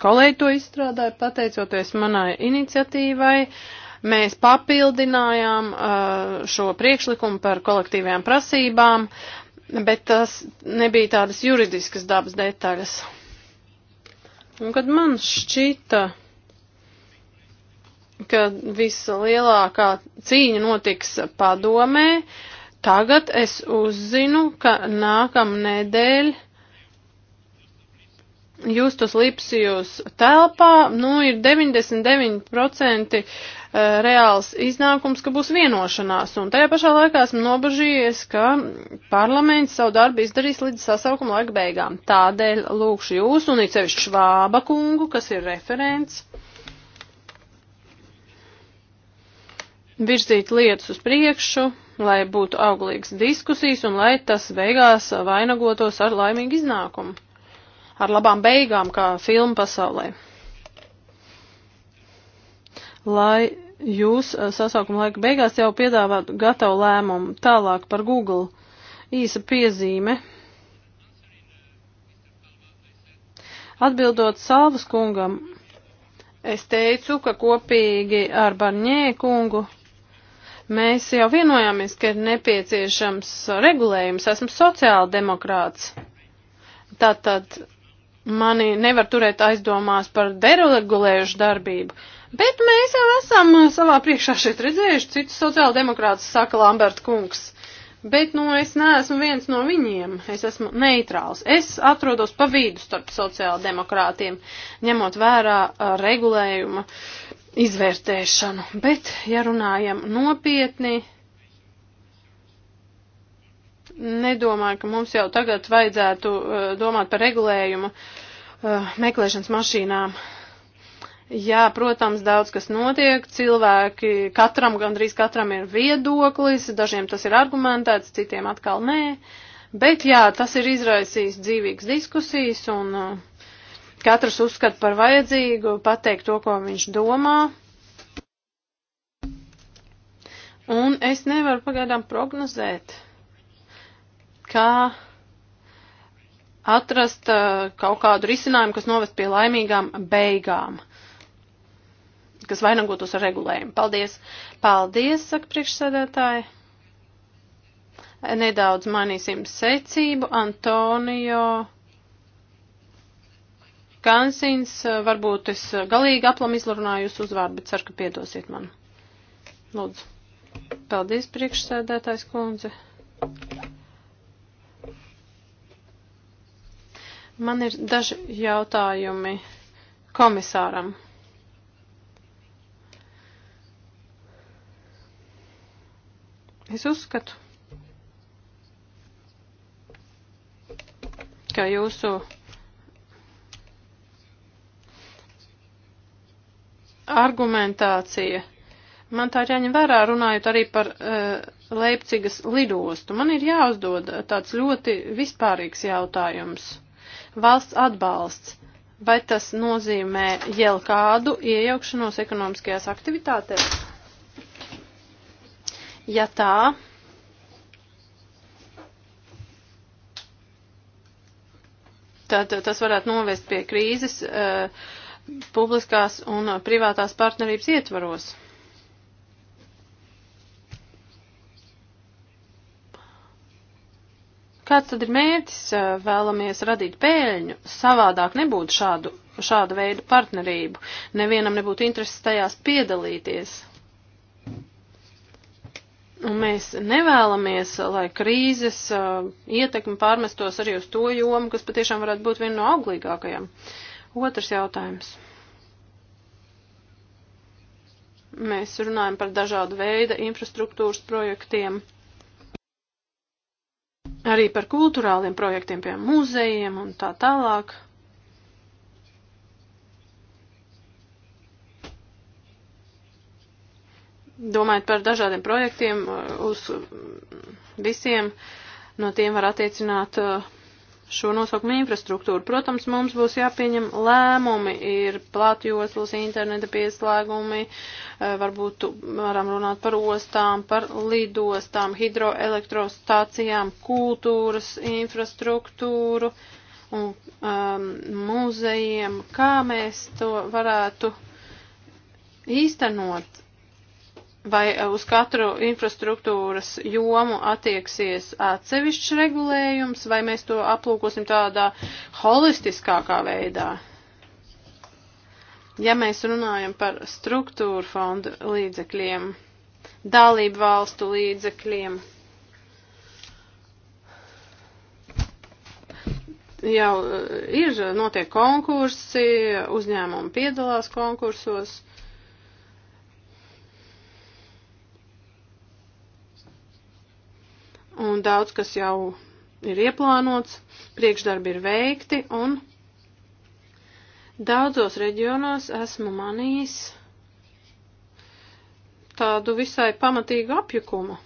Kolēģi to izstrādāja pateicoties manai iniciatīvai. Mēs papildinājām uh, šo priekšlikumu par kolektīvajām prasībām, bet tas nebija tādas juridiskas dabas detaļas. Un kad man šķita, ka vislielākā cīņa notiks padomē, tagad es uzzinu, ka nākamnedēļ nedēļ Justus Lipsijus telpā, nu, ir 99% eh, reāls iznākums, ka būs vienošanās, un tajā pašā laikā esmu nobažījies, ka parlaments savu darbu izdarīs līdz sasaukuma laika beigām. Tādēļ lūkšu jūs, un it sevišķi Švāba kungu, kas ir referents, virzīt lietas uz priekšu, lai būtu auglīgas diskusijas, un lai tas beigās vainagotos ar laimīgu iznākumu ar labām beigām, kā filma pasaulē. Lai jūs eh, sasaukuma laika beigās jau piedāvātu gatavu lēmumu tālāk par Google īsa piezīme. Atbildot Salvas kungam, es teicu, ka kopīgi ar Barņē kungu mēs jau vienojāmies, ka ir nepieciešams regulējums. Esmu sociāldemokrāts. Tātad mani nevar turēt aizdomās par deregulējušu darbību. Bet mēs jau esam savā priekšā šeit redzējuši citus sociāldemokrātus, saka Lamberta kungs. Bet, nu, es neesmu viens no viņiem, es esmu neitrāls. Es atrodos pa vidu starp sociāldemokrātiem, ņemot vērā regulējuma izvērtēšanu. Bet, ja runājam nopietni, nedomāju, ka mums jau tagad vajadzētu eh, domāt par regulējumu eh, meklēšanas mašīnām. Jā, protams, daudz kas notiek, cilvēki, katram, gandrīz katram ir viedoklis, dažiem tas ir argumentēts, citiem atkal nē, bet jā, tas ir izraisījis dzīvīgas diskusijas un eh, katrs uzskata par vajadzīgu pateikt to, ko viņš domā. Un es nevaru pagaidām prognozēt kā atrast uh, kaut kādu risinājumu, kas novest pie laimīgām beigām, kas vainagotos ar regulējumu. Paldies! Paldies, saka priekšsēdētāji. Nedaudz mainīsim secību. Antonio Kansins, uh, varbūt es galīgi aplam izrunāju jūsu uzvārdu, bet ceru, ka piedosiet man. Lūdzu. Paldies, priekšsēdētājs kundze. Man ir daži jautājumi komisāram. Es uzskatu, ka jūsu argumentācija. Man tā ir jāņem vērā, runājot arī par uh, Leipcigas lidostu. Man ir jāuzdod tāds ļoti vispārīgs jautājums valsts atbalsts. Vai tas nozīmē jau kādu iejaukšanos ekonomiskajās aktivitātēs? Ja tā, tad tas varētu novest pie krīzes uh, publiskās un privātās partnerības ietvaros. Kāds tad ir mērķis? Vēlamies radīt pēļņu. Savādāk nebūtu šādu, šādu veidu partnerību. Nevienam nebūtu intereses tajās piedalīties. Un mēs nevēlamies, lai krīzes uh, ietekme pārmestos arī uz to jomu, kas patiešām varētu būt viena no auglīgākajām. Otrs jautājums. Mēs runājam par dažādu veidu infrastruktūras projektiem. Uh, arī par kultūrāliem projektiem, piemēram, muzejiem un tā tālāk. Domājot par dažādiem projektiem, uh, uz visiem no tiem var attiecināt uh, šo nosaukumu infrastruktūru. Protams, mums būs jāpieņem lēmumi, ir platjoslas interneta pieslēgumi, e, varbūt varam runāt par ostām, par lidostām, hidroelektrostācijām, kultūras infrastruktūru un um, muzejiem, kā mēs to varētu īstenot vai eh, uz katru infrastruktūras jomu attieksies atsevišķs regulējums, vai mēs to aplūkosim tādā holistiskākā veidā. Ja mēs runājam par struktūru fondu līdzekļiem, dalību valstu līdzekļiem, jau eh, ir eh, notiek konkursi, uzņēmumi piedalās konkursos. un daudz kas jau ir ieplānots, priekšdarbi ir veikti, un daudzos reģionos esmu manījis tādu visai pamatīgu apjukumu.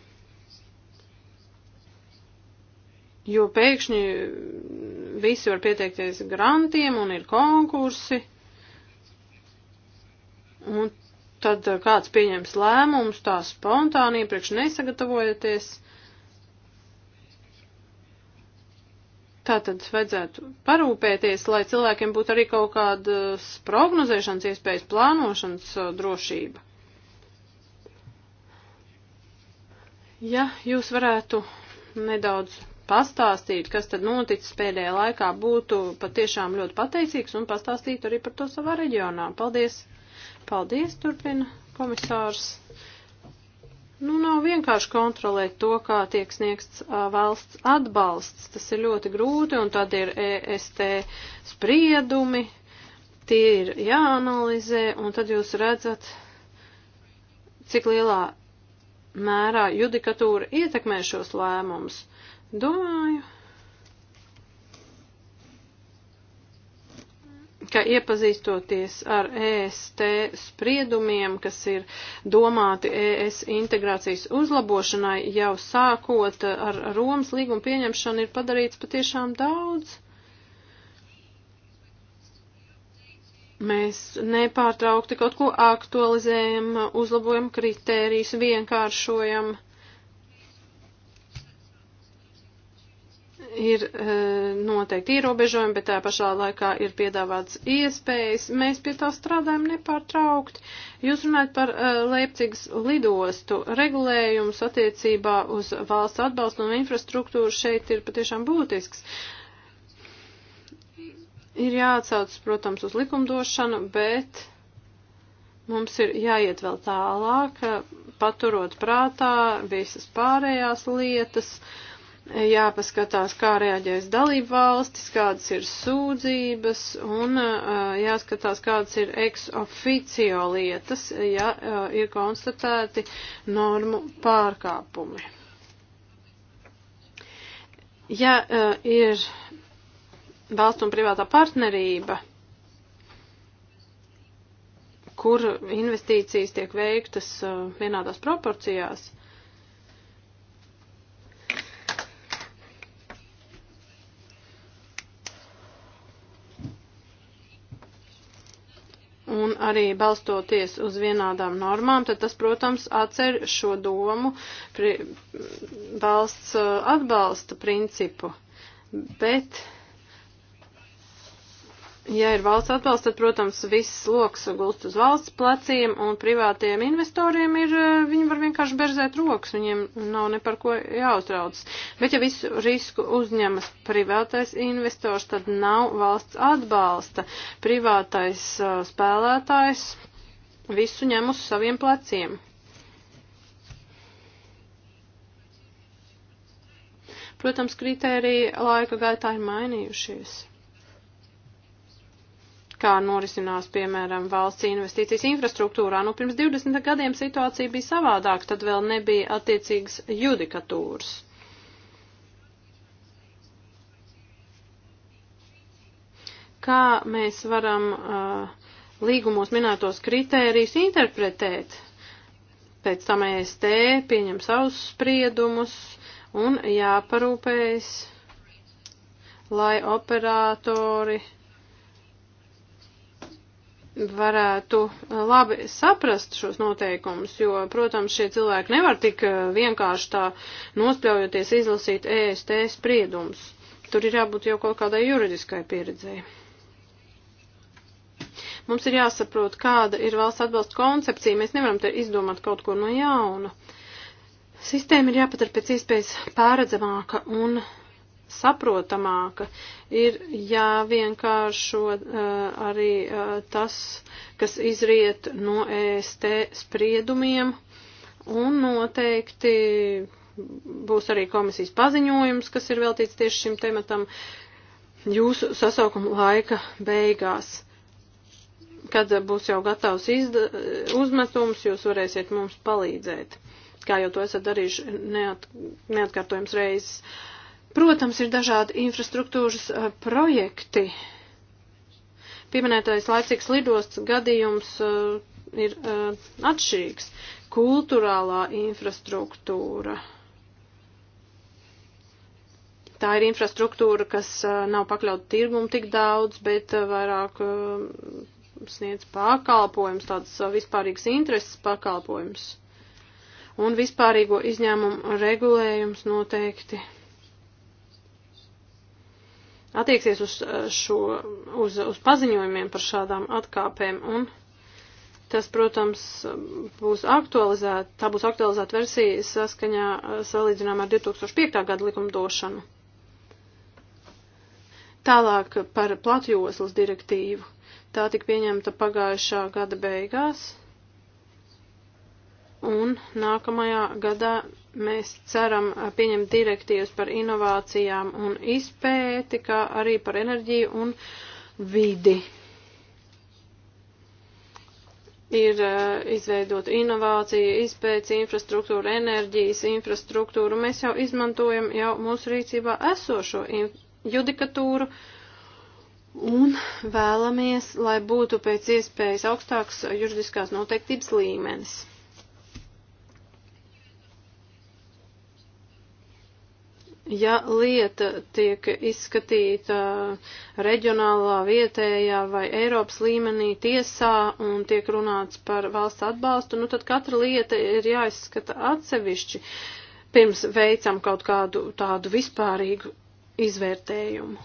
Jo pēkšņi visi var pieteikties grantiem un ir konkursi. Un tad kāds pieņems lēmumus tā spontāni, iepriekš nesagatavojoties. Uh, Tātad vajadzētu parūpēties, lai cilvēkiem būtu arī kaut kādas prognozēšanas iespējas, plānošanas uh, drošība. Ja jūs varētu nedaudz pastāstīt, kas tad noticis pēdējā laikā, būtu patiešām ļoti pateicīgs un pastāstīt arī par to savā reģionā. Paldies! Paldies, turpina komisārs. Nu, nav vienkārši kontrolēt to, kā tiek sniegts a, valsts atbalsts. Tas ir ļoti grūti, un tad ir EST spriedumi, tie ir jāanalizē, un tad jūs redzat, cik lielā mērā judikatūra ietekmē šos lēmumus. Domāju, ka iepazīstoties ar EST spriedumiem, kas ir domāti ES integrācijas uzlabošanai, jau sākot ar Romas līgumu pieņemšanu ir padarīts patiešām daudz. Mēs nepārtraukti kaut ko aktualizējam, uzlabojam kritērijus, vienkāršojam. Uh, ir e, noteikti ierobežojumi, bet tā pašā laikā ir piedāvāts iespējas. Mēs pie tā strādājam nepārtraukti. Jūs runājat par e, Leipcigas lidostu regulējums attiecībā uz valsts atbalstu un infrastruktūru šeit ir patiešām būtisks. Ir jāatsauc, protams, uz likumdošanu, bet mums ir jāiet vēl tālāk, paturot prātā visas pārējās lietas. Uh, jāpaskatās, kā reaģēs dalību valstis, kādas ir sūdzības un jāskatās, kādas ir ex officio lietas, ja ir konstatēti normu pārkāpumi. Ja ir valsts un privātā partnerība, kur investīcijas tiek veiktas vienādās proporcijās, un arī balstoties uz vienādām normām, tad tas, protams, atcer šo domu pri, valsts uh, atbalsta principu. Bet Ja ir valsts atbalsts, tad, protams, viss loks gulst uz valsts pleciem, un privātiem investoriem ir, eh, viņi var vienkārši berzēt rokas, viņiem nav ne par ko jāuztrauc. Bet, ja visu risku uzņemas privātais investors, tad nav valsts atbalsta. Privātais uh, spēlētājs visu ņem uz saviem pleciem. Protams, kritēriji laika gaitā ir mainījušies kā norisinās, piemēram, valsts investīcijas infrastruktūrā. Nu, pirms 20 gadiem situācija bija savādāka, tad vēl nebija attiecīgas judikatūras. Kā mēs varam uh, līgumos minētos kritērijus interpretēt? Pēc tam EST pieņem savus spriedumus un jāparūpējas, lai operatori uh, varētu eh, labi saprast šos noteikumus, jo, protams, šie cilvēki nevar tik eh, vienkārši tā nospļaujoties izlasīt EST spriedumus. Tur ir jābūt jau kaut kādai juridiskai pieredzēji. Mums ir jāsaprot, kāda ir valsts atbalsta koncepcija. Mēs nevaram te izdomāt kaut ko no jauna. Sistēma ir jāpatur pēc iespējas pāredzamāka un saprotamāka, ir jāvienkāršo uh, arī uh, tas, kas izriet no EST spriedumiem, un noteikti būs arī komisijas paziņojums, kas ir veltīts tieši šim tematam jūsu sasaukuma laika beigās kad būs jau gatavs izda, uzmetums, jūs varēsiet mums palīdzēt, kā jau to esat darījuši neat, neatkārtojums reizes. Protams, ir dažādi infrastruktūras eh, projekti. Pieminētais laicīgs lidosts gadījums eh, ir eh, atšķirīgs. Kulturālā infrastruktūra tā ir infrastruktūra, kas nav pakļauta tirgumu tik daudz, bet vairāk sniedz pakalpojums, tādas vispārīgas intereses pakalpojums. Un vispārīgo izņēmumu regulējums noteikti attieksies uz, eh, šo, uz, uz paziņojumiem par šādām atkāpēm. Un tas, protams, būs aktualizēta, tā būs aktualizēta versija saskaņā eh, salīdzinām ar 2005. gada likumdošanu. Tālāk par platjoslas direktīvu. Tā tika pieņemta pagājušā gada beigās, un nākamajā gadā Mēs ceram pieņemt direktīvas par inovācijām un izpēti, kā arī par enerģiju un vidi. Ir izveidot inovācija, izpētes infrastruktūra, enerģijas infrastruktūru. Mēs jau izmantojam jau mūsu rīcībā esošo judikatūru un vēlamies, lai būtu pēc iespējas augstāks juridiskās noteiktības līmenis. Ja lieta tiek izskatīta reģionālā, vietējā vai Eiropas līmenī tiesā un tiek runāts par valsts atbalstu, nu tad katra lieta ir jāizskata atsevišķi, pirms veicam kaut kādu tādu vispārīgu izvērtējumu.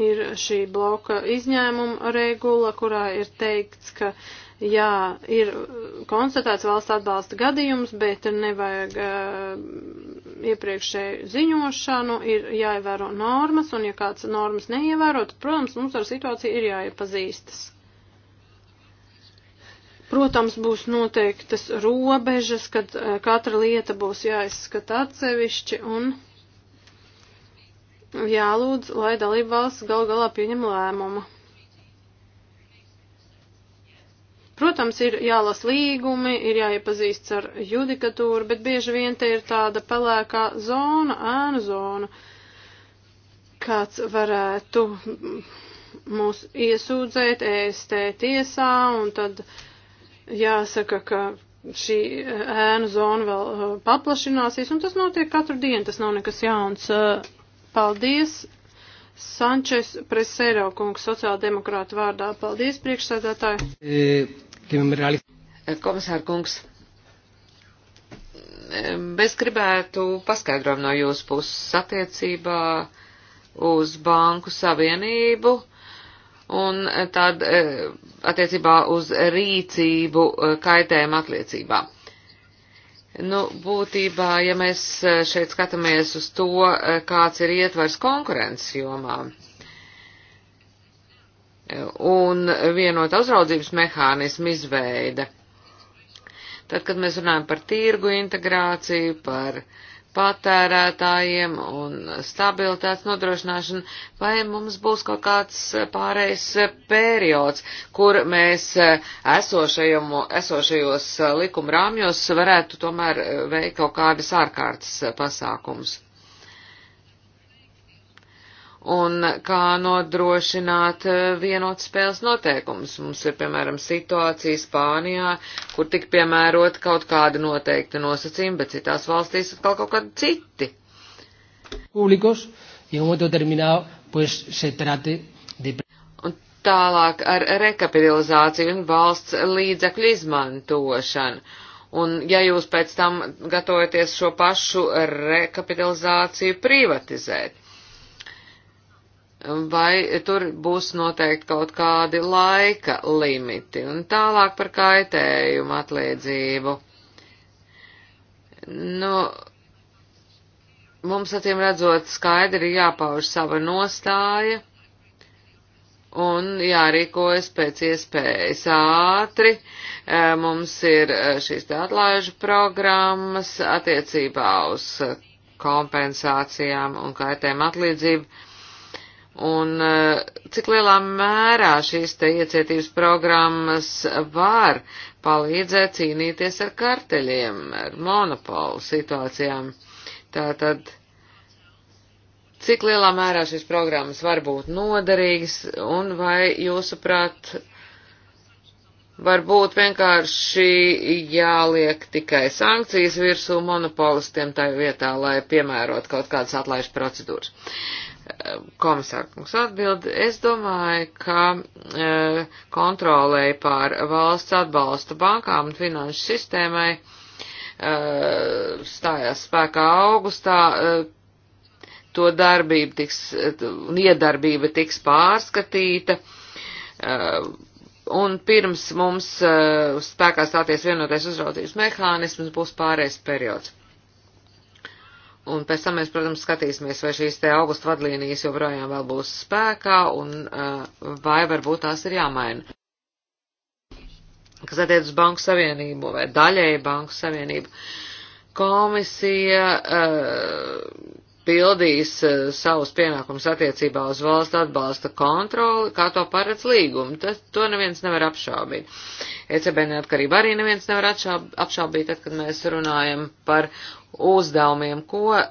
Ir šī bloka izņēmuma regula, kurā ir teikts, ka uh, jā, ir konstatēts valsts atbalsta gadījums, bet nevajag uh, iepriekšēju ziņošanu, ir jāievēro normas, un ja kāds normas neievēro, tad, protams, mums ar situāciju ir jāiepazīstas. Protams, būs noteiktas robežas, kad uh, katra lieta būs jāizskata atsevišķi un jālūdz, lai dalība valsts gal galā pieņem lēmumu. Protams, ir jālas līgumi, ir jāiepazīsts ar judikatūru, bet bieži vien te ir tāda pelēkā zona, ēnu zona, kāds varētu mūs iesūdzēt EST tiesā, un tad jāsaka, ka šī ēnu zona vēl uh, paplašināsies, un tas notiek katru dienu, tas nav nekas jauns. Uh, paldies! Sančes Presero kungs sociāldemokrāta vārdā. Paldies, priekšsēdētāji!
E Komisāra kungs, es gribētu paskaidrojumu no jūsu puses attiecībā uz Banku Savienību un tad eh, attiecībā uz rīcību eh, kaitējuma atliecībā. Nu, būtībā, ja mēs eh, šeit skatāmies uz to, kāds ir ietvars konkurences jomām un vienot uzraudzības mehānismu izveide. Tad, kad mēs runājam par tirgu integrāciju, par patērētājiem un stabilitātes nodrošināšanu, vai mums būs kaut kāds pārējais periods, kur mēs esošajos likuma rāmjos varētu tomēr veikt kaut kādas ārkārtas pasākums un kā nodrošināt e, vienot spēles noteikumus. Mums ir, piemēram, situācija Spānijā, kur tik piemērot kaut kāda noteikta nosacījuma, bet citās valstīs atkal kaut kādi citi. Publikos, ja un determinado, pues se trate de... Un tālāk ar rekapitalizāciju un valsts līdzekļu izmantošanu. Un ja jūs pēc tam gatavojaties šo pašu rekapitalizāciju privatizēt, vai tur būs noteikti kaut kādi laika limiti un tālāk par kaitējumu atliedzību. Nu, mums acīm redzot skaidri ir jāpauž sava nostāja un jārīkojas pēc iespējas ātri. E, mums ir e, šīs te atlaižu programmas attiecībā uz kompensācijām un kaitēm atlīdzību Un e, cik lielā mērā šīs te iecietības programmas var palīdzēt cīnīties ar karteļiem, ar monopolu situācijām. Tātad, cik lielā mērā šīs programmas var būt noderīgas un vai jūsuprāt varbūt vienkārši jāliek tikai sankcijas virsū monopolistiem tā vietā, lai piemērot kaut kādas atlaižu procedūras. Komisārkungs atbild, es domāju, ka e, kontrolēja pār valsts atbalstu bankām un finanšu sistēmai e, stājās spēkā augustā, e, to darbība tiks, un iedarbība tiks pārskatīta, e, un pirms mums e, spēkā stāties vienotais uzraudzības mehānisms būs pārējais periods. Un pēc tam mēs, protams, skatīsimies, vai šīs te augusta vadlīnijas joprojām vēl būs spēkā un uh, vai varbūt tās ir jāmaina. Kas attiec uz Banku Savienību vai daļēji Banku Savienību, komisija uh, pildīs eh, savus pienākumus attiecībā uz valsts atbalsta kontroli, kā to paredz līgumi. Tas, to neviens nevar apšaubīt. ECB neatkarība arī neviens nevar atšaub, apšaubīt, tad, kad mēs runājam par uzdevumiem, ko uh,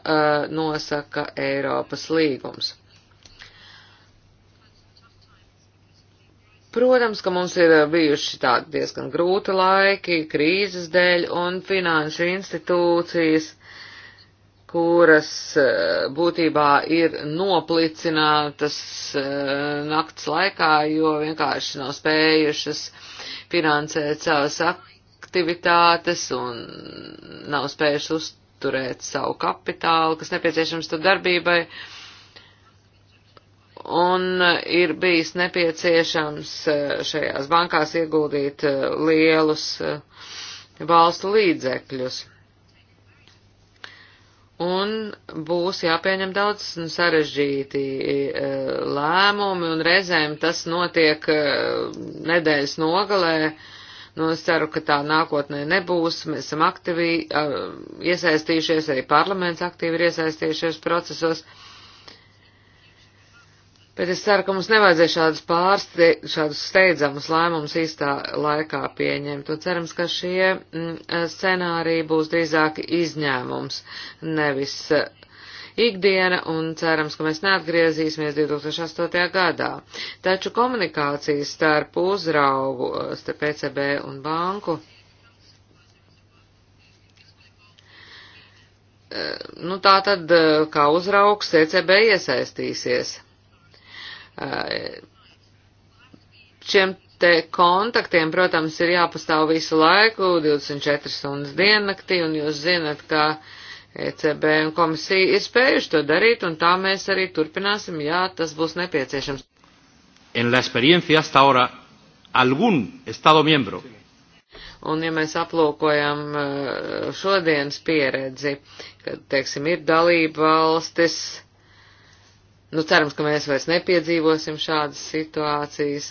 nosaka Eiropas līgums. Protams, ka mums ir eh, bijuši tādi diezgan grūti laiki, krīzes dēļ, un finanšu institūcijas kuras e, būtībā ir noplicinātas e, nakts laikā, jo vienkārši nav spējušas finansēt savas aktivitātes un nav spējušas uzturēt savu kapitālu, kas nepieciešams tur darbībai. Un e, ir bijis nepieciešams šajās bankās ieguldīt lielus valstu līdzekļus un būs jāpieņem daudz sarežģīti e, lēmumi, un reizēm tas notiek e, nedēļas nogalē. Nu, es ceru, ka tā nākotnē nebūs. Mēs esam aktīvi iesaistījušies, arī parlaments aktīvi ir iesaistījušies procesos. Uh, Bet es ceru, ka mums nevajadzēs šādus pārste, šādus steidzamus lēmumus īstā laikā pieņemt, un cerams, ka šie mm, scenāriji būs drīzāk izņēmums, nevis eh, ikdiena, un cerams, ka mēs neatgriezīsimies 2008. gadā. Taču komunikācijas starp uzraugu, eh, starp ECB un banku, eh, nu tā tad kā uzraugs ECB iesaistīsies. Šiem te kontaktiem, protams, ir jāpastāv visu laiku, 24 stundas diennaktī, un jūs zinat, ka ECB un komisija ir spējuši to darīt, un tā mēs arī turpināsim, ja tas būs nepieciešams.
En la experiencia hasta ahora, algún Estado miembro.
Un ja mēs aplūkojam e, šodienas pieredzi, kad, teiksim, ir dalība valstis, Nu, cerams, ka mēs vairs nepiedzīvosim šādas situācijas,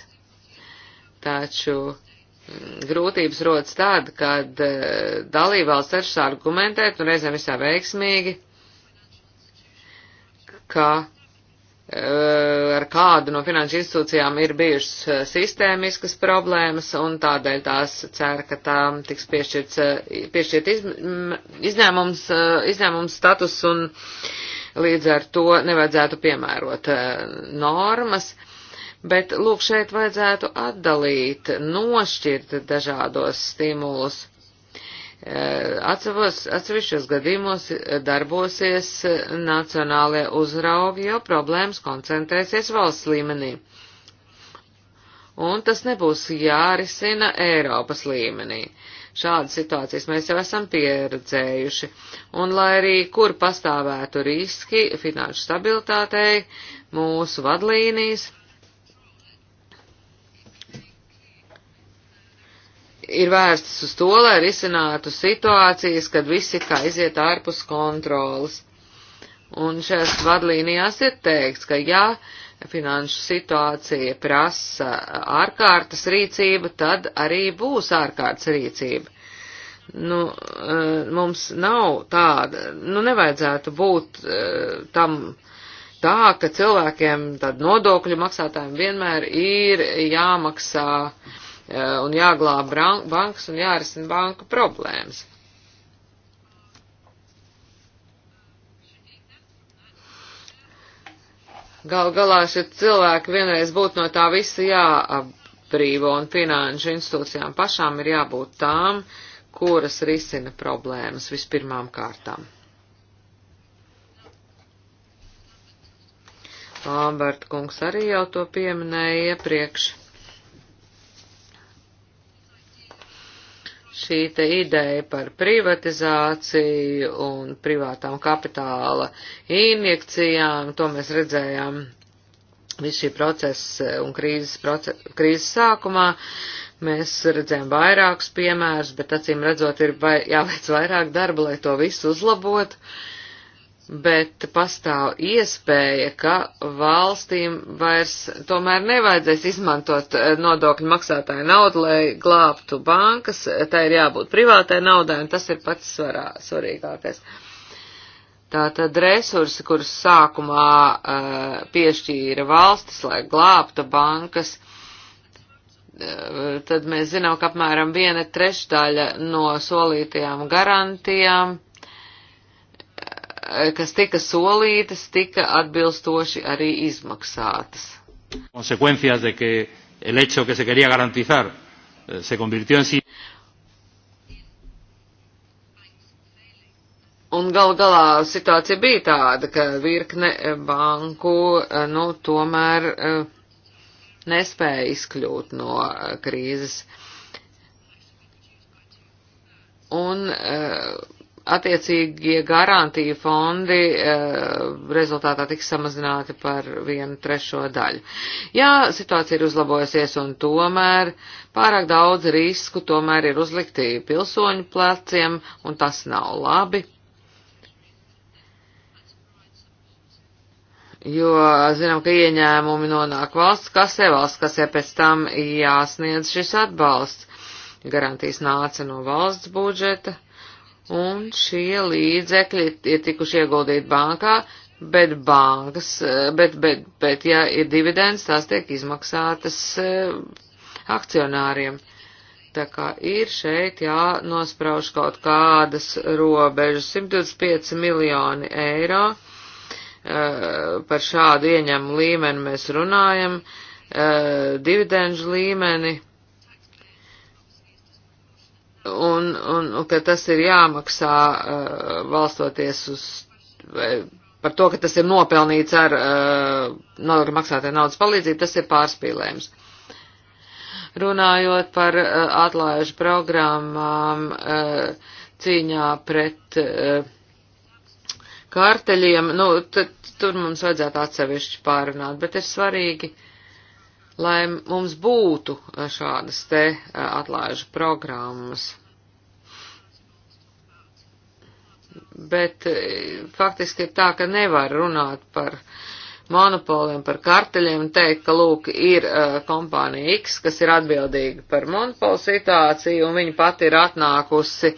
taču mm, grūtības rodas tad, kad eh, dalībvalsts cenšas argumentēt, un nu, reizēm visā veiksmīgi, ka eh, ar kādu no finanšu institūcijām ir bijušas eh, sistēmiskas problēmas, un tādēļ tās cer, ka tām tiks piešķirts, piešķirt iz, izņēmums, izņēmums status un uh, līdz ar to nevajadzētu piemērot eh, normas, bet lūk šeit vajadzētu atdalīt, nošķirt dažādos stimulus. Eh, atsevišķos, atsevišķos gadījumos darbosies nacionālie uzraugi, jo problēmas koncentrēsies valsts līmenī. Un tas nebūs jārisina Eiropas līmenī. Uh, Šādas situācijas mēs jau esam pieredzējuši, un lai arī kur pastāvētu riski finanšu stabilitātei, mūsu vadlīnijas ir vērstas uz to, lai risinātu situācijas, kad visi kā iziet ārpus kontrolas. Un šajās vadlīnijās ir teikts, ka jā, ja finanšu situācija prasa ārkārtas rīcība, tad arī būs ārkārtas rīcība. Nu, e, mums nav tāda, nu, nevajadzētu būt e, tam tā, ka cilvēkiem, tad nodokļu maksātājiem vienmēr ir jāmaksā e, un jāglāb bankas un jārisina banku problēmas. Gal galā šie cilvēki vienreiz būtu no tā visa jāapbrīvo, un finanšu institūcijām pašām ir jābūt tām, kuras risina problēmas vispirmām kārtām. Lamberta kungs arī jau to pieminēja iepriekš. Šī te ideja par privatizāciju un privātām kapitāla injekcijām, to mēs redzējām visu šī procesa un krīzes, proces, krīzes sākumā. Mēs redzējām vairākus piemērus, bet acīm redzot ir vai, jāveic vairāk darba, lai to visu uzlabotu. Uh, bet pastāv iespēja, ka valstīm vairs tomēr nevajadzēs izmantot eh, nodokļu maksātāju naudu, lai glābtu bankas. Tā ir jābūt privātai naudai, un tas ir pats svarā, svarīgākais. Tātad resursi, kurus sākumā uh, piešķīra valstis, lai glābtu bankas, uh, tad mēs zinām, ka apmēram viena trešdaļa no solītajām garantijām Eh, kas tika solītas, tika atbilstoši arī
izmaksātas. Konsekvencijas de que el hecho que se quería garantizar eh, se convirtió en sí.
Un gal galā situācija bija tāda, ka virkne eh, banku, nu, tomēr nespēja izkļūt no krīzes. Un uh, attiecīgie garantija fondi eh, rezultātā tiks samazināti par vienu trešo daļu. Jā, situācija ir uzlabojusies un tomēr pārāk daudz risku tomēr ir uzlikti pilsoņu pleciem un tas nav labi. Jo zinām, ka ieņēmumi nonāk valsts kasē, valsts kasē pēc tam jāsniedz šis atbalsts. Garantijas nāca no valsts budžeta, Un šie līdzekļi ir tikuši ieguldīti bankā, bet bankas, bet, bet, bet ja ir dividends, tās tiek izmaksātas eh, akcionāriem. Tā kā ir šeit jānosprauž kaut kādas robežas. 125 miljoni eiro eh, par šādu ieņemu līmeni mēs runājam, eh, dividendžu līmeni un, un, un ka tas ir jāmaksā uh, eh, valstoties uz, vai, par to, ka tas ir nopelnīts ar uh, eh, nodokļu maksātāju naudas palīdzību, tas ir pārspīlējums. Runājot par uh, atlaižu programmām uh, cīņā pret uh, kārteļiem, nu, tad tur mums vajadzētu atsevišķi pārunāt, bet ir svarīgi. Uh, lai mums būtu eh, šādas te eh, atlaižu programmas. Bet eh, faktiski ir tā, ka nevar runāt par monopoliem, par karteļiem un teikt, ka lūk ir kompānija X, kas ir atbildīga par monopolu situāciju un viņa pati ir atnākusi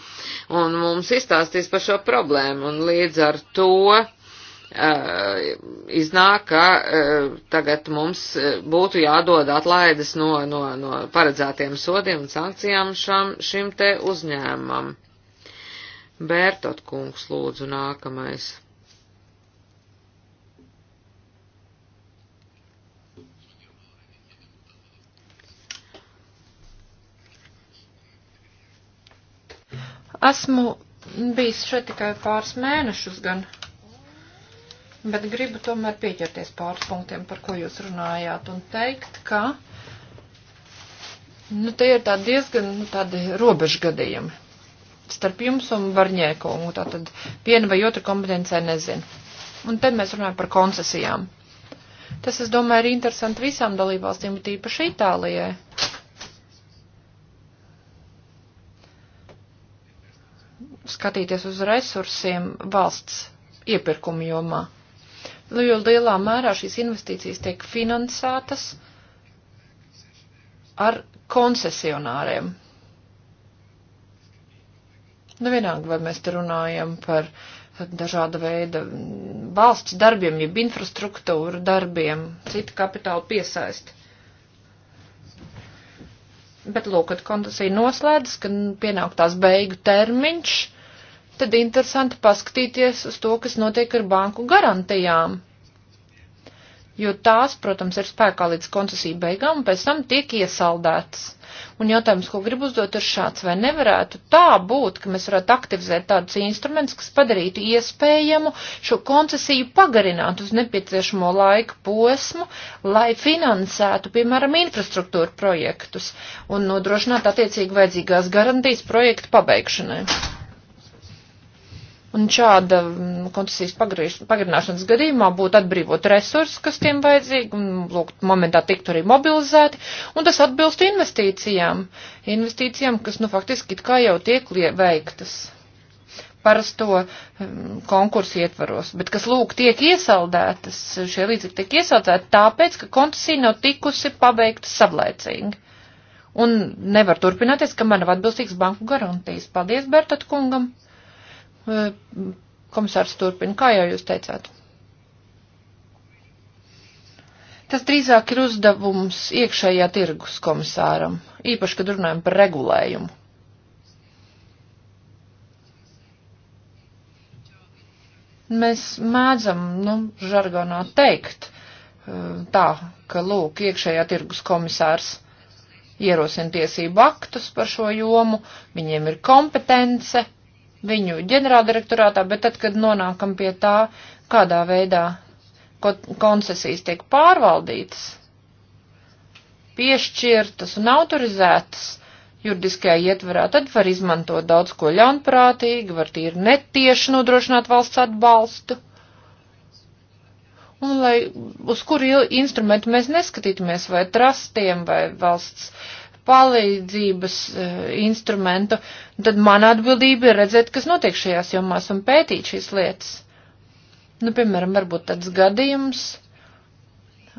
un mums izstāstīs par šo problēmu un līdz ar to Eh, iznāk, ka eh, tagad mums eh, būtu jādod atlaides no, no, no paredzētiem sodiem un sankcijām šam, šim te uzņēmumam. Bērtot kungs lūdzu nākamais.
Esmu bijis šeit tikai pāris mēnešus gan bet gribu tomēr pieķerties pāris punktiem, par ko jūs runājāt, un teikt, ka, nu, tie ir tādi diezgan nu, tādi robežgadījumi starp jums un barņēkumu, tātad viena vai otra kompetencija nezinu. Un te mēs runājam par koncesijām. Tas, es domāju, ir interesanti visām dalībvalstīm, bet īpaši Itālijai. Skatīties uz resursiem valsts iepirkumu jomā nu, jo lielā mērā šīs investīcijas tiek finansētas ar koncesionāriem. Nu, vienalga, vai mēs te runājam par dažāda veida valsts darbiem, jeb infrastruktūra darbiem, citu kapitālu piesaisti. Bet, lūk, kad koncesija noslēdzas, kad pienāk tās beigu termiņš, uh, tad interesanti paskatīties uz to, kas notiek ar banku garantijām. Jo tās, protams, ir spēkā līdz koncesiju beigām un pēc tam tiek iesaldētas. Un jautājums, ko gribu uzdot, ir šāds, vai nevarētu tā būt, ka mēs varētu aktivizēt tādus instrumentus, kas padarītu iespējamu šo koncesiju pagarināt uz nepieciešamo laika posmu, lai finansētu, piemēram, infrastruktūra projektus un nodrošinātu attiecīgi vajadzīgās garantijas projektu pabeigšanai. Un šāda mm, koncesijas pagarināšanas gadījumā būtu atbrīvot resursi, kas tiem vajadzīgi, un lūk, momentā tiktu arī mobilizēti, un tas atbilst investīcijām. Investīcijām, kas, nu, faktiski it kā jau tiek veiktas parasto mm, konkursu ietvaros, bet kas, lūk, tiek iesaldētas, šie līdzekļi tiek iesaldēti tāpēc, ka koncesija nav tikusi pabeigta savlaicīgi. Un nevar turpināties, kamēr nav atbilstīgs banku garantijas. Paldies, Bertat kungam! Eh, komisārs turpina, kā jau jūs teicāt. Tas drīzāk ir uzdevums iekšējā tirgus komisāram, īpaši, kad runājam par regulējumu. Mēs mēdzam, nu, žargonā teikt eh, tā, ka, lūk, iekšējā tirgus komisārs ierosina tiesību aktus par šo jomu, viņiem ir kompetence, viņu ģenerāldirektorātā, bet tad, kad nonākam pie tā, kādā veidā koncesijas tiek pārvaldītas, piešķirtas un autorizētas juridiskajā ietverā, tad var izmantot daudz ko ļaunprātīgi, var tīri netieši nodrošināt valsts atbalstu. Un lai uz kuru instrumentu mēs neskatītumies, vai trastiem, vai valsts uh, palīdzības e, instrumentu, tad mana atbildība ir redzēt, kas notiek šajās jomās un pētīt šīs lietas. Nu, piemēram, varbūt tāds gadījums,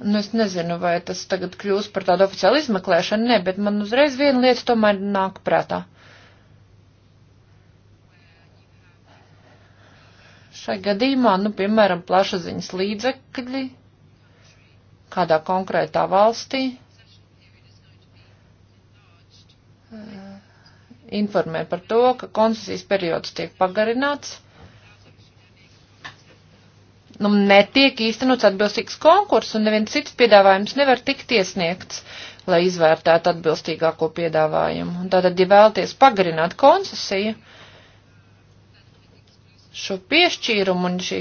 nu, es nezinu, vai tas tagad kļūs par tādu oficiālu izmeklēšanu, ne, bet man uzreiz viena lieta tomēr nāk prātā. Šai gadījumā, nu, piemēram, plašaziņas līdzekļi kādā konkrētā valstī informē par to, ka koncesijas periods tiek pagarināts. Nu, netiek īstenots atbilstīgs konkurss, un neviens cits piedāvājums nevar tikt iesniegts, lai izvērtētu atbilstīgāko piedāvājumu. Un tātad, ja vēlties pagarināt koncesiju, šo piešķīrumu un šī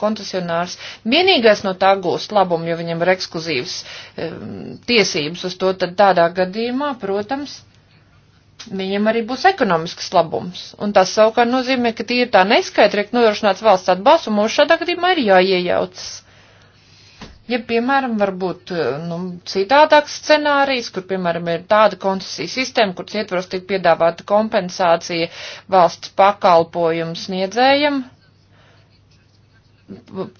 koncesionārs vienīgais no tā gūst labumu, jo viņam ir ekskluzīvas um, tiesības uz to, tad tādā gadījumā, protams, viņiem arī būs ekonomisks labums. Un tas savukārt nozīmē, ka tie ir tā neskaidrīgi nodrošināts valsts atbalsts, un mums šādā gadījumā ir jāiejaucas. Ja, piemēram, varbūt nu, citādāks scenārijs, kur, piemēram, ir tāda koncesija sistēma, kur ietvaros tiek piedāvāta kompensācija valsts pakalpojumu sniedzējiem,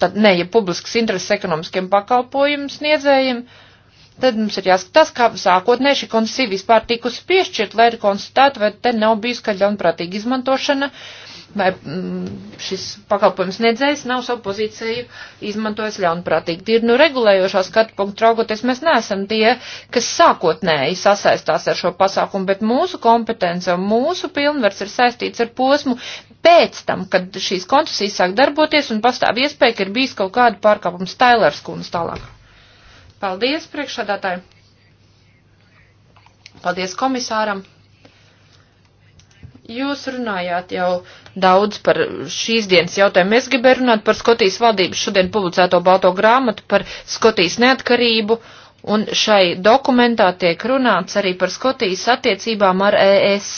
tad ne, ja publisks intereses ekonomiskiem pakalpojumu sniedzējiem, uh, tad mums ir jāskatās, kā sākotnēji šī koncesija vispār tikusi piešķirt, lai ir konstatētu, vai te nav bijis kāda ļaunprātīga izmantošana, vai mm, šis pakalpojums niedzējs nav savu pozīciju izmantojis ļaunprātīgi. Tie ir nu regulējošā skatu punktu raugoties, mēs neesam tie, kas sākotnēji sasaistās ar šo pasākumu, bet mūsu kompetence un mūsu pilnvars ir saistīts ar posmu pēc tam, kad šīs koncesijas sāk darboties un pastāv iespēja, ka ir bijis kaut kāda pārkāpums Tailers kundze tālāk. Paldies, priekšsādātāji. Paldies komisāram. Jūs runājāt jau daudz par šīs dienas jautājumu. Es gribēju runāt par Skotijas valdības šodien publicēto balto grāmatu par Skotijas neatkarību. Un šai dokumentā tiek runāts arī par Skotijas attiecībām ar ES.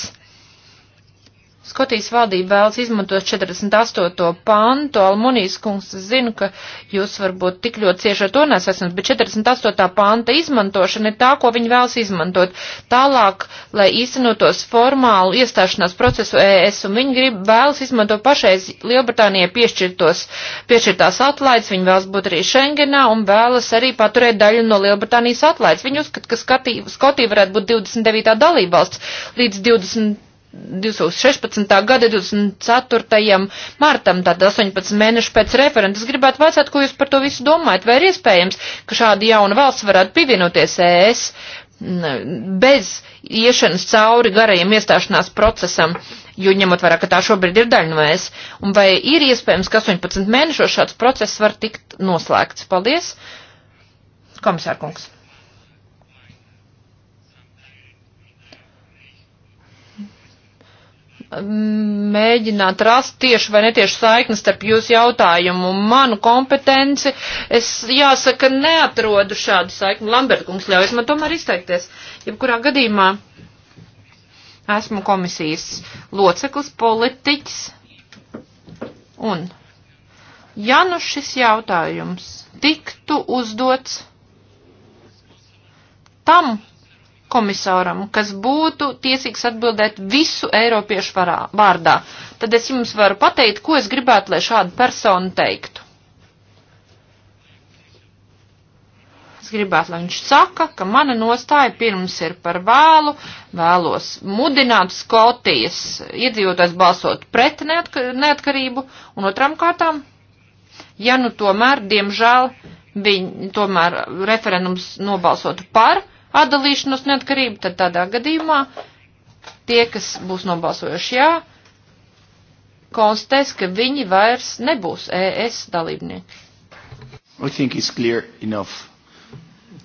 Skotijas valdība vēlas izmantot 48. pantu, Almonijas kungs, es zinu, ka jūs varbūt tik ļoti cieši ar to nesasnat, bet 48. panta izmantošana ir tā, ko viņi vēlas izmantot. Tālāk, lai īstenotos formālu iestāšanās procesu ES, un viņi grib, vēlas izmantot pašreiz Lielbritānijai piešķirtos, piešķirtās atlaides, viņi vēlas būt arī Schengenā un vēlas arī paturēt daļu no Lielbritānijas atlaides. Viņi uzskata, ka Skotija varētu būt 29. dalībvalsts līdz 20. 2016. gada 24. martam, tātad 18 mēnešu pēc referenta. Es gribētu vaicāt, ko jūs par to visu domājat. Vai ir iespējams, ka šāda jauna valsts varētu pievienoties ES bez iešanas cauri garajam iestāšanās procesam, jo ņemot vērā, ka tā šobrīd ir daļa no ES? Un vai ir iespējams, ka 18 mēnešos šāds process var tikt noslēgts? Paldies, komisārkungs. mēģināt rast tieši vai netieši saiknes starp jūsu jautājumu un manu kompetenci. Es jāsaka, neatrodu šādu saikni. Lambertkungs ļaujas man tomēr izteikties. Jebkurā gadījumā esmu komisijas loceklis, politiķis. Un, ja nu šis jautājums tiktu uzdots tam, komisāram, kas būtu tiesīgs atbildēt visu Eiropiešu varā, vārdā, tad es jums varu pateikt, ko es gribētu, lai šāda persona teiktu. Es gribētu, lai viņš saka, ka mana nostāja pirms ir par vēlu, vēlos mudināt Skotijas iedzīvotājs balsot pret neatkar neatkarību, un otram kārtām, ja nu tomēr, diemžēl, viņi tomēr referendums nobalsotu par, atdalīšanos neatkarību, tad tādā gadījumā tie, kas būs nobalsojuši jā, konstatēs, ka viņi vairs nebūs ES dalībnieki.
I think it's clear enough.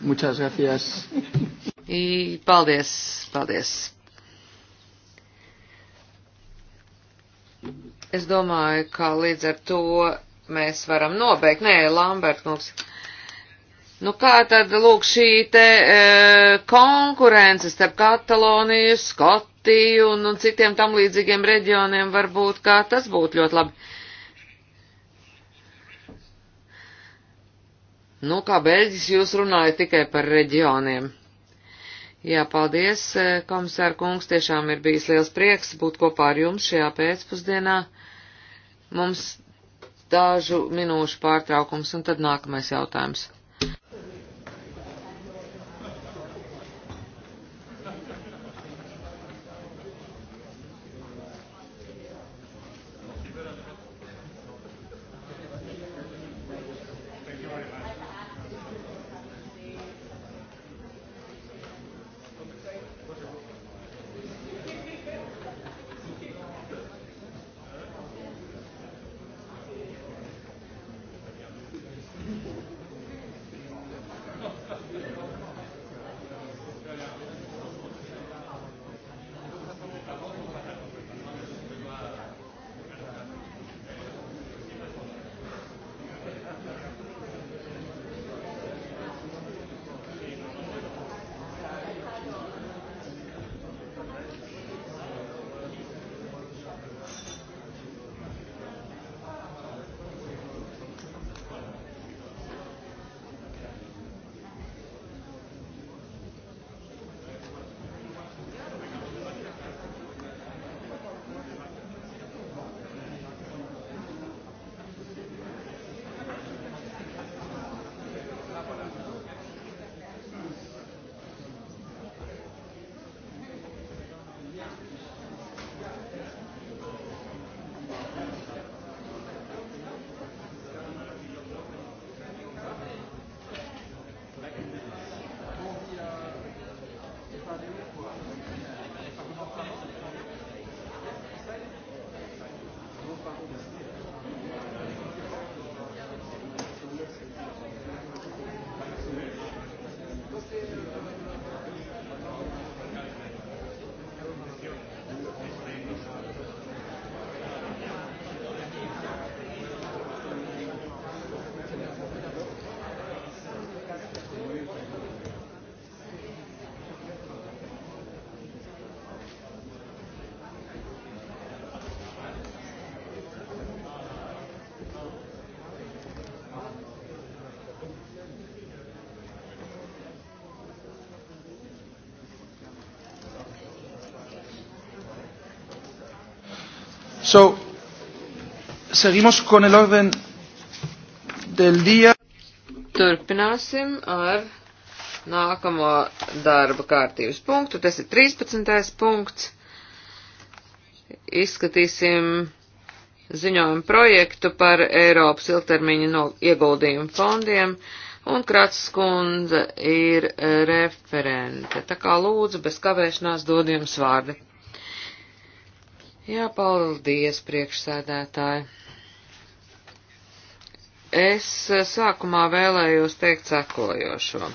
Muchas gracias. I, paldies, paldies.
Es domāju, ka līdz ar to mēs varam nobeigt. Nē, Lambert kungs. Mums... Nu kā tad, lūk, šī te e, konkurence starp Kataloniju, Skotiju un, un citiem tam līdzīgiem reģioniem varbūt, kā tas būtu ļoti labi. Nu, kā beidzis, jūs runājat tikai par reģioniem. Jā, paldies, e, komisāra kungs, tiešām ir bijis liels prieks būt kopā ar jums šajā pēcpusdienā. Mums dažu minūšu pārtraukums un tad nākamais jautājums.
So, seguimos con el orden del día.
Turpināsim ar nākamo darba kārtības punktu. Tas ir 13. punkts. Izskatīsim ziņojumu projektu par Eiropas ilgtermiņa no ieguldījumu fondiem, un Kratas kundze ir referente. Tā kā lūdzu, bez kavēšanās dod jums vārdi. Jā, paldies, priekšsēdētāji. Es eh, sākumā vēlējos teikt sekojošo.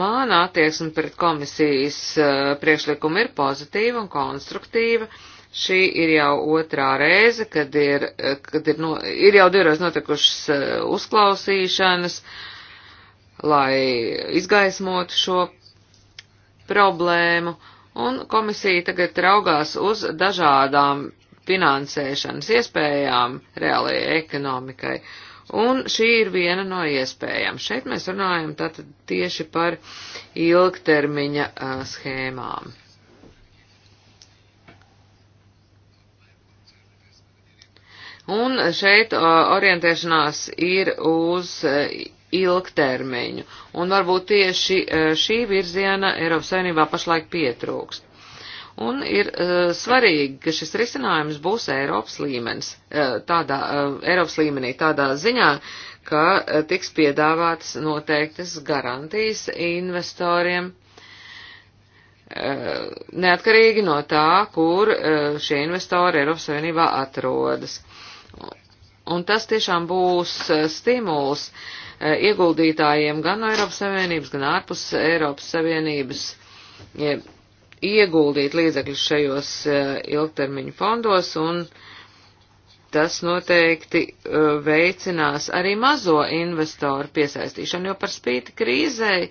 Mana attieksme pret komisijas eh, priekšlikumu ir pozitīva un konstruktīva. Šī ir jau otrā reize, kad ir, eh, kad ir, no, ir jau divreiz notikušas uzklausīšanas, lai izgaismotu šo problēmu Un komisija tagad raugās uz dažādām finansēšanas iespējām reālajai ekonomikai. Un šī ir viena no iespējām. Šeit mēs runājam tātad tieši par ilgtermiņa uh, schēmām. Un šeit uh, orientēšanās ir uz uh, ilgtermiņu, un varbūt tieši e, šī virziena Eiropas Savienībā pašlaik pietrūkst. Un ir uh, svarīgi, ka šis risinājums būs Eiropas līmenis, uh, tādā, uh, Eiropas līmenī tādā ziņā, ka uh, tiks piedāvātas noteiktas garantijas investoriem, uh, neatkarīgi no tā, kur uh, šie investori Eiropas Savienībā atrodas. Un tas tiešām būs uh, stimuls uh, Eh, ieguldītājiem gan no Eiropas Savienības, gan ārpus Eiropas Savienības ieguldīt līdzekļus šajos eh, ilgtermiņu fondos, un tas noteikti eh, veicinās arī mazo investoru piesaistīšanu, jo par spīti krīzei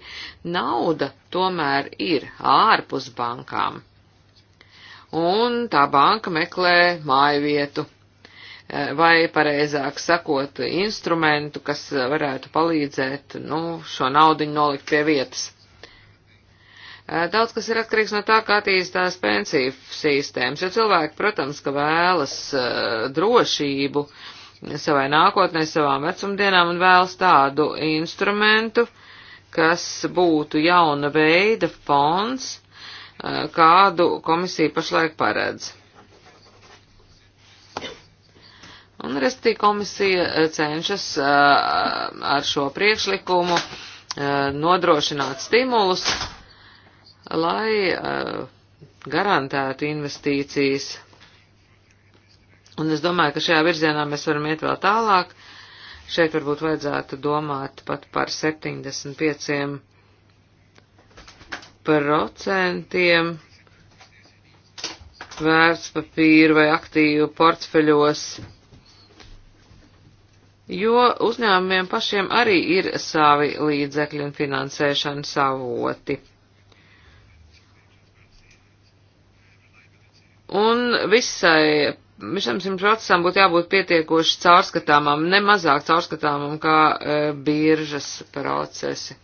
nauda tomēr ir ārpus bankām. Un tā banka meklē māju vietu vai pareizāk sakot instrumentu, kas varētu palīdzēt, nu, šo naudiņu nolikt pie vietas. Eh, daudz kas ir atkarīgs no tā, kā attīstās pensiju sistēmas, jo cilvēki, protams, ka vēlas eh, drošību savai nākotnē, savām vecumdienām un vēlas tādu instrumentu, kas būtu jauna veida fonds, eh, kādu komisija pašlaik paredz. Un, restī, komisija eh, cenšas eh, ar šo priekšlikumu eh, nodrošināt stimulus, lai garantētu investīcijas. Un es domāju, ka šajā virzienā mēs varam iet vēl tālāk. Šeit varbūt vajadzētu domāt pat par 75 procentiem vērtspapīru vai aktīvu portfeļos jo uzņēmumiem pašiem arī ir savi līdzekļi un finansēšana savoti. Un visai, visam šim procesam būtu jābūt pietiekoši caurskatāmam, ne mazāk caurskatāmam kā e, biržas procesi.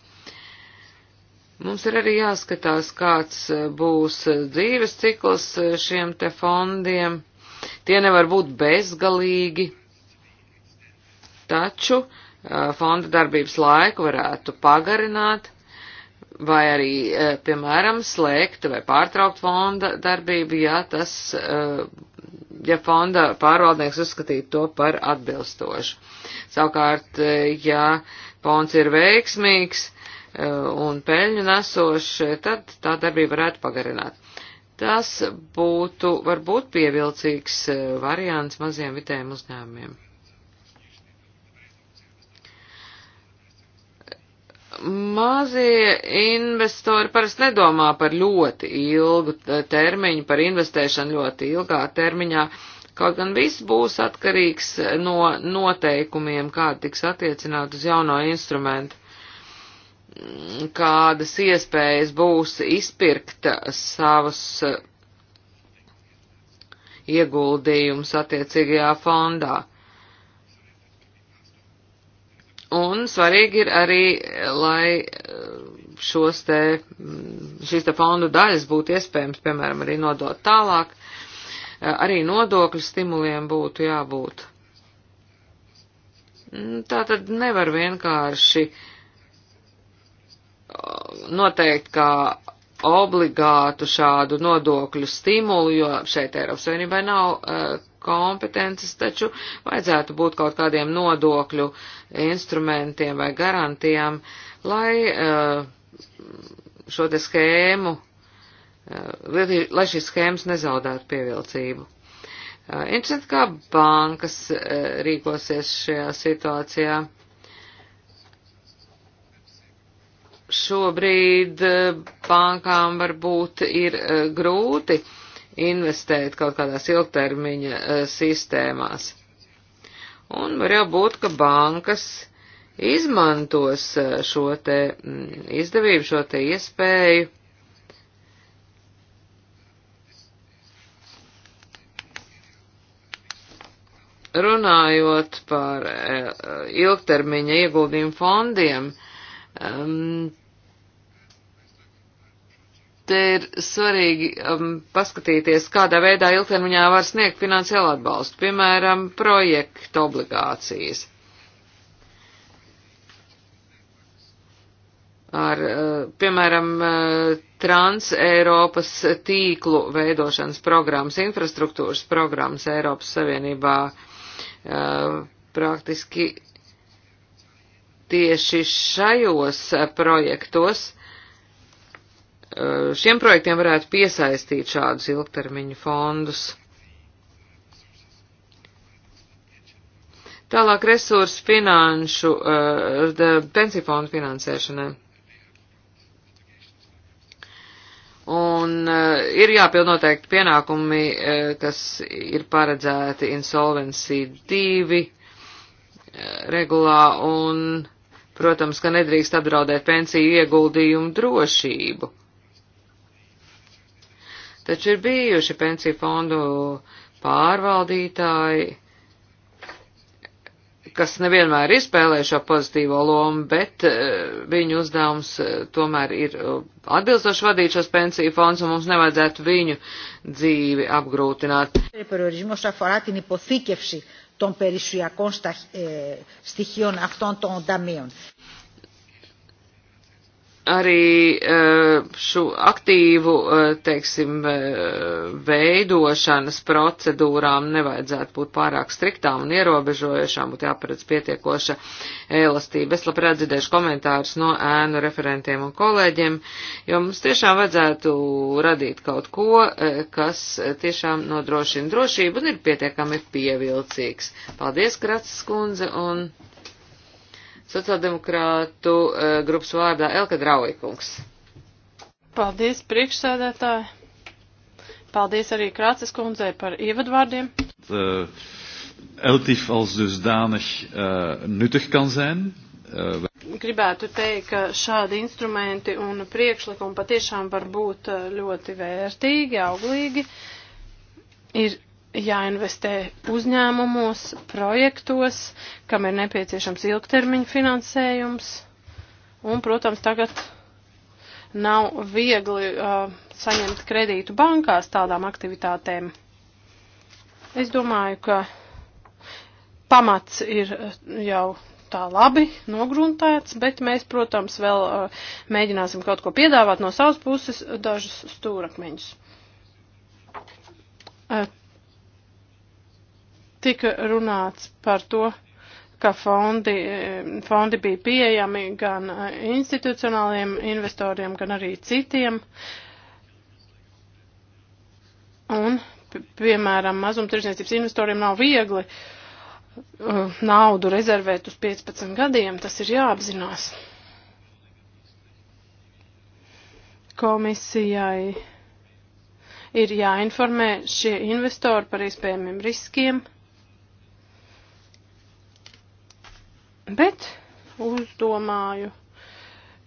Mums ir arī jāskatās, kāds e, būs dzīves cikls e, šiem te fondiem. Tie nevar būt bezgalīgi Taču fonda darbības laiku varētu pagarināt vai arī, piemēram, slēgt vai pārtraukt fonda darbību, ja tas, ja fonda pārvaldnieks uzskatītu to par atbilstošu. Savukārt, ja fonds ir veiksmīgs un peļņu nesošs, tad tā darbība varētu pagarināt. Tas būtu varbūt pievilcīgs variants maziem vitējiem uzņēmumiem. Mazie investori parasti nedomā par ļoti ilgu termiņu, par investēšanu ļoti ilgā termiņā, kaut gan viss būs atkarīgs no noteikumiem, kādi tiks attiecināt uz jauno instrumentu, mm, kādas iespējas būs izpirkt savus uh, ieguldījumus attiecīgajā fondā. Un svarīgi ir arī, lai eh, šos te, mm, šīs te fondu daļas būtu iespējams, piemēram, arī nodot tālāk. Eh, arī nodokļu stimuliem būtu jābūt. Mm, tā tad nevar vienkārši eh, noteikt kā obligātu šādu nodokļu stimulu, jo šeit Eiropas Savienībai nav kompetences, taču vajadzētu būt kaut kādiem nodokļu instrumentiem vai garantijām, lai eh, šo te schēmu, eh, lai šīs schēmas nezaudētu pievilcību. Eh, interesanti, kā bankas rīkosies šajā situācijā. Šobrīd bankām varbūt ir grūti uh, investēt kaut kādās ilgtermiņa eh, sistēmās. Un var jau būt, ka bankas izmantos eh, šo te mm, izdevību, šo te iespēju. runājot par eh, ilgtermiņa ieguldījumu fondiem, ehm, Te ir svarīgi um, paskatīties, kādā veidā ilgtermiņā var sniegt finansiālu atbalstu, piemēram, projektu obligācijas. Ar, uh, piemēram, uh, Trans-Eiropas tīklu veidošanas programmas, infrastruktūras programmas Eiropas Savienībā uh, praktiski tieši šajos projektos Eh, šiem projektiem varētu piesaistīt šādus ilgtermiņu fondus. Tālāk resursu finanšu, uh, pensiju fondu finansēšanai. Un uh, ir jāpild noteikti pienākumi, uh, kas ir paredzēti insolvency 2 uh, regulā un, protams, ka nedrīkst apdraudēt pensiju ieguldījumu drošību taču ir bijuši pensiju fondu pārvaldītāji, kas nevienmēr izspēlē šo pozitīvo lomu, bet eh, viņu uzdevums eh, tomēr ir eh, atbilstoši vadīt šos pensiju fondus, un mums nevajadzētu viņu dzīvi apgrūtināt. Των περιουσιακών στοιχείων αυτών των ταμείων arī eh, šo aktīvu, eh, teiksim, eh, veidošanas procedūrām nevajadzētu būt pārāk striktām un ierobežojošām, būtu jāparedz pietiekoša elastība. Es labprāt dzirdēšu komentārus no ēnu referentiem un kolēģiem, jo mums tiešām vajadzētu radīt kaut ko, kas tiešām nodrošina drošību un ir pietiekami pievilcīgs. Paldies, Kratsas kundze, un Sociāldemokrātu uh, grupas vārdā Elka Draujkungs.
Paldies, priekšsēdētāji. Paldies arī Krāces kundzei par ievadvārdiem.
Uh, eh, LTIF als dusdanig uh, nuttig kan zijn. Uh,
Gribētu teikt, ka šādi instrumenti un priekšlikumi patiešām var būt ļoti vērtīgi, auglīgi. Ir jāinvestē uzņēmumos, projektos, kam ir nepieciešams ilgtermiņa finansējums. Un, protams, tagad nav viegli uh, saņemt kredītu bankās tādām aktivitātēm. Es domāju, ka pamats ir uh, jau tā labi nogruntēts, bet mēs, protams, vēl uh, mēģināsim kaut ko piedāvāt no savas puses dažus stūrakmeņus. Uh, Tika runāts par to, ka fondi, eh, fondi bija pieejami gan eh, institucionāliem investoriem, gan arī citiem. Un, piemēram, mazumtirdzniecības investoriem nav viegli eh, naudu rezervēt uz 15 gadiem, tas ir jāapzinās. Komisijai ir jāinformē šie investori par iespējamiem riskiem Bet uzdomāju,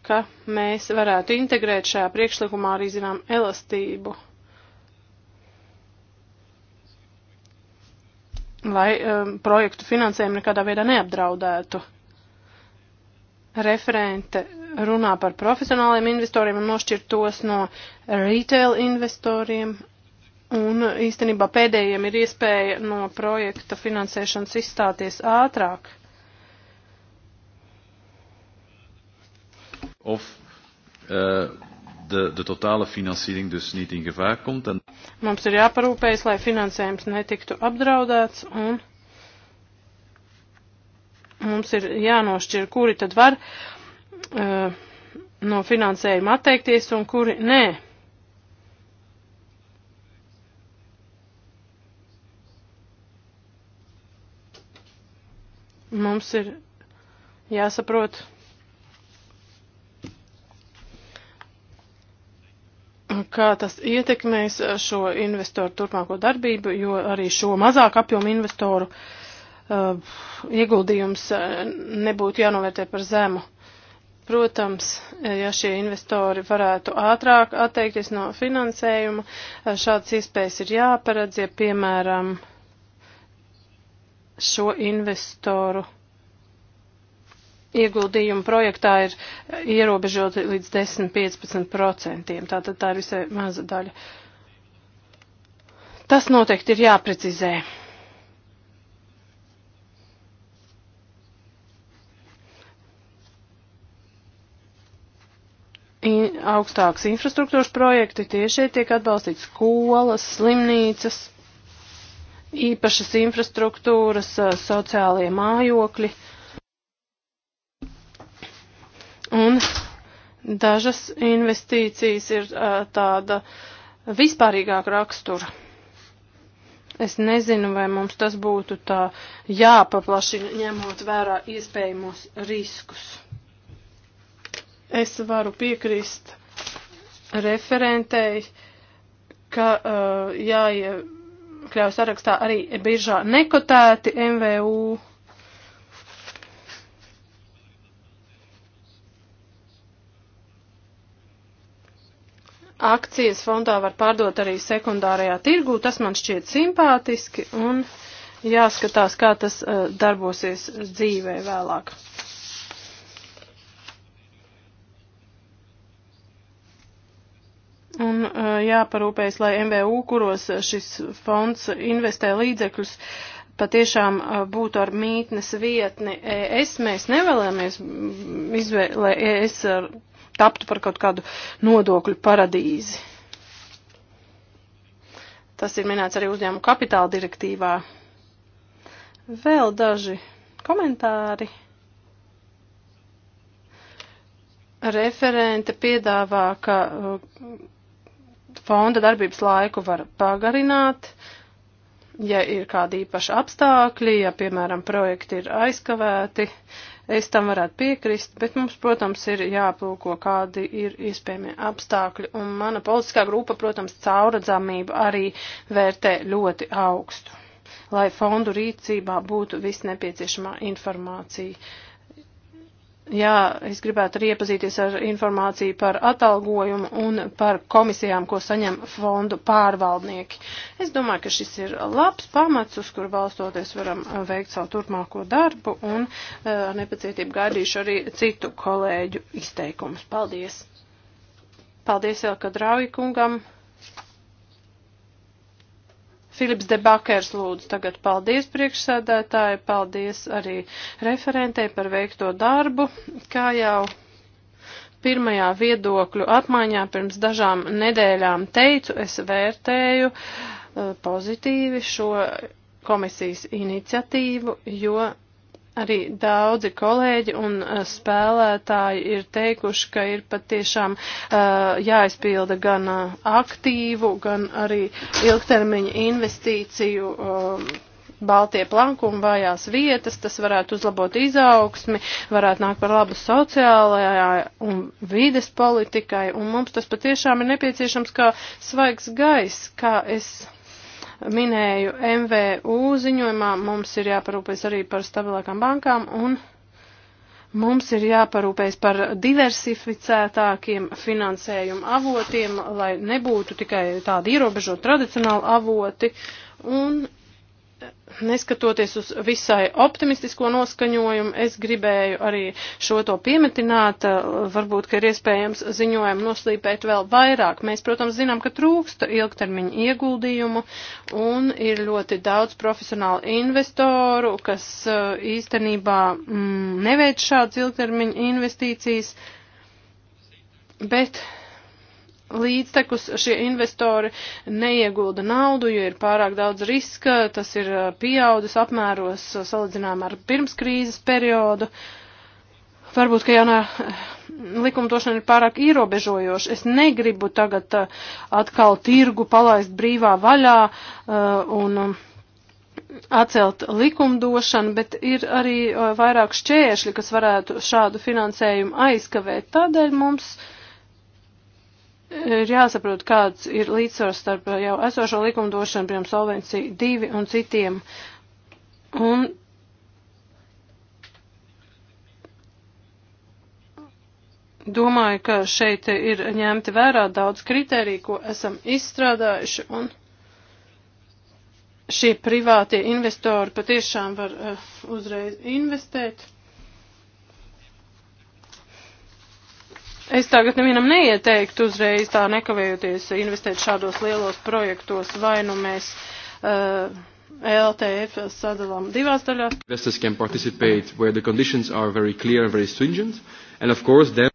ka mēs varētu integrēt šajā priekšlikumā arī zinām elastību. lai um, projektu finansējumu nekādā veidā neapdraudētu. Referente runā par profesionāliem investoriem un nošķir tos no retail investoriem. Un īstenībā pēdējiem ir iespēja no projekta finansēšanas izstāties ātrāk.
of uh, de, de totale financiering
dus niet in gevaar komt. En... Mums ir jāparūpējas, lai finansējums netiktu apdraudēts un mums ir jānošķir, kuri tad var uh, no finansējuma atteikties un kuri nē. Mums ir jāsaprot. kā tas ietekmēs uh, šo investoru turpmāko darbību, jo arī šo mazāk apjomu investoru uh, ieguldījums uh, nebūtu jānovērtē par zemu. Protams, uh, ja šie investori varētu ātrāk atteikties no finansējuma, šādas iespējas ir jāparedz, ja piemēram šo investoru ieguldījumu projektā ir ierobežota līdz 10-15%. Tātad tā ir visai maza daļa. Tas noteikti ir jāprecizē. In, augstāks infrastruktūras projekti tiešie tiek atbalstīti skolas, slimnīcas, īpašas infrastruktūras, sociālie mājokļi. Dažas investīcijas ir uh, tāda vispārīgāka rakstura. Es nezinu, vai mums tas būtu tā jāpaplašina, ņemot vērā iespējamos riskus. Es varu piekrist referentei, ka uh, jāiekļauj sarakstā arī biržā nekotēti MVU akcijas fondā var pārdot arī sekundārajā tirgū. Tas man šķiet simpātiski un jāskatās, kā tas uh, darbosies dzīvē vēlāk. Un uh, jāparūpējas, lai MBU, kuros eh, šis fonds investē līdzekļus, patiešām uh, būtu ar mītnes vietni. Es mēs nevēlamies, izvē, lai es taptu par kaut kādu nodokļu paradīzi. Tas ir minēts arī uzņēmu kapitāla direktīvā. Vēl daži komentāri. Referente piedāvā, ka uh, fonda darbības laiku var pagarināt, ja ir kādi īpaši apstākļi, ja, piemēram, projekti ir aizkavēti, Es tam varētu piekrist, bet mums, protams, ir jāplūko, kādi ir iespējamie apstākļi, un mana politiskā grupa, protams, cauradzamību arī vērtē ļoti augstu, lai fondu rīcībā būtu viss nepieciešamā informācija. Jā, es gribētu arī iepazīties ar informāciju par atalgojumu un par komisijām, ko saņem fondu pārvaldnieki. Es domāju, ka šis ir labs pamats, uz kur balstoties varam uh, veikt savu turpmāko darbu un uh, ar nepacietību gaidīšu arī citu kolēģu izteikumus. Paldies! Paldies vēl, ka draugi kungam! Filips de Bakers lūdzu tagad paldies priekšsēdētāji, paldies arī referentei par veikto darbu, kā jau pirmajā viedokļu apmaiņā pirms dažām nedēļām teicu, es vērtēju eh, pozitīvi šo komisijas iniciatīvu, jo Arī daudzi kolēģi un eh, spēlētāji ir teikuši, ka ir patiešām uh, jāizpilda gan uh, aktīvu, gan arī ilgtermiņa investīciju uh, baltie plankumi, vājās vietas, tas varētu uzlabot izaugsmi, varētu nākt par labu sociālajai un vides politikai, un mums tas patiešām ir nepieciešams kā svaigs gaiss, kā es minēju MVU ziņojumā, mums ir jāparūpēs arī par stabilākām bankām un mums ir jāparūpēs par diversificētākiem finansējuma avotiem, lai nebūtu tikai tādi ierobežot tradicionāli avoti. Un neskatoties uz visai optimistisko noskaņojumu, es gribēju arī šo to piemetināt. Varbūt, ka ir iespējams ziņojumu noslīpēt vēl vairāk. Mēs, protams, zinām, ka trūksta ilgtermiņa ieguldījumu un ir ļoti daudz profesionālu investoru, kas eh, īstenībā mm, neveic šādas ilgtermiņa investīcijas. Bet līdztekus šie investori neiegulda naudu, jo ir pārāk daudz riska, tas ir pieaudzis apmēros salīdzinām ar pirmskrīzes periodu. Varbūt, ka jaunā likumdošana ir pārāk ierobežojoša. Es negribu tagad atkal tirgu palaist brīvā vaļā un atcelt likumdošanu, bet ir arī vairāk šķēršļi, kas varētu šādu finansējumu aizkavēt. Tādēļ mums uh, ir jāsaprot, kāds ir līdzsvars starp jau esošo likumdošanu, piemēram, solvencija divi un citiem. Un domāju, ka šeit ir ņemti vērā daudz kritēriju, ko esam izstrādājuši, un šie privātie investori patiešām var uh, uzreiz investēt. Es tagad nevienam neieteiktu uzreiz tā nekavējoties investēt šādos lielos projektos, vai nu mēs uh, e LTF sadalām divās daļās.
Investors can participate where the conditions are very clear and very stringent, and of course then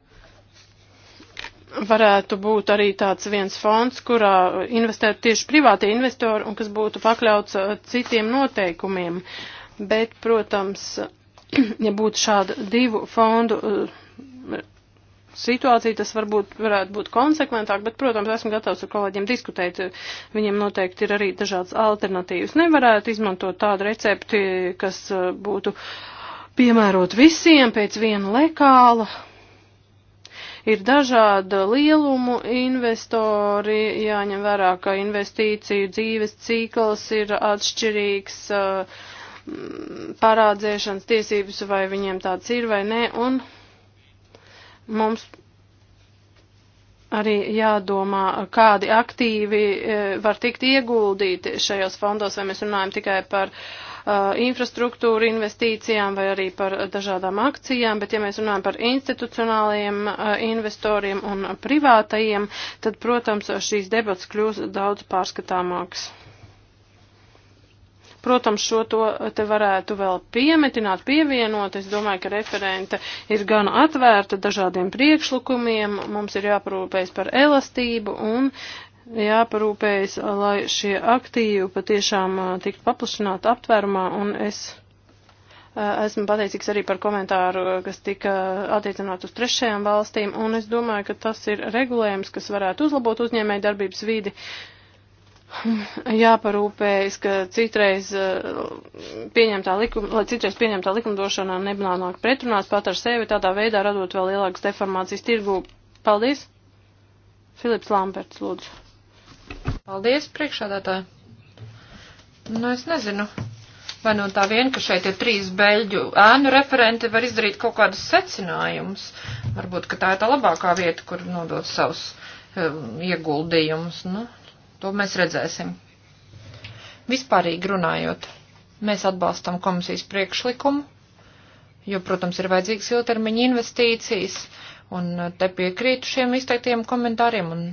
varētu būt arī tāds viens fonds, kurā investētu tieši privātie investori un kas būtu pakļauts uh, citiem noteikumiem. Bet, protams, ja būtu šāda divu fondu uh, situāciju, tas varbūt varētu būt konsekventāk, bet, protams, esmu gatavs ar kolēģiem diskutēt. Viņiem noteikti ir arī dažādas alternatīvas. Nevarētu izmantot tādu recepti, kas uh, būtu piemērot visiem pēc viena lekāla. Ir dažāda lielumu investori, jāņem vērā, ka investīciju dzīves cikls ir atšķirīgs. Uh, parādzēšanas tiesības, vai viņiem tāds ir vai nē, un Mums arī jādomā, kādi aktīvi e, var tikt ieguldīti šajos fondos, vai mēs runājam tikai par uh, infrastruktūru investīcijām vai arī par dažādām akcijām, bet ja mēs runājam par institucionālajiem uh, investoriem un privātajiem, tad, protams, šīs debats kļūs daudz pārskatāmāks. Protams, šo to te varētu vēl piemetināt, pievienot. Es domāju, ka referente ir gan atvērta dažādiem priekšlikumiem. Mums ir jāparūpējas par elastību un jāparūpējas, lai šie aktīvi patiešām tiktu paplašināti aptvērumā. Un es esmu pateicīgs arī par komentāru, kas tika attiecināt uz trešajām valstīm, un es domāju, ka tas ir regulējums, kas varētu uzlabot uzņēmēju darbības vidi, jāparūpējas, ka citreiz eh, pieņemtā, likuma, citreiz pieņemtā likumdošanā nebanāk pretrunās pat ar sevi, tādā veidā radot vēl lielākas deformācijas tirgū. Paldies! Filips Lamberts, lūdzu. Paldies, priekšādātāji.
Nu, es nezinu, vai no tā vien, ka šeit ir trīs beļģu ēnu referenti, var izdarīt kaut kādus secinājumus. Varbūt, ka tā ir tā labākā vieta, kur nodot savus um, ieguldījumus. Nu, To mēs redzēsim. Vispārīgi runājot, mēs atbalstam komisijas priekšlikumu, jo, protams, ir vajadzīgs ilgtermiņa investīcijas, un uh, te piekrītu šiem izteiktiem komentāriem, un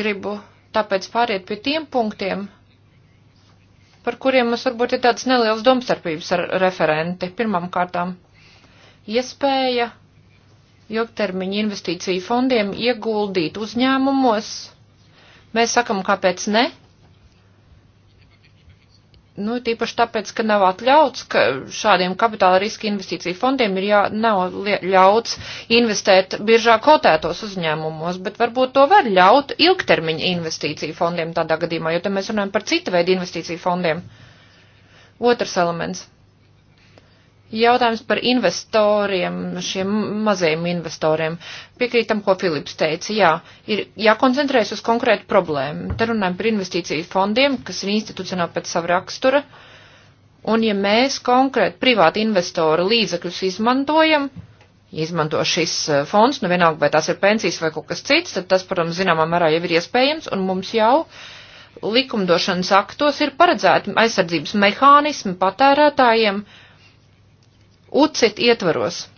gribu tāpēc pāriet pie tiem punktiem, par kuriem mums varbūt ir tāds neliels domstarpības ar referenti. Pirmam kārtām iespēja ilgtermiņa investīciju fondiem ieguldīt uzņēmumos, Mēs sakam, kāpēc ne? Nu, tīpaši tāpēc, ka nav atļauts, ka šādiem kapitāla riska investīciju fondiem ir jā, nav ļauts investēt biržā kotētos uzņēmumos, bet varbūt to var ļaut ilgtermiņa investīciju fondiem tādā gadījumā, jo te mēs runājam par cita veida investīciju fondiem. Otrs elements. Jautājums par investoriem, šiem mazajiem investoriem. Piekrītam, ko Filips teica. Jā, ir jākoncentrējas uz konkrētu problēmu. Te runājam par investīciju fondiem, kas ir institucionāli pēc sava rakstura. Un ja mēs konkrēti privāti investoru līdzekļus izmantojam, izmanto šis e, fonds, nu vienalga, vai tās ir pensijas vai kaut kas cits, tad tas, protams, zināmā mērā jau ir iespējams, un mums jau likumdošanas aktos ir paredzēti aizsardzības mehānismi patērētājiem, uh, UCIT ietvaros.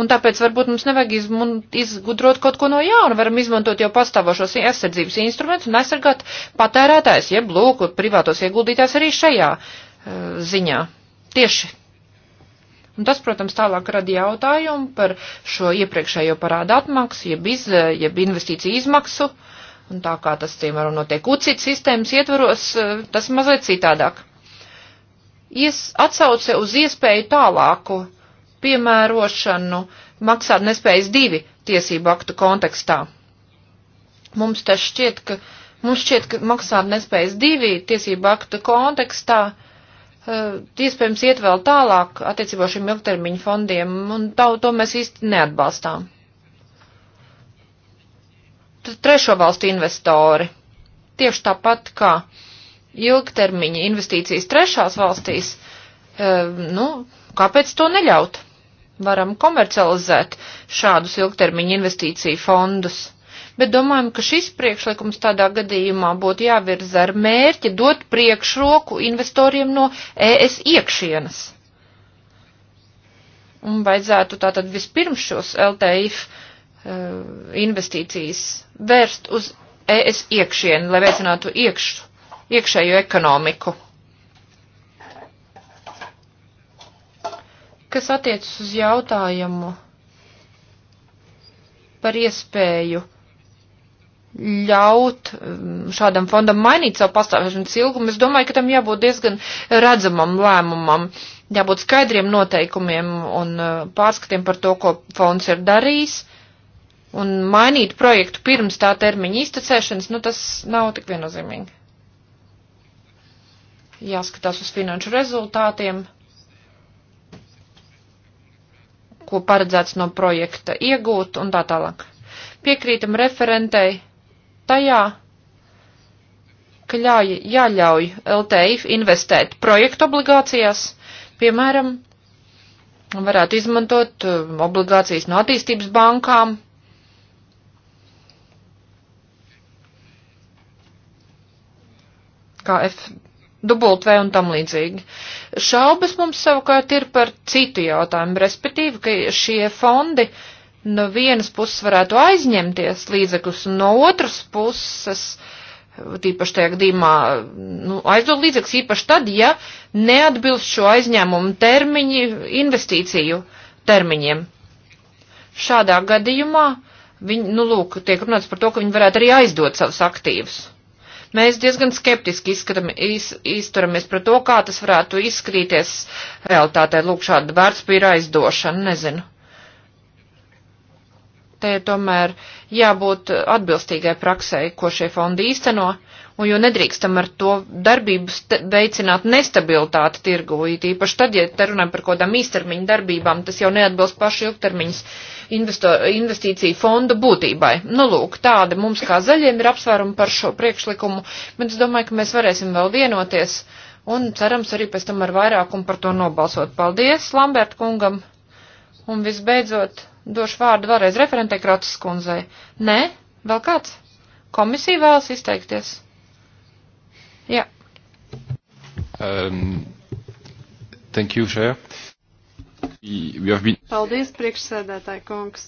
Un tāpēc varbūt mums nevajag izgudrot kaut ko no jauna, varam izmantot jau pastāvošos aizsardzības instrumentus un aizsargāt patērētājs, jeb lūk, privātos ieguldītājs arī šajā uh, ziņā. Tieši. Un tas, protams, tālāk rada jautājumu par šo iepriekšējo parādu atmaksu, jeb, iz, jeb investīciju izmaksu. Un tā kā tas, piemēram, notiek UCIT sistēmas ietvaros, eh, tas mazliet citādāk ies, atsauce uz iespēju tālāku piemērošanu maksāt nespējas divi tiesību aktu kontekstā. Mums tas šķiet, ka, mums šķiet, ka maksāt nespējas divi tiesību aktu kontekstā uh, iespējams iet vēl tālāk attiecībā šiem ilgtermiņu fondiem, un tā, to mēs īsti neatbalstām. Tad trešo valstu investori. Tieši tāpat kā uh, ilgtermiņa investīcijas trešās valstīs, e, nu, kāpēc to neļaut? Varam komercializēt šādus ilgtermiņa investīciju fondus. Bet domājam, ka šis priekšlikums tādā gadījumā būtu jāvirza ar mērķi dot priekšroku investoriem no ES iekšienes. Un vajadzētu tātad vispirms šos LTIF e, investīcijas vērst uz ES iekšienu, lai veicinātu iekšu iekšējo ekonomiku. Kas attiecas uz jautājumu par iespēju ļaut um, šādam fondam mainīt savu pastāvēšanas ilgumu, es domāju, ka tam jābūt diezgan redzamam lēmumam, jābūt skaidriem noteikumiem un uh, pārskatiem par to, ko fonds ir darījis un mainīt projektu pirms tā termiņa iztecēšanas, nu tas nav tik viennozīmīgi jāskatās uz finanšu rezultātiem, ko paredzēts no projekta iegūt un tā tālāk. Piekrītam referentei tajā, ka ļauj, jāļauj LTIF investēt projektu obligācijās, piemēram, varētu izmantot um, obligācijas no attīstības bankām. Kā F dubultvē un tam līdzīgi. Šaubas mums savukārt ir par citu jautājumu, respektīvi, ka šie fondi no vienas puses varētu aizņemties līdzekļus, un no otras puses, tīpaši tajā gadījumā, nu, aizdod līdzekļus īpaši tad, ja neatbilst šo aizņēmumu termiņi investīciju termiņiem. Šādā gadījumā viņi, nu, lūk, tiek runāts par to, ka viņi varētu arī aizdot savus aktīvus. Mēs diezgan skeptiski izskatam, iz, izturamies par to, kā tas varētu izskatīties realitātē. Lūk, šāda vērtspīra aizdošana, nezinu. Te tomēr jābūt atbilstīgai praksē, ko šie fondi īsteno, un jo nedrīkstam ar to darbību veicināt nestabilitāti tirgu, īpaši tad, ja te runājam par kaut kādām īstermiņa darbībām, tas jau neatbilst pašu ilgtermiņas investo, investīciju fondu būtībai. Nu, lūk, tāda mums kā zaļiem ir apsvērumi par šo priekšlikumu, bet es domāju, ka mēs varēsim vēl vienoties un cerams arī pēc tam ar vairākumu par to nobalsot. Paldies Lambert kungam un visbeidzot došu vārdu vēlreiz referentē Kratas kundzei. Nē? Vēl kāds? Komisija vēlas izteikties? Jā.
Um, thank you, Chair. Uh, Been...
Paldies, priekšsēdētāji kungs.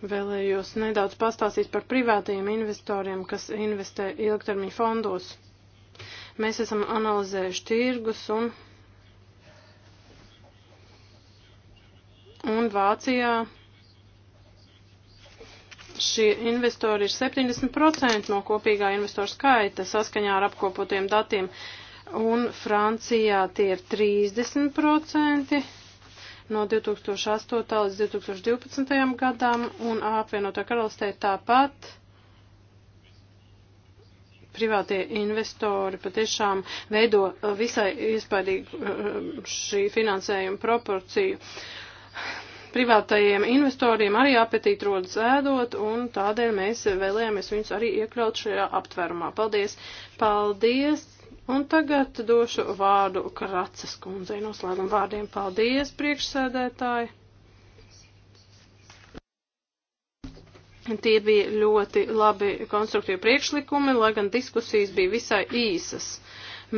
Vēlējos nedaudz pastāstīt par privātajiem investoriem, kas investē ilgtermiņa fondos. Mēs esam analizējuši tirgus un, un Vācijā šie investori ir 70% no kopīgā investoru skaita saskaņā ar apkopotiem datiem. Uh, un Francijā tie ir 30% no 2008. līdz 2012. gadam, un apvienotā karalistē tāpat privātie investori patiešām veido visai iespaidīgu uh, šī finansējuma proporciju. Privātajiem investoriem arī apetīt rodas ēdot, un tādēļ mēs vēlējāmies viņus arī iekļaut šajā aptvērumā. Paldies! Paldies, Un tagad došu vārdu Kracas kundzei noslēguma vārdiem. Paldies, priekšsēdētāji! Tie bija ļoti labi konstruktīvi priekšlikumi, lai gan diskusijas bija visai īsas.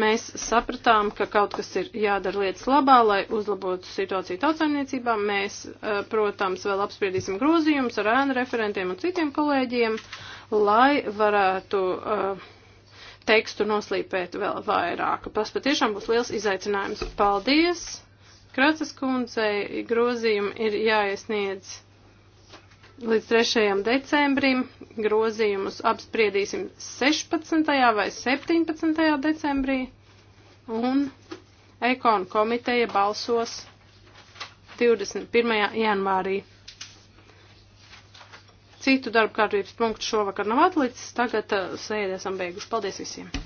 Mēs sapratām, ka kaut kas ir jādara lietas labā, lai uzlabotu situāciju tautsaimniecībā. Mēs, eh, protams, vēl apspriedīsim grozījumus ar ēnu referentiem un citiem kolēģiem, lai varētu uh, tekstu noslīpēt vēl vairāk. Tas patiešām būs liels izaicinājums. Paldies! Kracas kundzei grozījumi ir jāiesniedz līdz 3. decembrim. Grozījumus apspriedīsim 16. vai 17. decembrī. Un ekonu komiteja balsos 21. janvārī. Citu darba kārtības punktu šovakar nav atlicis, tagad uh, sēdi esam beiguši. Paldies visiem!